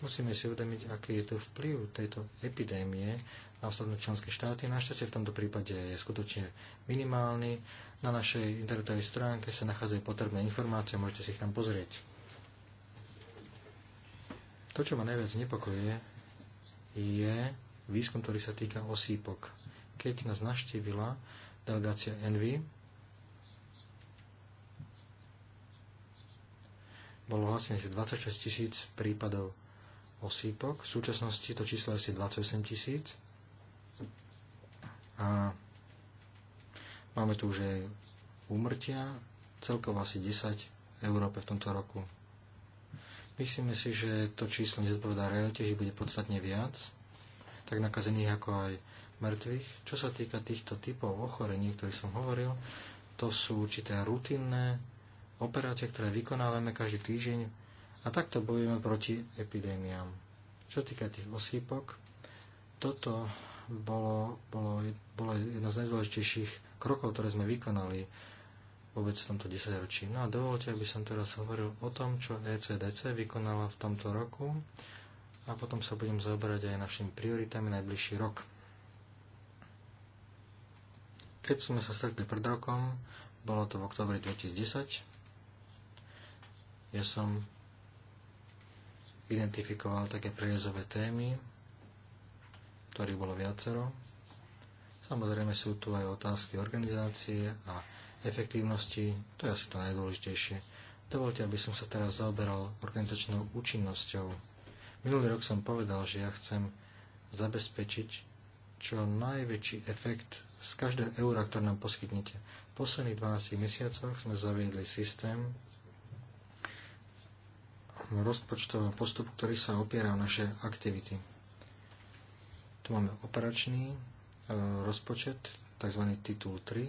Musíme si uvedomiť, aký je tu vplyv tejto epidémie na ostatné členské štáty. Našťastie v tomto prípade je skutočne minimálny. Na našej internetovej stránke sa nachádzajú potrebné informácie, môžete si ich tam pozrieť. To, čo ma najviac znepokojuje, je výskum, ktorý sa týka osýpok. Keď nás naštívila delegácia Envy, bolo vlastne 26 tisíc prípadov osýpok. V súčasnosti to číslo je asi 28 tisíc. A máme tu už aj úmrtia, celkovo asi 10 v Európe v tomto roku. Myslíme si, že to číslo nezodpovedá realite, že bude podstatne viac, tak nakazených ako aj mŕtvych. Čo sa týka týchto typov ochorení, o ktorých som hovoril, to sú určité rutinné operácie, ktoré vykonávame každý týždeň a takto bojujeme proti epidémiám. Čo sa týka tých osýpok, toto bolo, bolo, bolo jedno z najdôležitejších krokov, ktoré sme vykonali vôbec v tomto desaťročí. No a dovolte, aby som teraz hovoril o tom, čo ECDC vykonala v tomto roku a potom sa budem zaoberať aj našimi prioritami najbližší rok. Keď sme sa stretli pred rokom, bolo to v oktobri 2010, ja som identifikoval také prierezové témy, ktorých bolo viacero. Samozrejme sú tu aj otázky organizácie a efektívnosti, to je asi to najdôležitejšie. Dovolte, aby som sa teraz zaoberal organizačnou účinnosťou. Minulý rok som povedal, že ja chcem zabezpečiť čo najväčší efekt z každého eura, ktoré nám poskytnete. V posledných 12 mesiacoch sme zaviedli systém rozpočtový postup, ktorý sa opiera o naše aktivity. Tu máme operačný e, rozpočet, tzv. titul 3,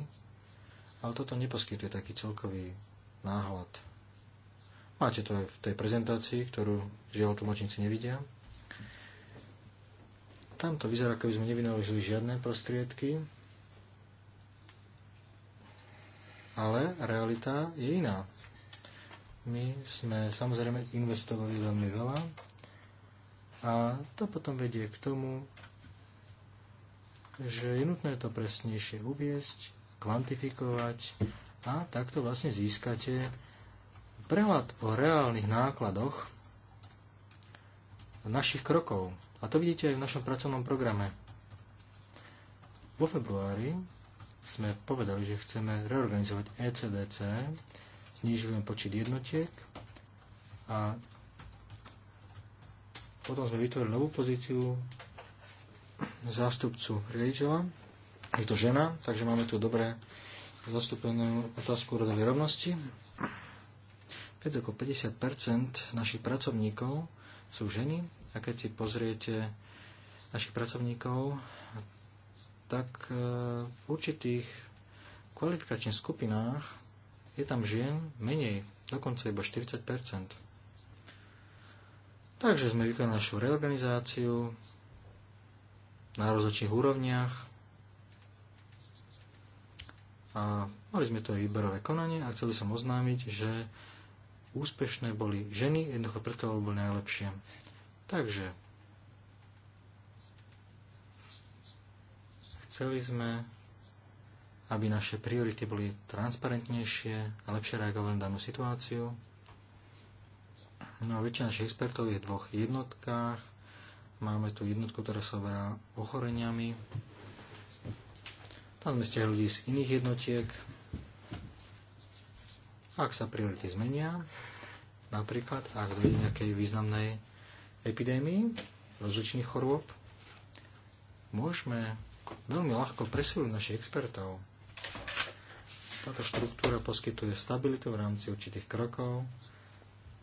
ale toto neposkytuje taký celkový náhľad. Máte to aj v tej prezentácii, ktorú žiaľ tlmočníci nevidia. Tam to vyzerá, by sme nevynaložili žiadne prostriedky, ale realita je iná. My sme samozrejme investovali veľmi veľa a to potom vedie k tomu, že je nutné to presnejšie uviesť kvantifikovať a takto vlastne získate prehľad o reálnych nákladoch našich krokov. A to vidíte aj v našom pracovnom programe. Vo februári sme povedali, že chceme reorganizovať ECDC, znížili počet jednotiek a potom sme vytvorili novú pozíciu zástupcu riaditeľa je to žena, takže máme tu dobré zastúpenú otázku rodovej rovnosti. Viac ako 50 našich pracovníkov sú ženy a keď si pozriete našich pracovníkov, tak e, v určitých kvalifikačných skupinách je tam žien menej, dokonca iba 40 Takže sme vykonali našu reorganizáciu na rozličných úrovniach, a mali sme to výberové konanie a chceli som oznámiť, že úspešné boli ženy, jednoducho preto, lebo boli najlepšie. Takže chceli sme, aby naše priority boli transparentnejšie a lepšie reagovali na danú situáciu. No a väčšina našich expertov je v dvoch jednotkách. Máme tu jednotku, ktorá sa oberá ochoreniami tam sme stiahli ľudí z iných jednotiek. Ak sa priority zmenia, napríklad ak dojde nejakej významnej epidémii rozličných chorôb, môžeme veľmi ľahko presúliť našich expertov. Táto štruktúra poskytuje stabilitu v rámci určitých krokov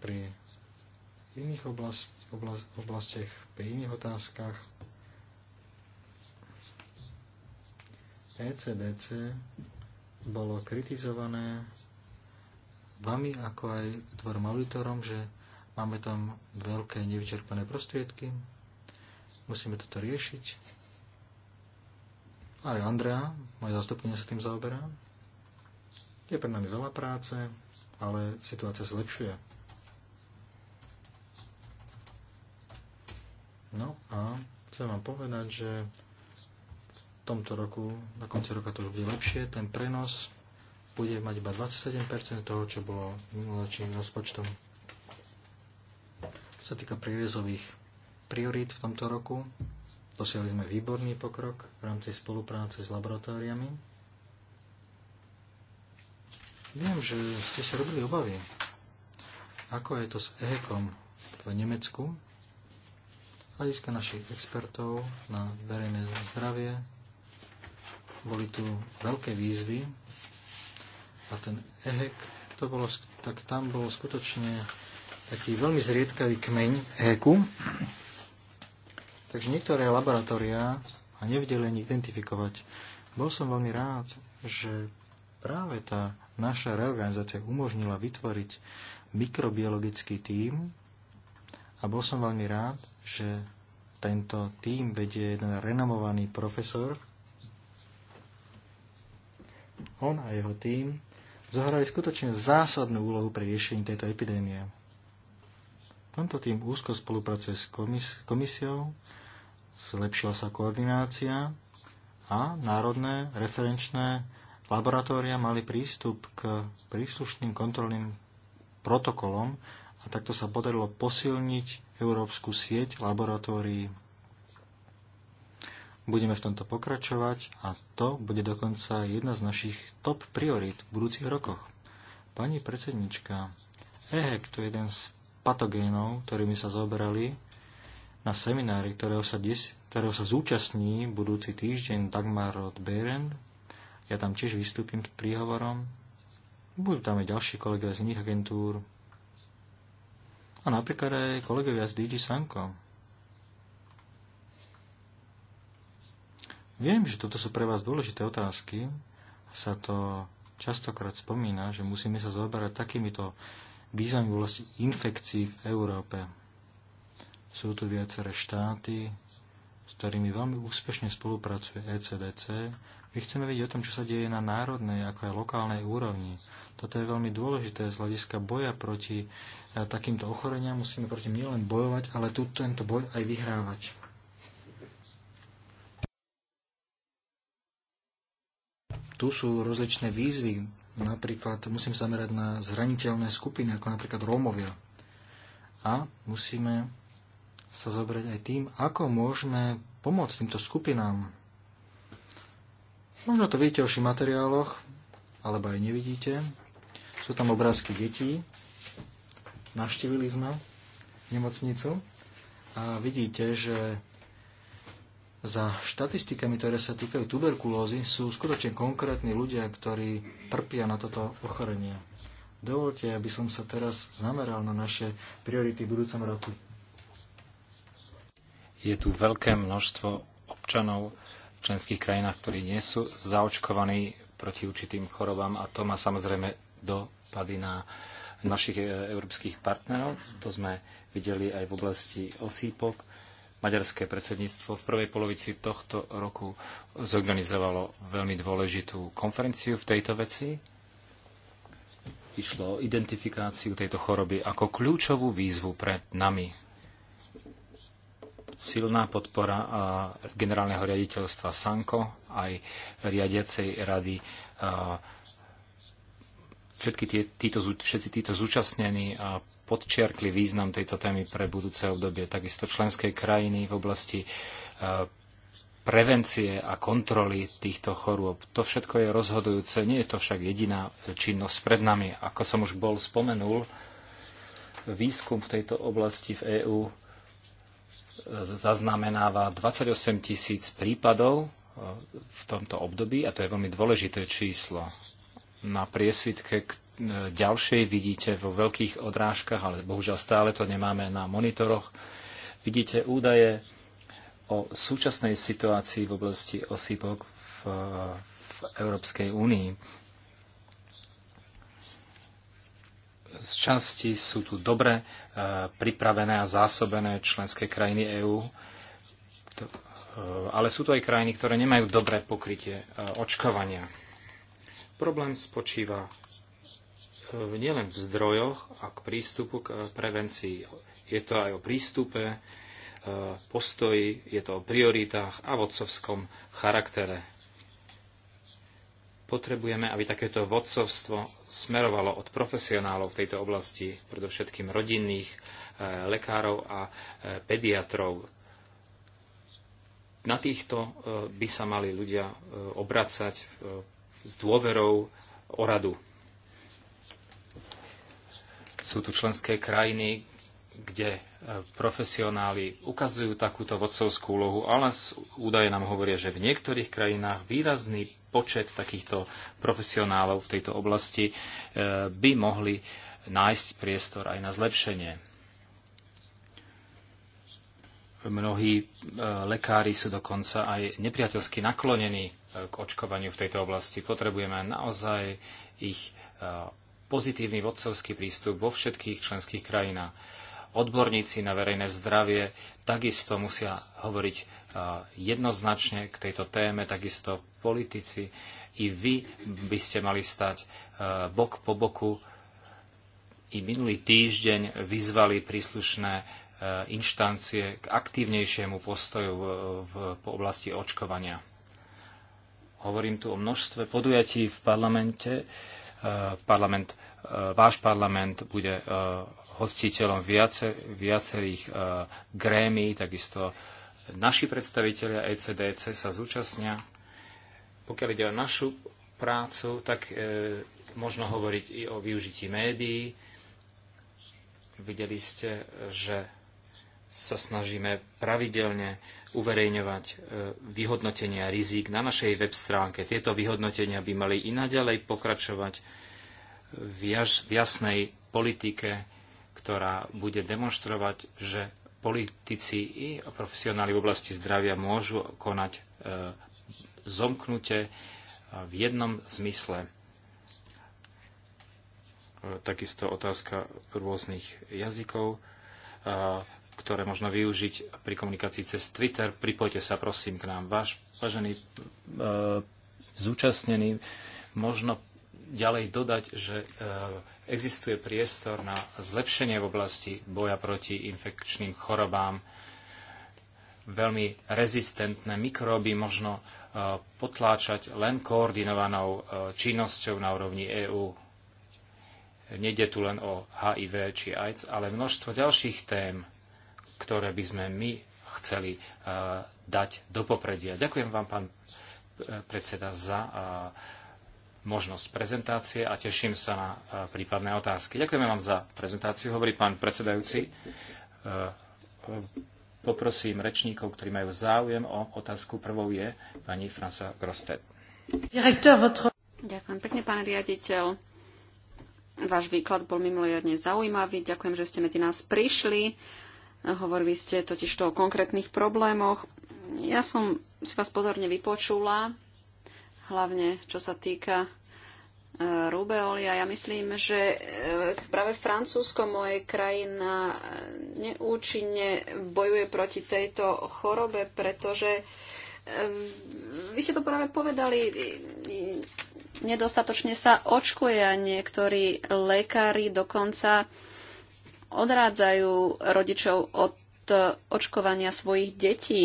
pri iných oblast, oblast, oblastiach, pri iných otázkach. ECDC bolo kritizované vami ako aj dvorom auditorom, že máme tam veľké nevyčerpané prostriedky, musíme toto riešiť. Aj Andrea, moje zastupkynia sa tým zaoberá. Je pre nami veľa práce, ale situácia zlepšuje. No a chcem vám povedať, že tomto roku, na konci roka to už bude lepšie, ten prenos bude mať iba 27% toho, čo bolo minuloročným rozpočtom. Čo sa týka prírezových priorít v tomto roku, dosiahli sme výborný pokrok v rámci spolupráce s laboratóriami. Viem, že ste si robili obavy, ako je to s EHEKom v Nemecku, hľadiska našich expertov na verejné zdravie, boli tu veľké výzvy a ten ehek to bolo, tak tam bol skutočne taký veľmi zriedkavý kmeň eheku. Takže niektoré laboratória a nevedeli ani identifikovať. Bol som veľmi rád, že práve tá naša reorganizácia umožnila vytvoriť mikrobiologický tím a bol som veľmi rád, že tento tím vedie jeden renomovaný profesor, on a jeho tým zohrali skutočne zásadnú úlohu pre riešení tejto epidémie. Tento tým úzko spolupracuje s komis- komisiou, zlepšila sa koordinácia a národné referenčné laboratória mali prístup k príslušným kontrolným protokolom a takto sa podarilo posilniť európsku sieť laboratórií Budeme v tomto pokračovať a to bude dokonca jedna z našich top priorít v budúcich rokoch. Pani predsednička, EHEC to je jeden z patogénov, ktorými sa zoberali na seminári, ktorého sa, dis, ktorého sa zúčastní budúci týždeň Dagmar od Beren. Ja tam tiež vystúpim s príhovorom. Budú tam aj ďalší kolegovia z iných agentúr. A napríklad aj kolegovia z DG Sanko. Viem, že toto sú pre vás dôležité otázky. Sa to častokrát spomína, že musíme sa zaoberať takýmito výzvami v oblasti infekcií v Európe. Sú tu viaceré štáty, s ktorými veľmi úspešne spolupracuje ECDC. My chceme vedieť o tom, čo sa deje na národnej, ako aj lokálnej úrovni. Toto je veľmi dôležité z hľadiska boja proti eh, takýmto ochoreniam. Musíme proti nielen bojovať, ale tu tento boj aj vyhrávať. tu sú rozličné výzvy. Napríklad musím zamerať na zraniteľné skupiny, ako napríklad Rómovia. A musíme sa zobrať aj tým, ako môžeme pomôcť týmto skupinám. Možno to vidíte v vašich materiáloch, alebo aj nevidíte. Sú tam obrázky detí. Navštívili sme nemocnicu a vidíte, že za štatistikami, ktoré sa týkajú tuberkulózy, sú skutočne konkrétni ľudia, ktorí trpia na toto ochorenie. Dovolte, aby som sa teraz zameral na naše priority v budúcom roku.
Je tu veľké množstvo občanov v členských krajinách, ktorí nie sú zaočkovaní proti určitým chorobám a to má samozrejme dopady na našich e, európskych partnerov. To sme videli aj v oblasti osýpok maďarské predsedníctvo v prvej polovici tohto roku zorganizovalo veľmi dôležitú konferenciu v tejto veci. Išlo o identifikáciu tejto choroby ako kľúčovú výzvu pred nami. Silná podpora generálneho riaditeľstva Sanko aj riadiacej rady všetky tie, títo, všetci títo zúčastnení a podčiarkli význam tejto témy pre budúce obdobie. Takisto členské krajiny v oblasti e, prevencie a kontroly týchto chorôb. To všetko je rozhodujúce, nie je to však jediná činnosť pred nami. Ako som už bol spomenul, výskum v tejto oblasti v EÚ e, zaznamenáva 28 tisíc prípadov e, v tomto období a to je veľmi dôležité číslo. Na priesvitke ďalšej vidíte vo veľkých odrážkach, ale bohužiaľ stále to nemáme na monitoroch. Vidíte údaje o súčasnej situácii v oblasti osýpok v, v Európskej únii. Z časti sú tu dobre e, pripravené a zásobené členské krajiny EÚ, e, ale sú to aj krajiny, ktoré nemajú dobré pokrytie e, očkovania. Problém spočíva nielen v zdrojoch a k prístupu k eh, prevencii. Je to aj o prístupe, eh, postoji, je to o prioritách a vodcovskom charaktere. Potrebujeme, aby takéto vodcovstvo smerovalo od profesionálov v tejto oblasti, predovšetkým rodinných eh, lekárov a pediatrov. Na týchto by sa mali ľudia obracať s dôverou o radu. Sú tu členské krajiny, kde e, profesionáli ukazujú takúto vodcovskú úlohu, ale údaje nám hovoria, že v niektorých krajinách výrazný počet takýchto profesionálov v tejto oblasti e, by mohli nájsť priestor aj na zlepšenie. Mnohí e, lekári sú dokonca aj nepriateľsky naklonení k očkovaniu v tejto oblasti. Potrebujeme naozaj ich pozitívny vodcovský prístup vo všetkých členských krajinách. Odborníci na verejné zdravie takisto musia hovoriť e, jednoznačne k tejto téme, takisto politici. I vy by ste mali stať e, bok po boku. I minulý týždeň vyzvali príslušné e, inštancie k aktívnejšiemu postoju v, oblasti očkovania. Hovorím tu o množstve podujatí v parlamente, Eh, parlament, eh, váš parlament bude eh, hostiteľom viacerých grémy, takisto naši predstavitelia ECDC sa zúčastnia. Pokiaľ ide o našu prácu, tak možno hovoriť i o využití médií. Videli ste, že sa snažíme pravidelne uverejňovať e, vyhodnotenia rizik na našej web stránke. Tieto vyhodnotenia by mali i naďalej pokračovať v jasnej politike, ktorá bude demonstrovať, že politici i profesionáli v oblasti zdravia môžu konať e, zomknutie v jednom zmysle e, takisto otázka rôznych jazykov ktoré možno využiť pri komunikácii cez Twitter. Pripojte sa prosím k nám. Váš vážený e, zúčastnený, možno ďalej dodať, že e, existuje priestor na zlepšenie v oblasti boja proti infekčným chorobám. Veľmi rezistentné mikróby možno e, potláčať len koordinovanou e, činnosťou na úrovni EÚ nejde tu len o HIV či AIDS, ale množstvo ďalších tém ktoré by sme my chceli e, dať do popredia. Ďakujem vám, pán e, predseda, za e, možnosť prezentácie a teším sa na prípadné otázky. Ďakujeme vám za prezentáciu, hovorí pán predsedajúci. Poprosím rečníkov, ktorí majú záujem o otázku. Prvou je pani Fransa Grostet.
Ďakujem pekne, pán riaditeľ. Váš výklad bol mimoriadne zaujímavý. Ďakujem, že ste medzi nás prišli Hovorili ste totiž to o konkrétnych problémoch. Ja som si vás pozorne vypočula, hlavne čo sa týka e, rubeolia. Ja myslím, že e, práve Francúzsko, moje krajina, e, neúčinne bojuje proti tejto chorobe, pretože vy ste to práve povedali, nedostatočne sa očkuje a niektorí lekári dokonca odrádzajú rodičov od e, očkovania svojich detí.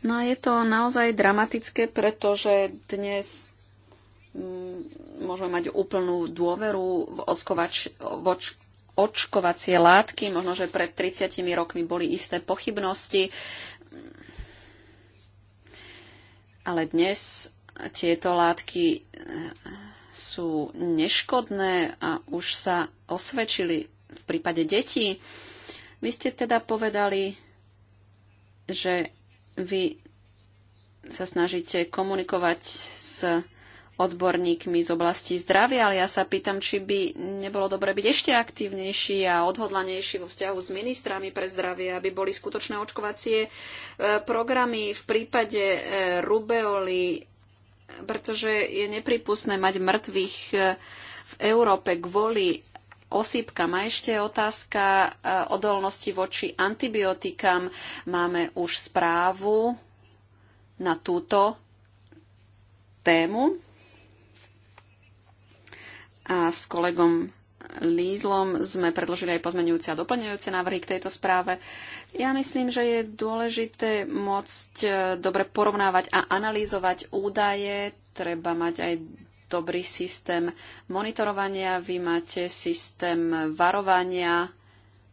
No a je to naozaj dramatické, pretože dnes mm, môžeme mať úplnú dôveru v, očkovač, v oč, očkovacie látky. Možno, že pred 30 rokmi boli isté pochybnosti, ale dnes tieto látky sú neškodné a už sa osvedčili v prípade detí. Vy ste teda povedali, že vy sa snažíte komunikovať s odborníkmi z oblasti zdravia, ale ja sa pýtam, či by nebolo dobre byť ešte aktívnejší a odhodlanejší vo vzťahu s ministrami pre zdravie, aby boli skutočné očkovacie e, programy v prípade e, rubeoly pretože je nepripustné mať mŕtvych e, v Európe kvôli osýpkam. A ešte otázka e, odolnosti voči antibiotikám. Máme už správu na túto tému. A s kolegom Lízlom sme predložili aj pozmenujúce a doplňujúce návrhy k tejto správe. Ja myslím, že je dôležité môcť e, dobre porovnávať a analyzovať údaje. Treba mať aj dobrý systém monitorovania, vy máte systém varovania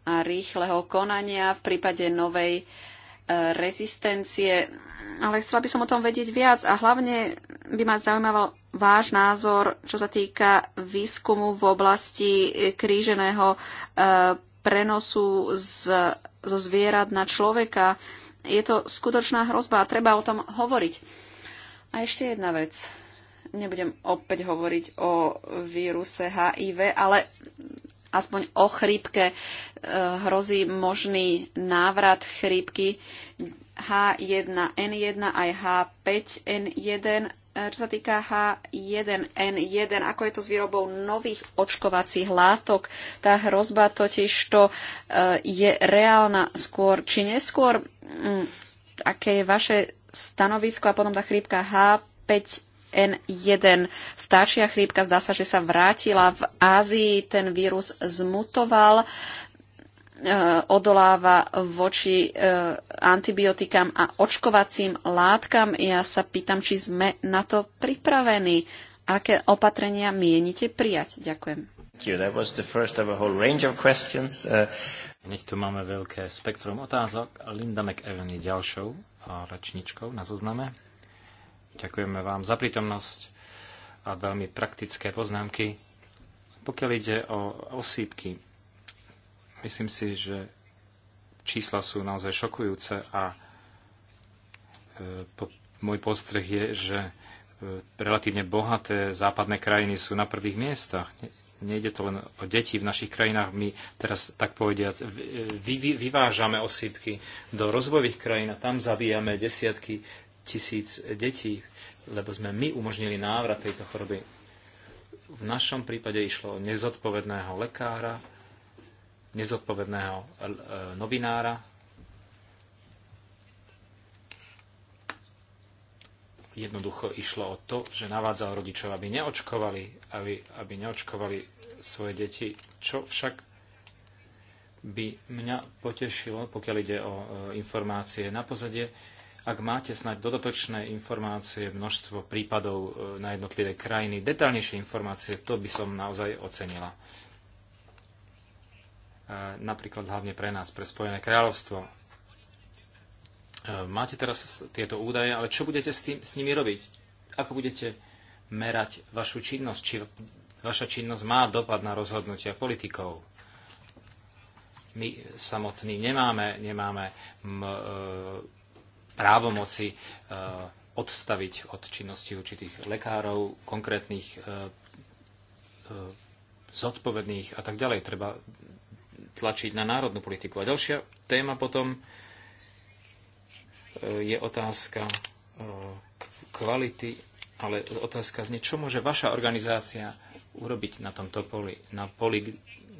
a rýchleho konania v prípade novej e, rezistencie. Ale chcela by som o tom vedieť viac a hlavne by ma zaujímal váš názor, čo sa týka výskumu v oblasti kríženého e, prenosu z zo zvierat na človeka. Je to skutočná hrozba a treba o tom hovoriť. A ešte jedna vec. Nebudem opäť hovoriť o víruse HIV, ale aspoň o chrípke eh, hrozí možný návrat chrípky H1N1 aj H5N1 E, čo sa týka H1N1, ako je to s výrobou nových očkovacích látok, tá hrozba totiž to e, je reálna skôr či neskôr. Mm, aké je vaše stanovisko a potom tá chrípka H5 N1. Vtáčia chrípka zdá sa, že sa vrátila v Ázii, ten vírus zmutoval. Eh, odoláva voči eh, antibiotikám a očkovacím látkam. Ja sa pýtam, či sme na to pripravení. Aké opatrenia mienite prijať? Ďakujem.
Uh, Hneď tu máme veľké spektrum otázok. Linda McEwen je ďalšou račničkou na zozname. Ďakujeme vám za prítomnosť a veľmi praktické poznámky. Pokiaľ ide o osýpky, Myslím si, že čísla sú naozaj šokujúce a e, môj postreh je, že e, relatívne bohaté západné krajiny sú na prvých miestach. Nejde to len o deti. V našich krajinách my teraz, tak povediac, e, vy, vy, vyvážame osýpky do rozvojových krajín a tam zabíjame desiatky tisíc detí, lebo sme my umožnili návrat tejto choroby. V našom prípade išlo o nezodpovedného lekára, nezodpovedného e, novinára. Jednoducho išlo o to, že navádzal rodičov, aby neočkovali, aby, aby neočkovali svoje deti, čo však by mňa potešilo, pokiaľ ide o e, informácie na pozadie, ak máte snať dodatočné informácie, množstvo prípadov e, na jednotlivé krajiny, detálnejšie informácie, to by som naozaj ocenila napríklad hlavne pre nás, pre Spojené kráľovstvo. E, máte teraz tieto údaje, ale čo budete s, tým, s nimi robiť? Ako budete merať vašu činnosť? Či vaša činnosť má dopad na rozhodnutia politikov? My samotní nemáme, nemáme m, e, právomoci e, odstaviť od činnosti určitých lekárov, konkrétnych e, e, zodpovedných a tak ďalej. Treba tlačiť na národnú politiku. A ďalšia téma potom e, je otázka e, kvality, ale otázka znie, čo môže vaša organizácia urobiť na tomto poli, na poli,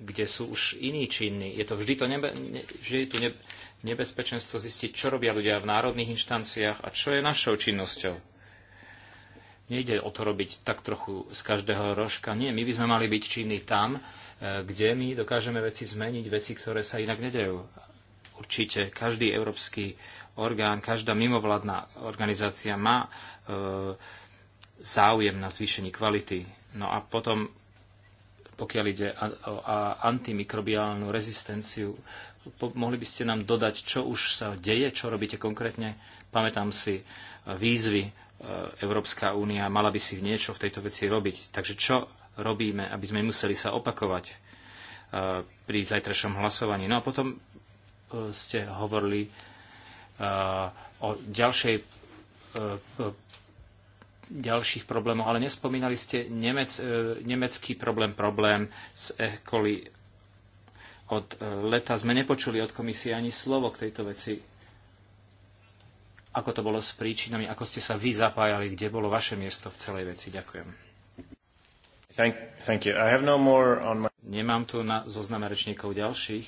kde sú už iní činní. Je to vždy to nebe, ne, že je tu nebe, nebezpečenstvo zistiť, čo robia ľudia v národných inštanciách a čo je našou činnosťou. Nejde o to robiť tak trochu z každého rožka. Nie, my by sme mali byť činní tam, e, kde my dokážeme veci zmeniť, veci, ktoré sa inak nedajú. Určite každý európsky orgán, každá mimovládna organizácia má e, záujem na zvýšení kvality. No a potom, pokiaľ ide o antimikrobiálnu rezistenciu, mohli by ste nám dodať, čo už sa deje, čo robíte konkrétne. Pamätám si e, výzvy E, Európska únia mala by si niečo v tejto veci robiť. Takže čo robíme, aby sme museli sa opakovať e, pri zajtrajšom hlasovaní. No a potom e, ste hovorili o ďalšej ďalších problémov, ale nespomínali ste nemec, nemecký problém, problém s E. coli od leta. Sme nepočuli od komisie ani slovo k tejto veci ako to bolo s príčinami, ako ste sa vy zapájali, kde bolo vaše miesto v celej veci. Ďakujem. Thank, thank you. I have no more on my... Nemám tu na zozname rečníkov ďalších,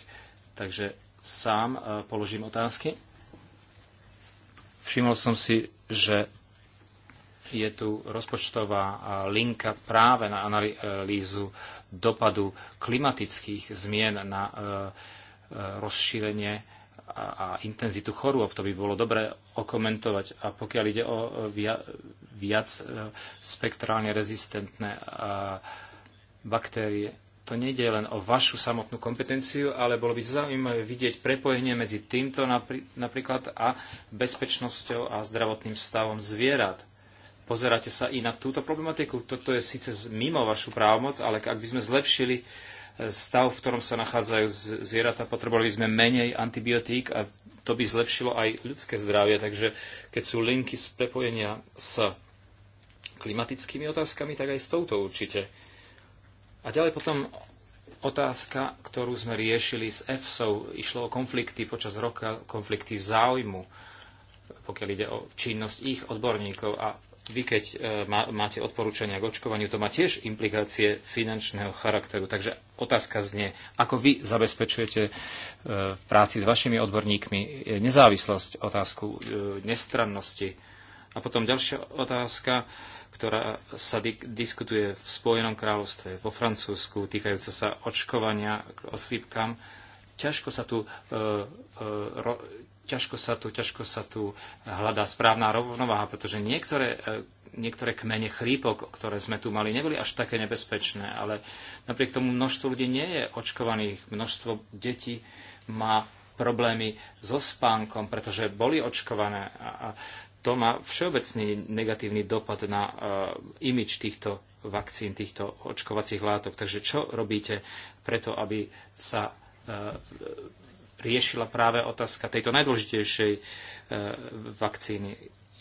takže sám e, položím otázky. Všimol som si, že je tu rozpočtová e, linka práve na analýzu dopadu klimatických zmien na e, rozšírenie a, a intenzitu chorôb. To by bolo dobre okomentovať. A pokiaľ ide o e, via, viac e, spektrálne rezistentné e, baktérie, to nejde len o vašu samotnú kompetenciu, ale bolo by zaujímavé vidieť prepojenie medzi týmto napríklad a bezpečnosťou a zdravotným stavom zvierat. Pozeráte sa i na túto problematiku. Toto je síce mimo vašu právomoc, ale ak by sme zlepšili uh, stav, v ktorom sa nachádzajú zvieratá, potrebovali sme menej antibiotík a to by zlepšilo aj ľudské zdravie. Takže keď sú linky z prepojenia s klimatickými otázkami, tak aj s touto určite. A ďalej potom otázka, ktorú sme riešili s EFSO. Išlo o konflikty počas roka, konflikty záujmu, pokiaľ ide o činnosť ich odborníkov. A vy, keď e, máte odporúčania k očkovaniu, to má tiež implikácie finančného charakteru. Takže otázka znie, ako vy zabezpečujete e, v práci s vašimi odborníkmi e, nezávislosť, otázku nestrannosti. A potom ďalšia otázka, ktorá sa diskutuje v Spojenom kráľovstve, vo Francúzsku, týkajúca sa očkovania k osýpkam. Ťažko sa tu e, e, ro- ťažko sa tu, ťažko sa tu eh, hľadá správna rovnováha, pretože niektoré, eh, niektoré kmene chrípok, ktoré sme tu mali, neboli až také nebezpečné, ale napriek tomu množstvo ľudí nie je očkovaných, množstvo detí má problémy so spánkom, pretože boli očkované a to má všeobecný negatívny dopad na eh, imič týchto vakcín, týchto očkovacích látok. Takže čo robíte preto, aby sa riešila práve otázka tejto najdôležitejšej e, vakcíny.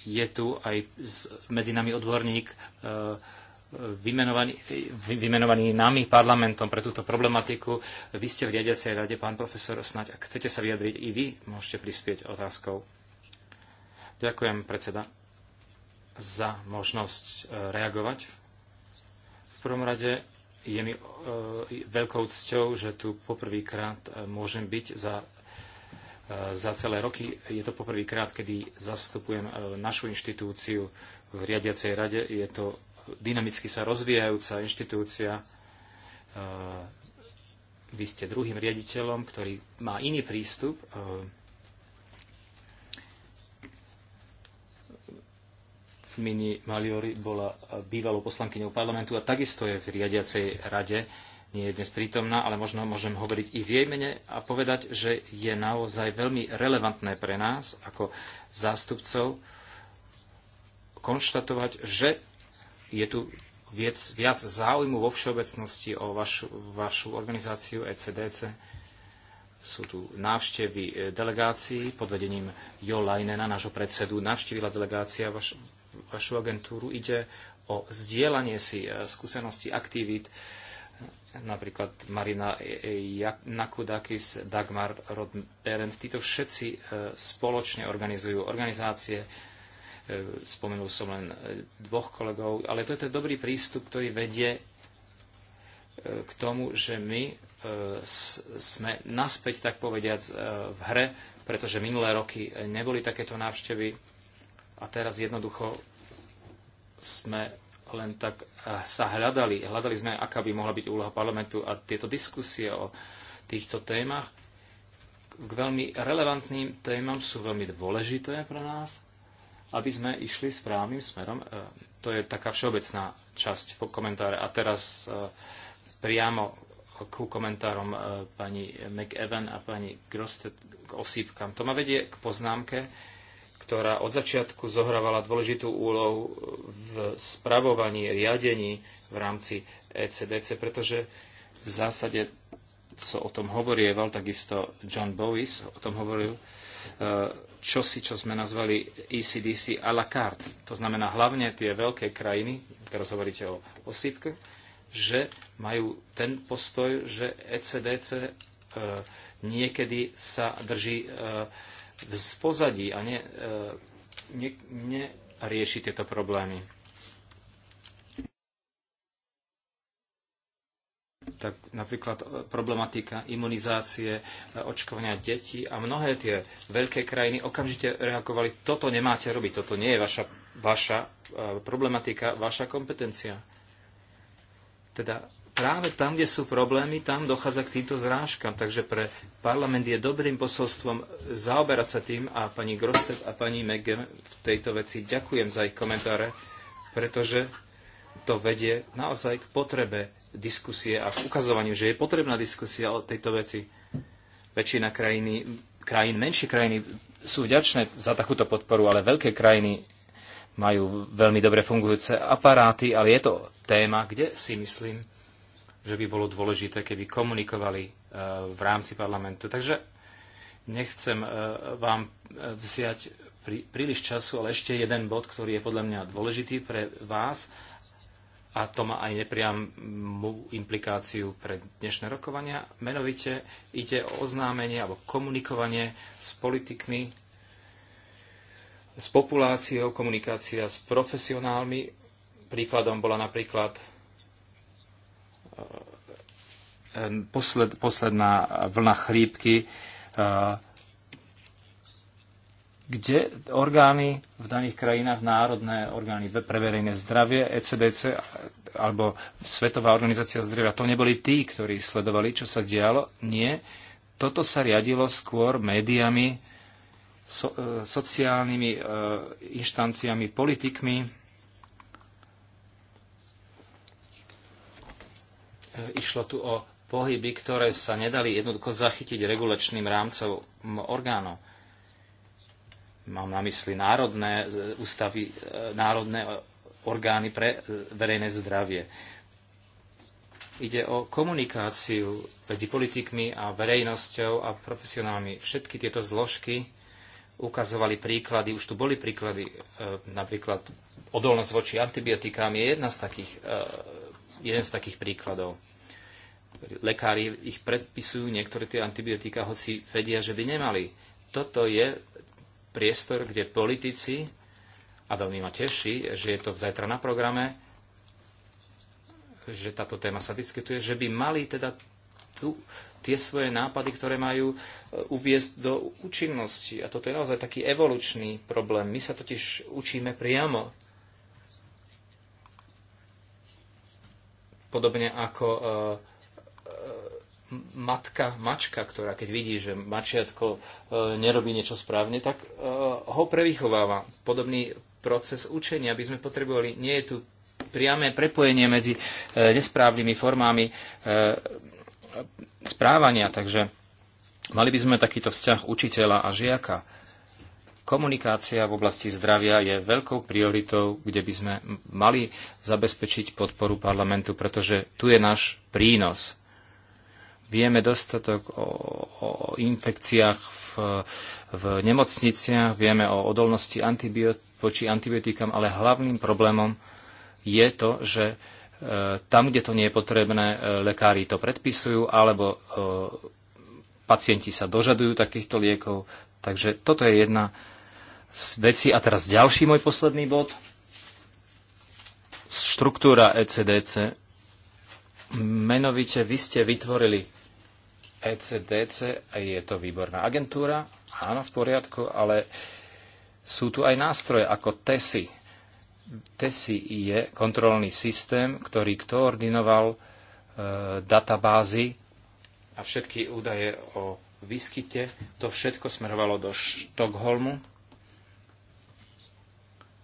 Je tu aj medzi nami odborník e, vymenovaný, vymenovaný nami parlamentom pre túto problematiku. Vy ste v riadiacej rade, pán profesor, snáď ak chcete sa vyjadriť i vy, môžete prispieť otázkou. Ďakujem, predseda, za možnosť e, reagovať. V prvom rade je mi veľkou cťou, že tu poprvýkrát môžem byť za E, za celé roky. Je to poprvýkrát, kedy zastupujem e, našu inštitúciu v riadiacej rade. Je to dynamicky sa rozvíjajúca inštitúcia. E, vy ste druhým riaditeľom, ktorý má iný prístup. Mini Maliori bola bývalou poslankyňou parlamentu a takisto je v riadiacej rade nie je dnes prítomná, ale možno môžem hovoriť i v jej mene a povedať, že je naozaj veľmi relevantné pre nás ako zástupcov konštatovať, že je tu viac, viac záujmu vo všeobecnosti o vašu, vašu organizáciu ECDC. Sú tu návštevy e, delegácií pod vedením Jo Lajnena, nášho predsedu. Navštívila delegácia vaš, vašu agentúru. Ide o zdieľanie si e, skúseností aktivít napríklad Marina Nakudakis, Dagmar Rodberend, títo všetci e, spoločne organizujú organizácie, e, spomenul som len e, dvoch kolegov, ale to je ten dobrý prístup, ktorý vedie k tomu, že my sme naspäť, tak povediac, v hre, pretože minulé roky neboli takéto návštevy a teraz jednoducho sme len tak eh, sa hľadali. Hľadali sme, aká by mohla byť úloha parlamentu a tieto diskusie o týchto témach k veľmi relevantným témam sú veľmi dôležité pre nás, aby sme išli správnym smerom. Eh, to je taká všeobecná časť po komentáre. A teraz eh, priamo ku komentárom pani McEvan a pani Grosted k osýpkam. To ma vedie k poznámke, ktorá od začiatku zohrávala dôležitú úlohu v spravovaní, riadení v rámci ECDC, pretože v zásade co o tom hovorieval, takisto John Bowis o tom hovoril, e, čo si, čo sme nazvali ECDC à la carte. To znamená hlavne tie veľké krajiny, teraz hovoríte o osýpke, že majú ten postoj, že ECDC e, niekedy sa drží e, v pozadí a ne, e, ne, nerieši tieto problémy. tak napríklad e, problematika imunizácie, e, očkovania detí a mnohé tie veľké krajiny okamžite reagovali, toto nemáte robiť, toto nie je vaša, vaša problematika, vaša kompetencia. Teda práve tam, kde sú problémy, tam dochádza k týmto zrážkam. Takže pre parlament je dobrým posolstvom zaoberať sa tým a pani Grostet a pani Megem v tejto veci ďakujem za ich komentáre, pretože to vedie naozaj k potrebe diskusie a k ukazovaniu, že je potrebná diskusia o tejto veci. Väčšina krajiny, krajín, menšie krajiny sú vďačné za takúto podporu, ale veľké krajiny majú veľmi dobre fungujúce aparáty, ale je to téma, kde si myslím, že by bolo dôležité, keby komunikovali e, v rámci parlamentu. Takže nechcem e, vám e, vziať príliš času, ale ešte jeden bod, ktorý je podľa mňa dôležitý pre vás a to má aj nepriamú implikáciu pre dnešné rokovania. Menovite ide o oznámenie alebo komunikovanie s politikmi, s populáciou, komunikácia s profesionálmi. Príkladom bola napríklad Ehm, posled, posledná vlna chrípky, ehm, kde orgány v daných krajinách, národné orgány pre verejné zdravie, ECDC alebo Svetová organizácia zdravia, to neboli tí, ktorí sledovali, čo sa dialo. Nie, toto sa riadilo skôr médiami, so, sociálnymi e, inštanciami, politikmi, Išlo tu o pohyby, ktoré sa nedali jednoducho zachytiť regulačným rámcom orgánov. Mám na mysli národné e, ústavy, e, národné e, orgány pre verejné zdravie. Ide o komunikáciu medzi politikmi a verejnosťou a profesionálmi. Všetky tieto zložky ukazovali príklady, už tu boli príklady, napríklad odolnosť voči antibiotikám je jedna z takých jeden z takých príkladov. Lekári ich predpisujú niektoré tie antibiotika, hoci vedia, že by nemali. Toto je priestor, kde politici, a veľmi ma teší, že je to zajtra na programe, že táto téma sa vyskytuje, že by mali teda tu, tie svoje nápady, ktoré majú e, uviezť do účinnosti. A toto je naozaj taký evolučný problém. My sa totiž učíme priamo Podobne ako e, e, matka, mačka, ktorá keď vidí, že mačiatko e, nerobí niečo správne, tak ho prevychováva. Podobný proces učenia by sme potrebovali. Nie je tu priame prepojenie medzi nesprávnymi formami správania, takže mali by sme takýto vzťah učiteľa a žiaka. Komunikácia v oblasti zdravia je veľkou prioritou, kde by sme mali zabezpečiť podporu parlamentu, pretože tu je náš prínos. Vieme dostatok o, o infekciách v, v nemocniciach, vieme o odolnosti antibiot- voči antibiotikám, ale hlavným problémom je to, že e, tam, kde to nie je potrebné, e, lekári to predpisujú alebo e, pacienti sa dožadujú takýchto liekov. Takže toto je jedna veci. A teraz ďalší môj posledný bod. Štruktúra ECDC. Menovite vy ste vytvorili ECDC, je to výborná agentúra, áno, v poriadku, ale sú tu aj nástroje ako TESI. TESI je kontrolný systém, ktorý koordinoval e, databázy a všetky údaje o výskyte. To všetko smerovalo do Štokholmu,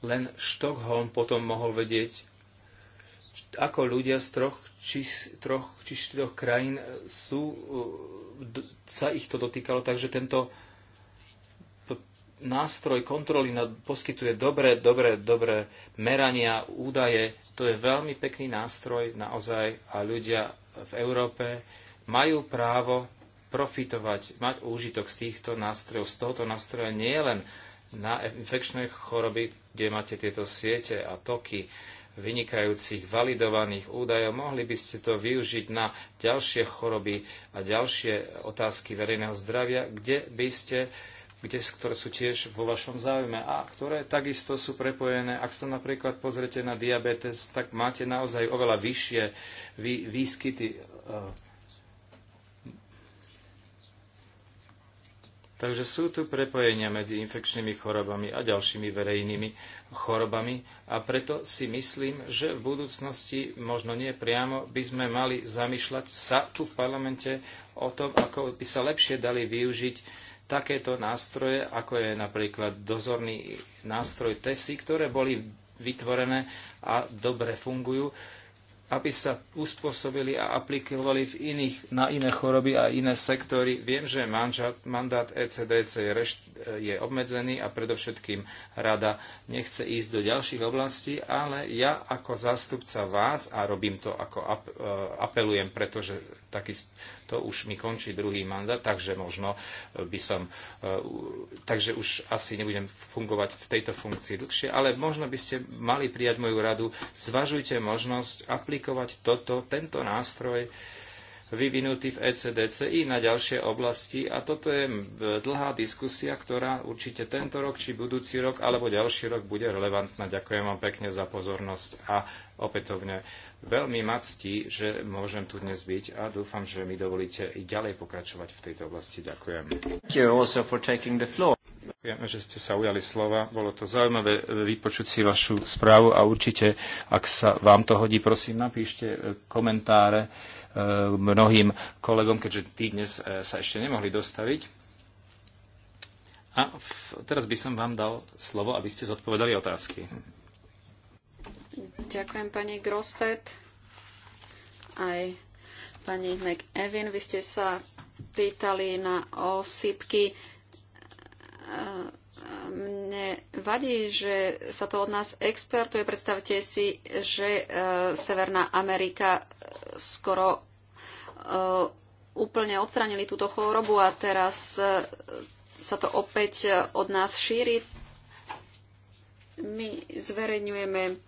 len Štokholm potom mohol vedieť, ako ľudia z troch či, troch, či štyroch krajín e, sú, e, sa ich to dotýkalo, takže tento nástroj kontroly nad, poskytuje dobré, dobré, dobré merania, údaje. To je veľmi pekný nástroj naozaj a ľudia v Európe majú právo profitovať, mať úžitok z týchto nástrojov, z tohoto nástroja nie len na infekčné choroby, kde máte tieto siete a toky vynikajúcich validovaných údajov. Mohli by ste to využiť na ďalšie choroby a ďalšie otázky verejného zdravia, kde by ste kde, ktoré sú tiež vo vašom záujme a ktoré takisto sú prepojené. Ak sa napríklad pozrete na diabetes, tak máte naozaj oveľa vyššie výskyty eh, Takže sú tu prepojenia medzi infekčnými chorobami a ďalšími verejnými chorobami a preto si myslím, že v budúcnosti, možno nie priamo, by sme mali zamýšľať sa tu v parlamente o tom, ako by sa lepšie dali využiť takéto nástroje, ako je napríklad dozorný nástroj TESI, ktoré boli vytvorené a dobre fungujú aby sa uspôsobili a aplikovali v iných, na iné choroby a iné sektory. Viem, že manžat, mandát ECDC je je obmedzený a predovšetkým rada nechce ísť do ďalších oblastí, ale ja ako zástupca vás, a robím to ako e, apelujem, pretože takisto už mi končí druhý mandát, takže možno e, by som, e, takže už asi nebudem fungovať v tejto funkcii dlhšie, ale možno by ste mali prijať moju radu, zvažujte možnosť aplikovať toto, tento nástroj, vyvinutý v ECDCI na ďalšie oblasti a toto je dlhá diskusia, ktorá určite tento rok, či budúci rok, alebo ďalší rok bude relevantná. Ďakujem vám pekne za pozornosť a opätovne veľmi ma ctí, že môžem tu dnes byť a dúfam, že mi dovolíte i ďalej pokračovať v tejto oblasti. Ďakujem. Ďakujem, že ste sa ujali slova. Bolo to zaujímavé e, vypočuť si vašu správu a určite, ak sa vám to hodí, prosím, napíšte e, komentáre E, mnohým kolegom, keďže tí dnes e, sa ešte nemohli dostaviť. A v, teraz by som vám dal slovo, aby ste zodpovedali otázky.
Ďakujem pani Grostet. Aj pani McEvin, vy ste sa pýtali na osýpky e, vadí, že sa to od nás expertuje. Predstavte si, že e, Severná Amerika e, skoro e, úplne odstranili túto chorobu a teraz sa to opäť od nás šíri. My zverejňujeme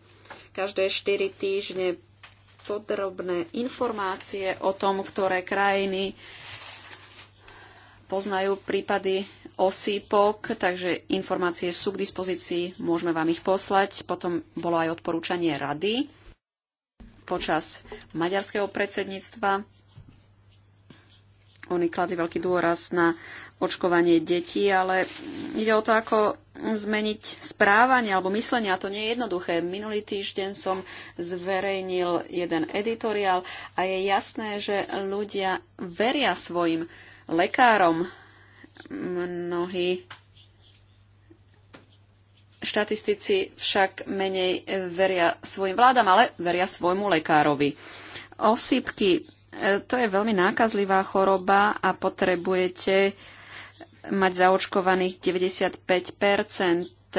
každé 4 týždne podrobné informácie o tom, ktoré krajiny poznajú prípady osýpok, takže informácie sú k dispozícii, môžeme vám ich poslať. Potom bolo aj odporúčanie rady počas maďarského predsedníctva. Oni kladli veľký dôraz na očkovanie detí, ale ide o to, ako zmeniť správanie alebo myslenie a to nie je jednoduché. Minulý týždeň som zverejnil jeden editoriál a je jasné, že ľudia veria svojim lekárom, Mnohí štatistici však menej veria svojim vládam, ale veria svojmu lekárovi. Osýpky, e, to je veľmi nákazlivá choroba a potrebujete mať zaočkovaných 95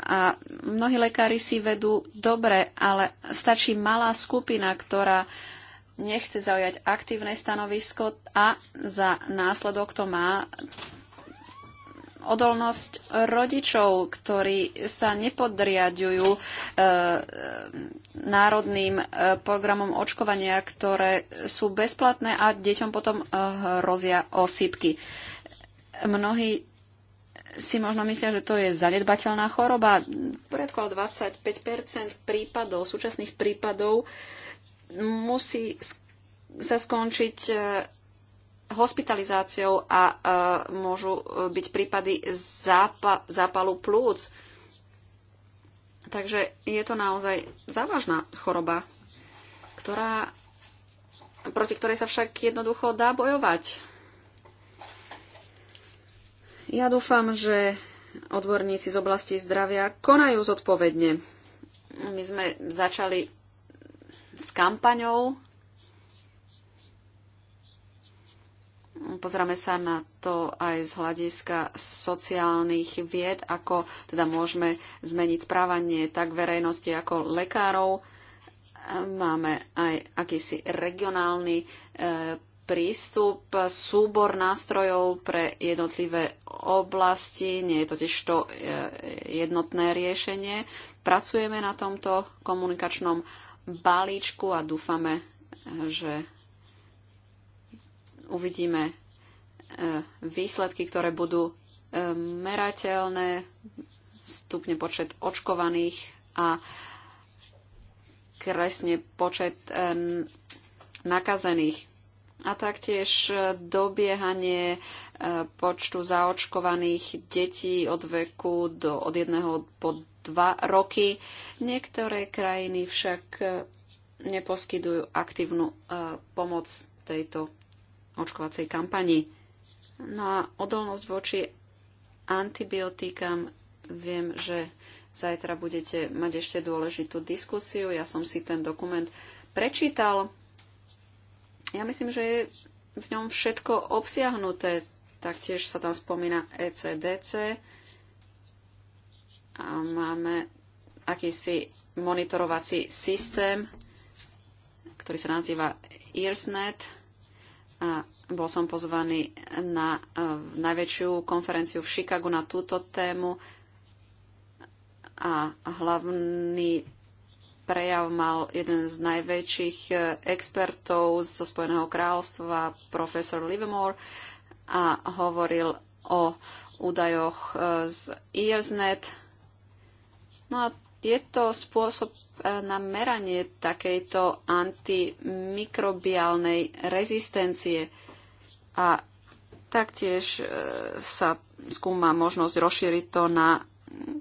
a mnohí lekári si vedú dobre, ale stačí malá skupina, ktorá nechce zaujať aktívne stanovisko a za následok to má odolnosť rodičov, ktorí sa nepodriadujú e, národným e, programom očkovania, ktoré sú bezplatné a deťom potom e, hrozia osýpky. Mnohí si možno myslia, že to je zanedbateľná choroba. Predkol 25 prípadov, súčasných prípadov e, musí sa skončiť e, hospitalizáciou a e, môžu e, byť prípady zápalu plúc. Takže je to naozaj závažná choroba, ktorá, proti ktorej sa však jednoducho dá bojovať. Ja dúfam, že odborníci z oblasti zdravia konajú zodpovedne. My sme začali s kampaňou. Pozrame sa na to aj z hľadiska sociálnych vied, ako teda môžeme zmeniť správanie tak verejnosti ako lekárov. Máme aj akýsi regionálny e, prístup, súbor nástrojov pre jednotlivé oblasti. Nie je totiž to e, jednotné riešenie. Pracujeme na tomto komunikačnom balíčku a dúfame, že uvidíme e, výsledky, ktoré budú e, merateľné, stupne počet očkovaných a kresne počet nakazených. A taktiež dobiehanie e, počtu zaočkovaných detí od veku do, od 1 po dva roky. Niektoré krajiny však e, neposkytujú aktívnu e, pomoc tejto očkovacej kampani. No a odolnosť voči antibiotikám viem, že zajtra budete mať ešte dôležitú diskusiu. Ja som si ten dokument prečítal. Ja myslím, že je v ňom všetko obsiahnuté. Taktiež sa tam spomína ECDC, a máme akýsi monitorovací systém, ktorý sa nazýva EarsNet. A bol som pozvaný na e, najväčšiu konferenciu v Chicagu na túto tému a hlavný prejav mal jeden z najväčších e, expertov zo Spojeného kráľovstva, profesor Livermore, a hovoril o údajoch e, z EarsNet No a je to spôsob eh, na meranie takejto antimikrobiálnej rezistencie a taktiež eh, sa skúma možnosť rozšíriť to na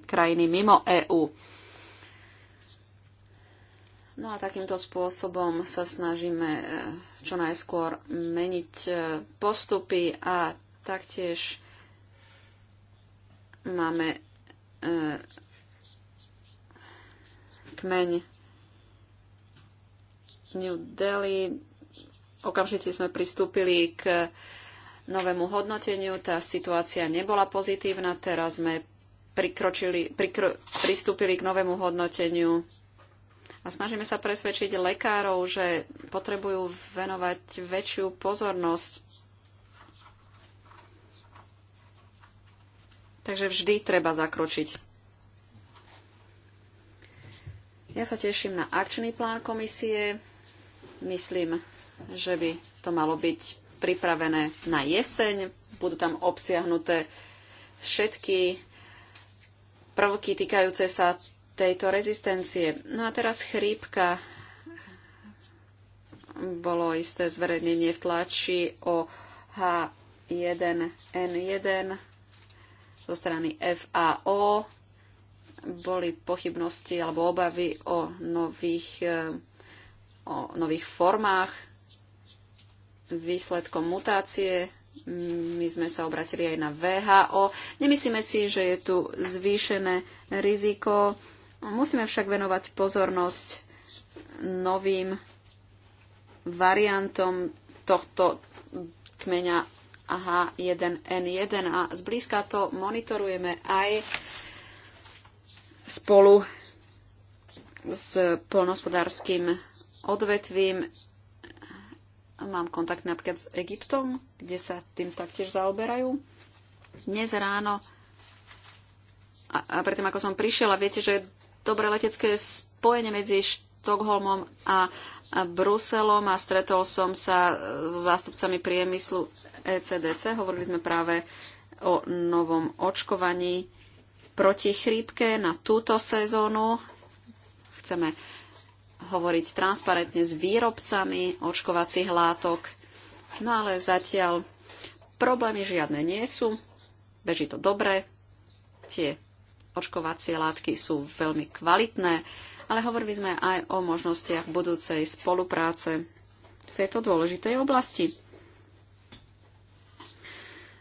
krajiny mimo EÚ. No a takýmto spôsobom sa snažíme eh, čo najskôr meniť postupy a taktiež máme kmeň New Delhi. Okamžite sme pristúpili k novému hodnoteniu. Tá situácia nebola pozitívna. Teraz sme prikročili, prikro, pristúpili k novému hodnoteniu a snažíme sa presvedčiť lekárov, že potrebujú venovať väčšiu pozornosť. Takže vždy treba zakročiť. Ja sa teším na akčný plán komisie. Myslím, že by to malo byť pripravené na jeseň. Budú tam obsiahnuté všetky prvky týkajúce sa tejto rezistencie. No a teraz chrípka. Bolo isté zverejnenie v tlači o H1N1 zo strany FAO boli pochybnosti alebo obavy o nových, e, o nových formách, výsledkom mutácie. My sme sa obratili aj na VHO. Nemyslíme si, že je tu zvýšené riziko. Musíme však venovať pozornosť novým variantom tohto kmeňa h 1 n 1 a zblízka to monitorujeme aj spolu s polnospodárským odvetvím. Mám kontakt napríklad s Egyptom, kde sa tým taktiež zaoberajú. Dnes ráno a, a predtým, ako som prišiel, a viete, že je dobré letecké spojenie medzi Štokholmom a, a Bruselom a stretol som sa e, so zástupcami priemyslu ECDC. Hovorili sme práve o novom očkovaní proti chrípke na túto sezónu. Chceme hovoriť transparentne s výrobcami očkovacích látok. No ale zatiaľ problémy žiadne nie sú. Beží to dobre. Tie očkovacie látky sú veľmi kvalitné, ale hovorili sme aj o možnostiach budúcej spolupráce v tejto dôležitej oblasti.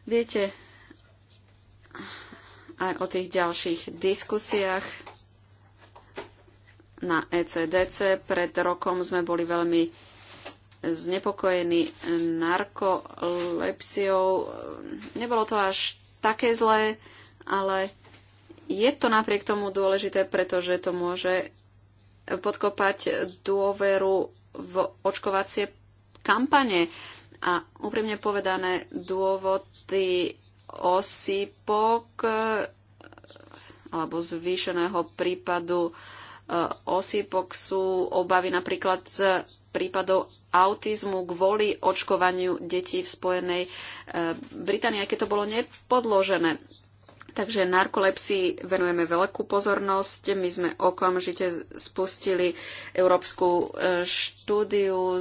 Viete, aj o tých ďalších diskusiách na ECDC. Pred rokom sme boli veľmi znepokojení narkolepsiou. Nebolo to až také zlé, ale je to napriek tomu dôležité, pretože to môže podkopať dôveru v očkovacie kampane. A úprimne povedané, dôvody osýpok e, alebo zvýšeného prípadu e, osýpok sú obavy napríklad z prípadov autizmu kvôli očkovaniu detí v Spojenej e, Británii, aj keď to bolo nepodložené. Takže narkolepsii venujeme veľkú pozornosť. My sme okamžite spustili európsku e, štúdiu.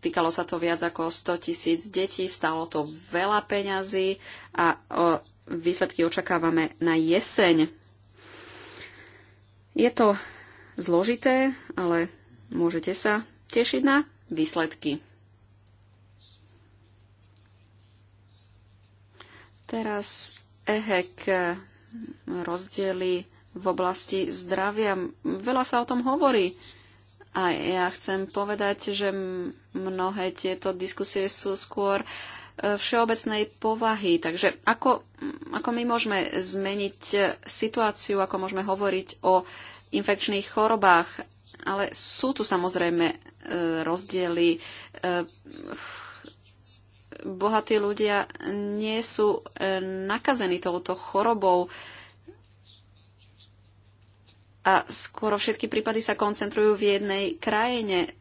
Stýkalo sa to viac ako 100 tisíc detí, stalo to veľa peňazí a výsledky očakávame na jeseň. Je to zložité, ale môžete sa tešiť na výsledky. Teraz EHEC, eh, rozdiely v oblasti zdravia. Veľa sa o tom hovorí. A ja chcem povedať, že mnohé tieto diskusie sú skôr eh, všeobecnej povahy. Takže ako, ako my môžeme zmeniť eh, situáciu, ako môžeme hovoriť o infekčných chorobách, ale sú tu samozrejme rozdiely v bohatí ľudia nie sú e, nakazení touto chorobou a skoro všetky prípady sa koncentrujú v jednej krajine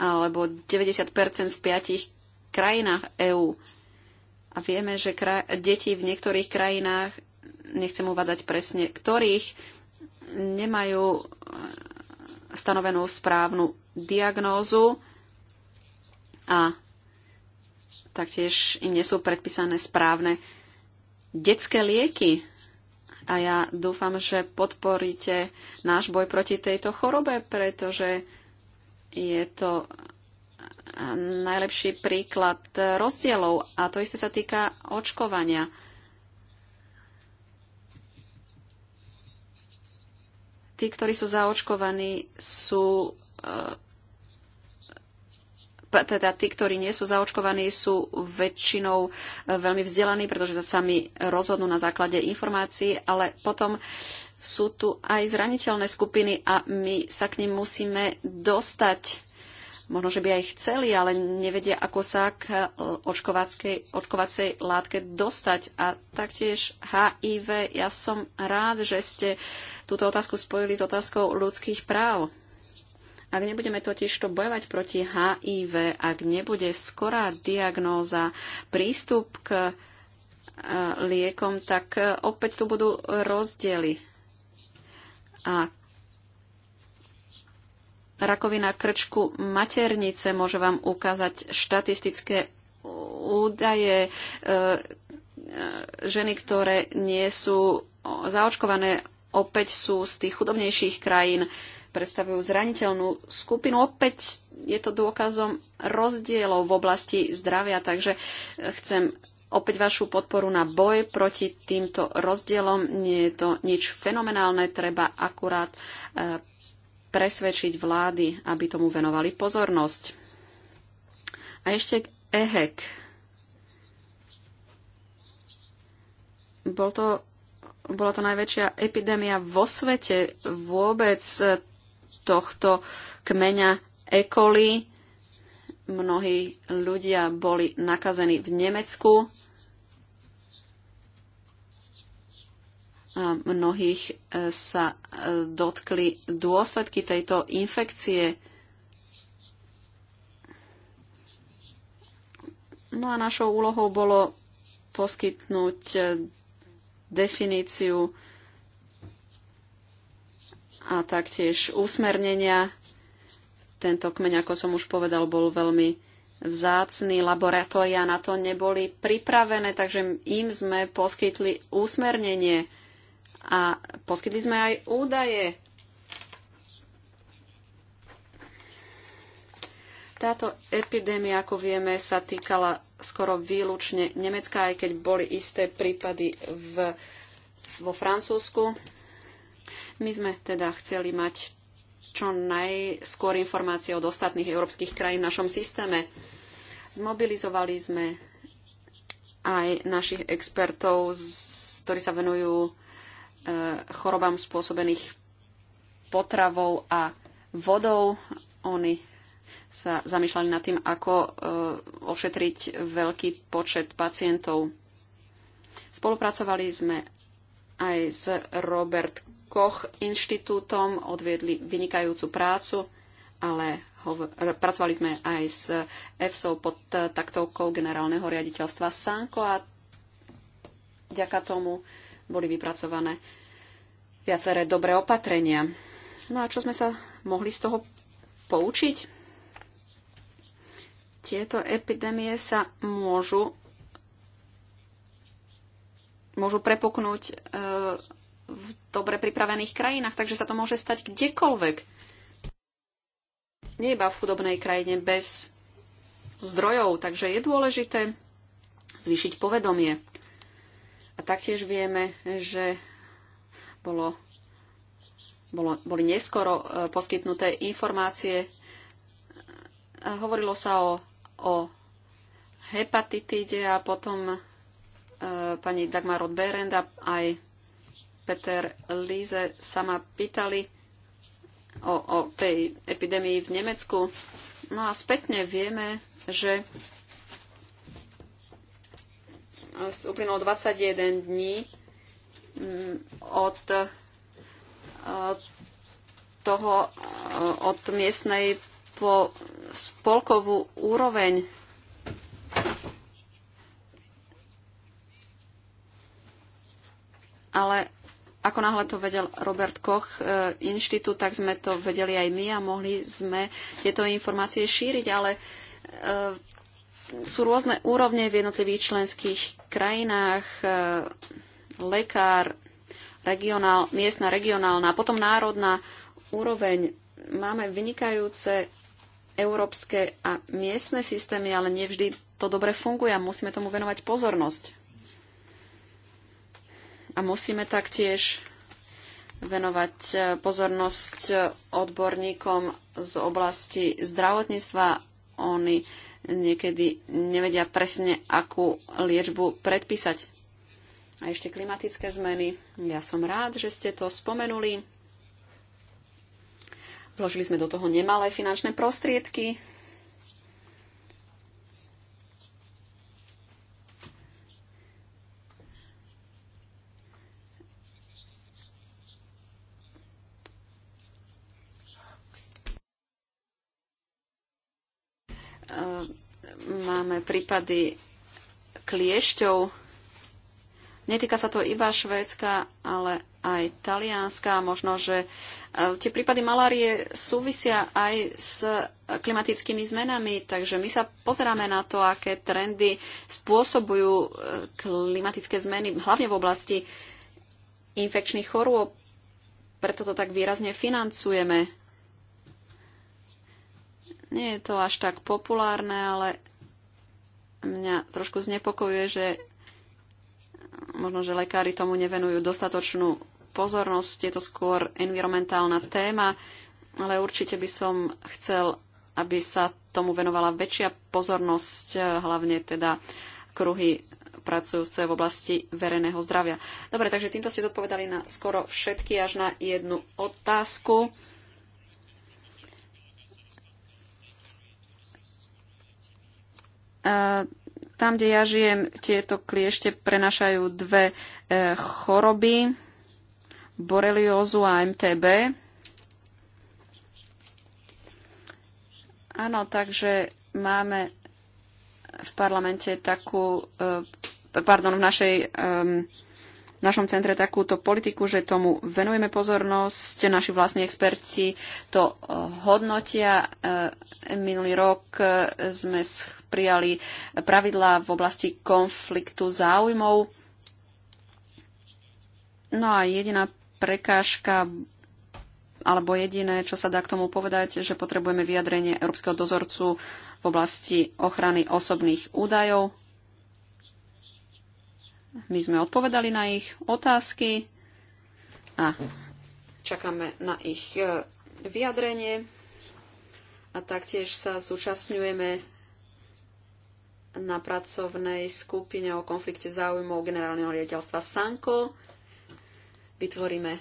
alebo 90% v piatich krajinách EÚ. A vieme, že deti v niektorých krajinách, nechcem uvádzať presne ktorých, nemajú e, stanovenú správnu diagnózu a taktiež im nie sú predpísané správne detské lieky. A ja dúfam, že podporíte náš boj proti tejto chorobe, pretože je to najlepší príklad rozdielov. A to isté sa týka očkovania. Tí, ktorí sú zaočkovaní, sú e, teda tí, ktorí nie sú zaočkovaní, sú väčšinou e, veľmi vzdelaní, pretože sa sami rozhodnú na základe informácií, ale potom sú tu aj zraniteľné skupiny a my sa k nim musíme dostať. Možno, že by aj chceli, ale nevedia, ako sa k e, očkovacej látke dostať. A taktiež HIV. Ja som rád, že ste túto otázku spojili s otázkou ľudských práv ak nebudeme totiž to bojovať proti HIV, ak nebude skorá diagnóza, prístup k e, liekom, tak e, opäť tu budú rozdiely. A rakovina krčku maternice môže vám ukázať štatistické údaje. E, ženy, ktoré nie sú zaočkované, opäť sú z tých chudobnejších krajín predstavujú zraniteľnú skupinu. Opäť je to dôkazom rozdielov v oblasti zdravia, takže e, chcem opäť vašu podporu na boj proti týmto rozdielom. Nie je to nič fenomenálne, treba akurát e, presvedčiť vlády, aby tomu venovali pozornosť. A ešte k EHEC. Bol to, bola to najväčšia epidémia vo svete vôbec. E, tohto kmeňa E. coli. Mnohí ľudia boli nakazení v Nemecku. A mnohých e, sa e, dotkli dôsledky tejto infekcie. No a našou úlohou bolo poskytnúť e, definíciu a taktiež úsmernenia. Tento kmeň, ako som už povedal, bol veľmi vzácný. Laboratória na to neboli pripravené, takže im sme poskytli úsmernenie a poskytli sme aj údaje. Táto epidémia, ako vieme, sa týkala skoro výlučne Nemecka, aj keď boli isté prípady v, vo Francúzsku my sme teda chceli mať čo najskôr informácie od ostatných európskych krajín v našom systéme. Zmobilizovali sme aj našich expertov, ktorí sa venujú e, chorobám spôsobených potravou a vodou. Oni sa zamýšľali nad tým, ako e, ošetriť veľký počet pacientov. Spolupracovali sme aj s Robert Koch inštitútom, odviedli vynikajúcu prácu, ale pracovali sme aj s EFSO pod e, taktovkou generálneho riaditeľstva Sanko a vďaka tomu boli vypracované viaceré dobré opatrenia. No a čo sme sa mohli z toho poučiť? Tieto epidémie sa môžu môžu prepuknúť. e, v dobre pripravených krajinách, takže sa to môže stať kdekoľvek. Nie iba v chudobnej krajine bez zdrojov, takže je dôležité zvýšiť povedomie. A taktiež vieme, že bolo, bolo, boli neskoro e, poskytnuté informácie. Hovorilo sa o, o hepatitíde a potom e, pani Dagmar Rodberend a aj Peter Líze sa ma pýtali o, o tej epidémii v Nemecku. No a spätne vieme, že uplynulo 21 dní mm, od, od e, toho, e, od miestnej po spolkovú úroveň ale ako náhle to vedel Robert Koch e, inštitút, tak sme to vedeli aj my a mohli sme tieto informácie šíriť, ale e, sú rôzne úrovne v jednotlivých členských krajinách. E, lekár, regionál, miestna, regionálna, potom národná úroveň. Máme vynikajúce európske a miestne systémy, ale nevždy to dobre funguje a musíme tomu venovať pozornosť. A musíme taktiež venovať e, pozornosť e, odborníkom z oblasti zdravotníctva. Oni niekedy nevedia presne, akú liečbu predpísať. A ešte klimatické zmeny. Ja som rád, že ste to spomenuli. Vložili sme do toho nemalé finančné prostriedky. Ehm, máme prípady kliešťov. Netýka sa to iba Švédska, ale aj Talianska. Možno, že ehm, tie prípady malárie súvisia aj s klimatickými zmenami, takže my sa pozeráme na to, aké trendy spôsobujú ehm, klimatické zmeny, hlavne v oblasti infekčných chorôb. Preto to tak výrazne financujeme. Nie je to až tak populárne, ale mňa trošku znepokojuje, že možno, že lekári tomu nevenujú dostatočnú pozornosť. Je to skôr environmentálna téma, ale určite by som chcel, aby sa tomu venovala väčšia pozornosť, hlavne teda kruhy pracujúce v oblasti verejného zdravia. Dobre, takže týmto ste zodpovedali na skoro všetky až na jednu otázku. tam, kde ja žijem, tieto kliešte prenašajú dve e, choroby, boreliózu a MTB. Áno, takže máme v parlamente takú, e, pardon, v našej v našom centre takúto politiku, že tomu venujeme pozornosť. Naši vlastní experti to e, hodnotia. Minulý rok sme schválili prijali pravidlá v oblasti konfliktu záujmov. No a jediná prekážka alebo jediné, čo sa dá k tomu povedať, že potrebujeme vyjadrenie Európskeho dozorcu v oblasti ochrany osobných údajov. My sme odpovedali na ich otázky a čakáme na ich eh, vyjadrenie a taktiež sa zúčastňujeme na pracovnej skupine o konflikte záujmov generálneho riaditeľstva Sanko. Vytvoríme,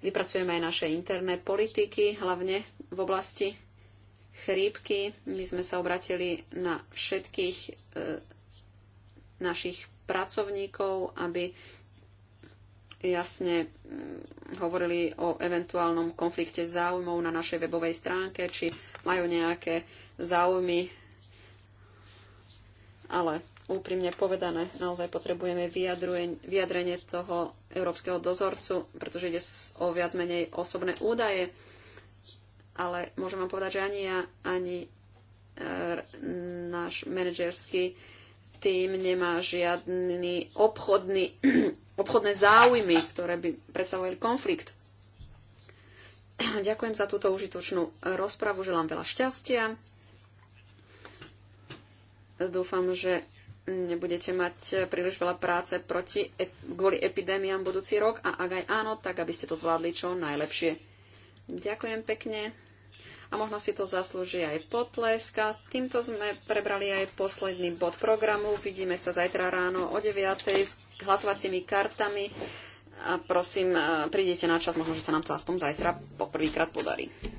vypracujeme aj naše interné politiky, hlavne v oblasti chrípky. My sme sa obratili na všetkých e, našich pracovníkov, aby jasne mm, hovorili o eventuálnom konflikte záujmov na našej webovej stránke, či majú nejaké záujmy ale úprimne povedané, naozaj potrebujeme vyjadrenie toho európskeho dozorcu, pretože ide o viac menej osobné údaje. Ale môžem vám povedať, že ani ja, ani eh, náš manažerský tým nemá žiadny obchodný, *clears throat* obchodné záujmy, ktoré by predstavovali konflikt. *clears throat* Ďakujem za túto užitočnú rozpravu, želám veľa šťastia Dúfam, že nebudete mať príliš veľa práce proti, e- kvôli epidémiám budúci rok a ak aj áno, tak aby ste to zvládli čo najlepšie. Ďakujem pekne a možno si to zaslúži aj potleska. Týmto sme prebrali aj posledný bod programu. Vidíme sa zajtra ráno o 9. s hlasovacími kartami a prosím, e, prídete na čas, možno, že sa nám to aspoň zajtra poprvýkrát podarí.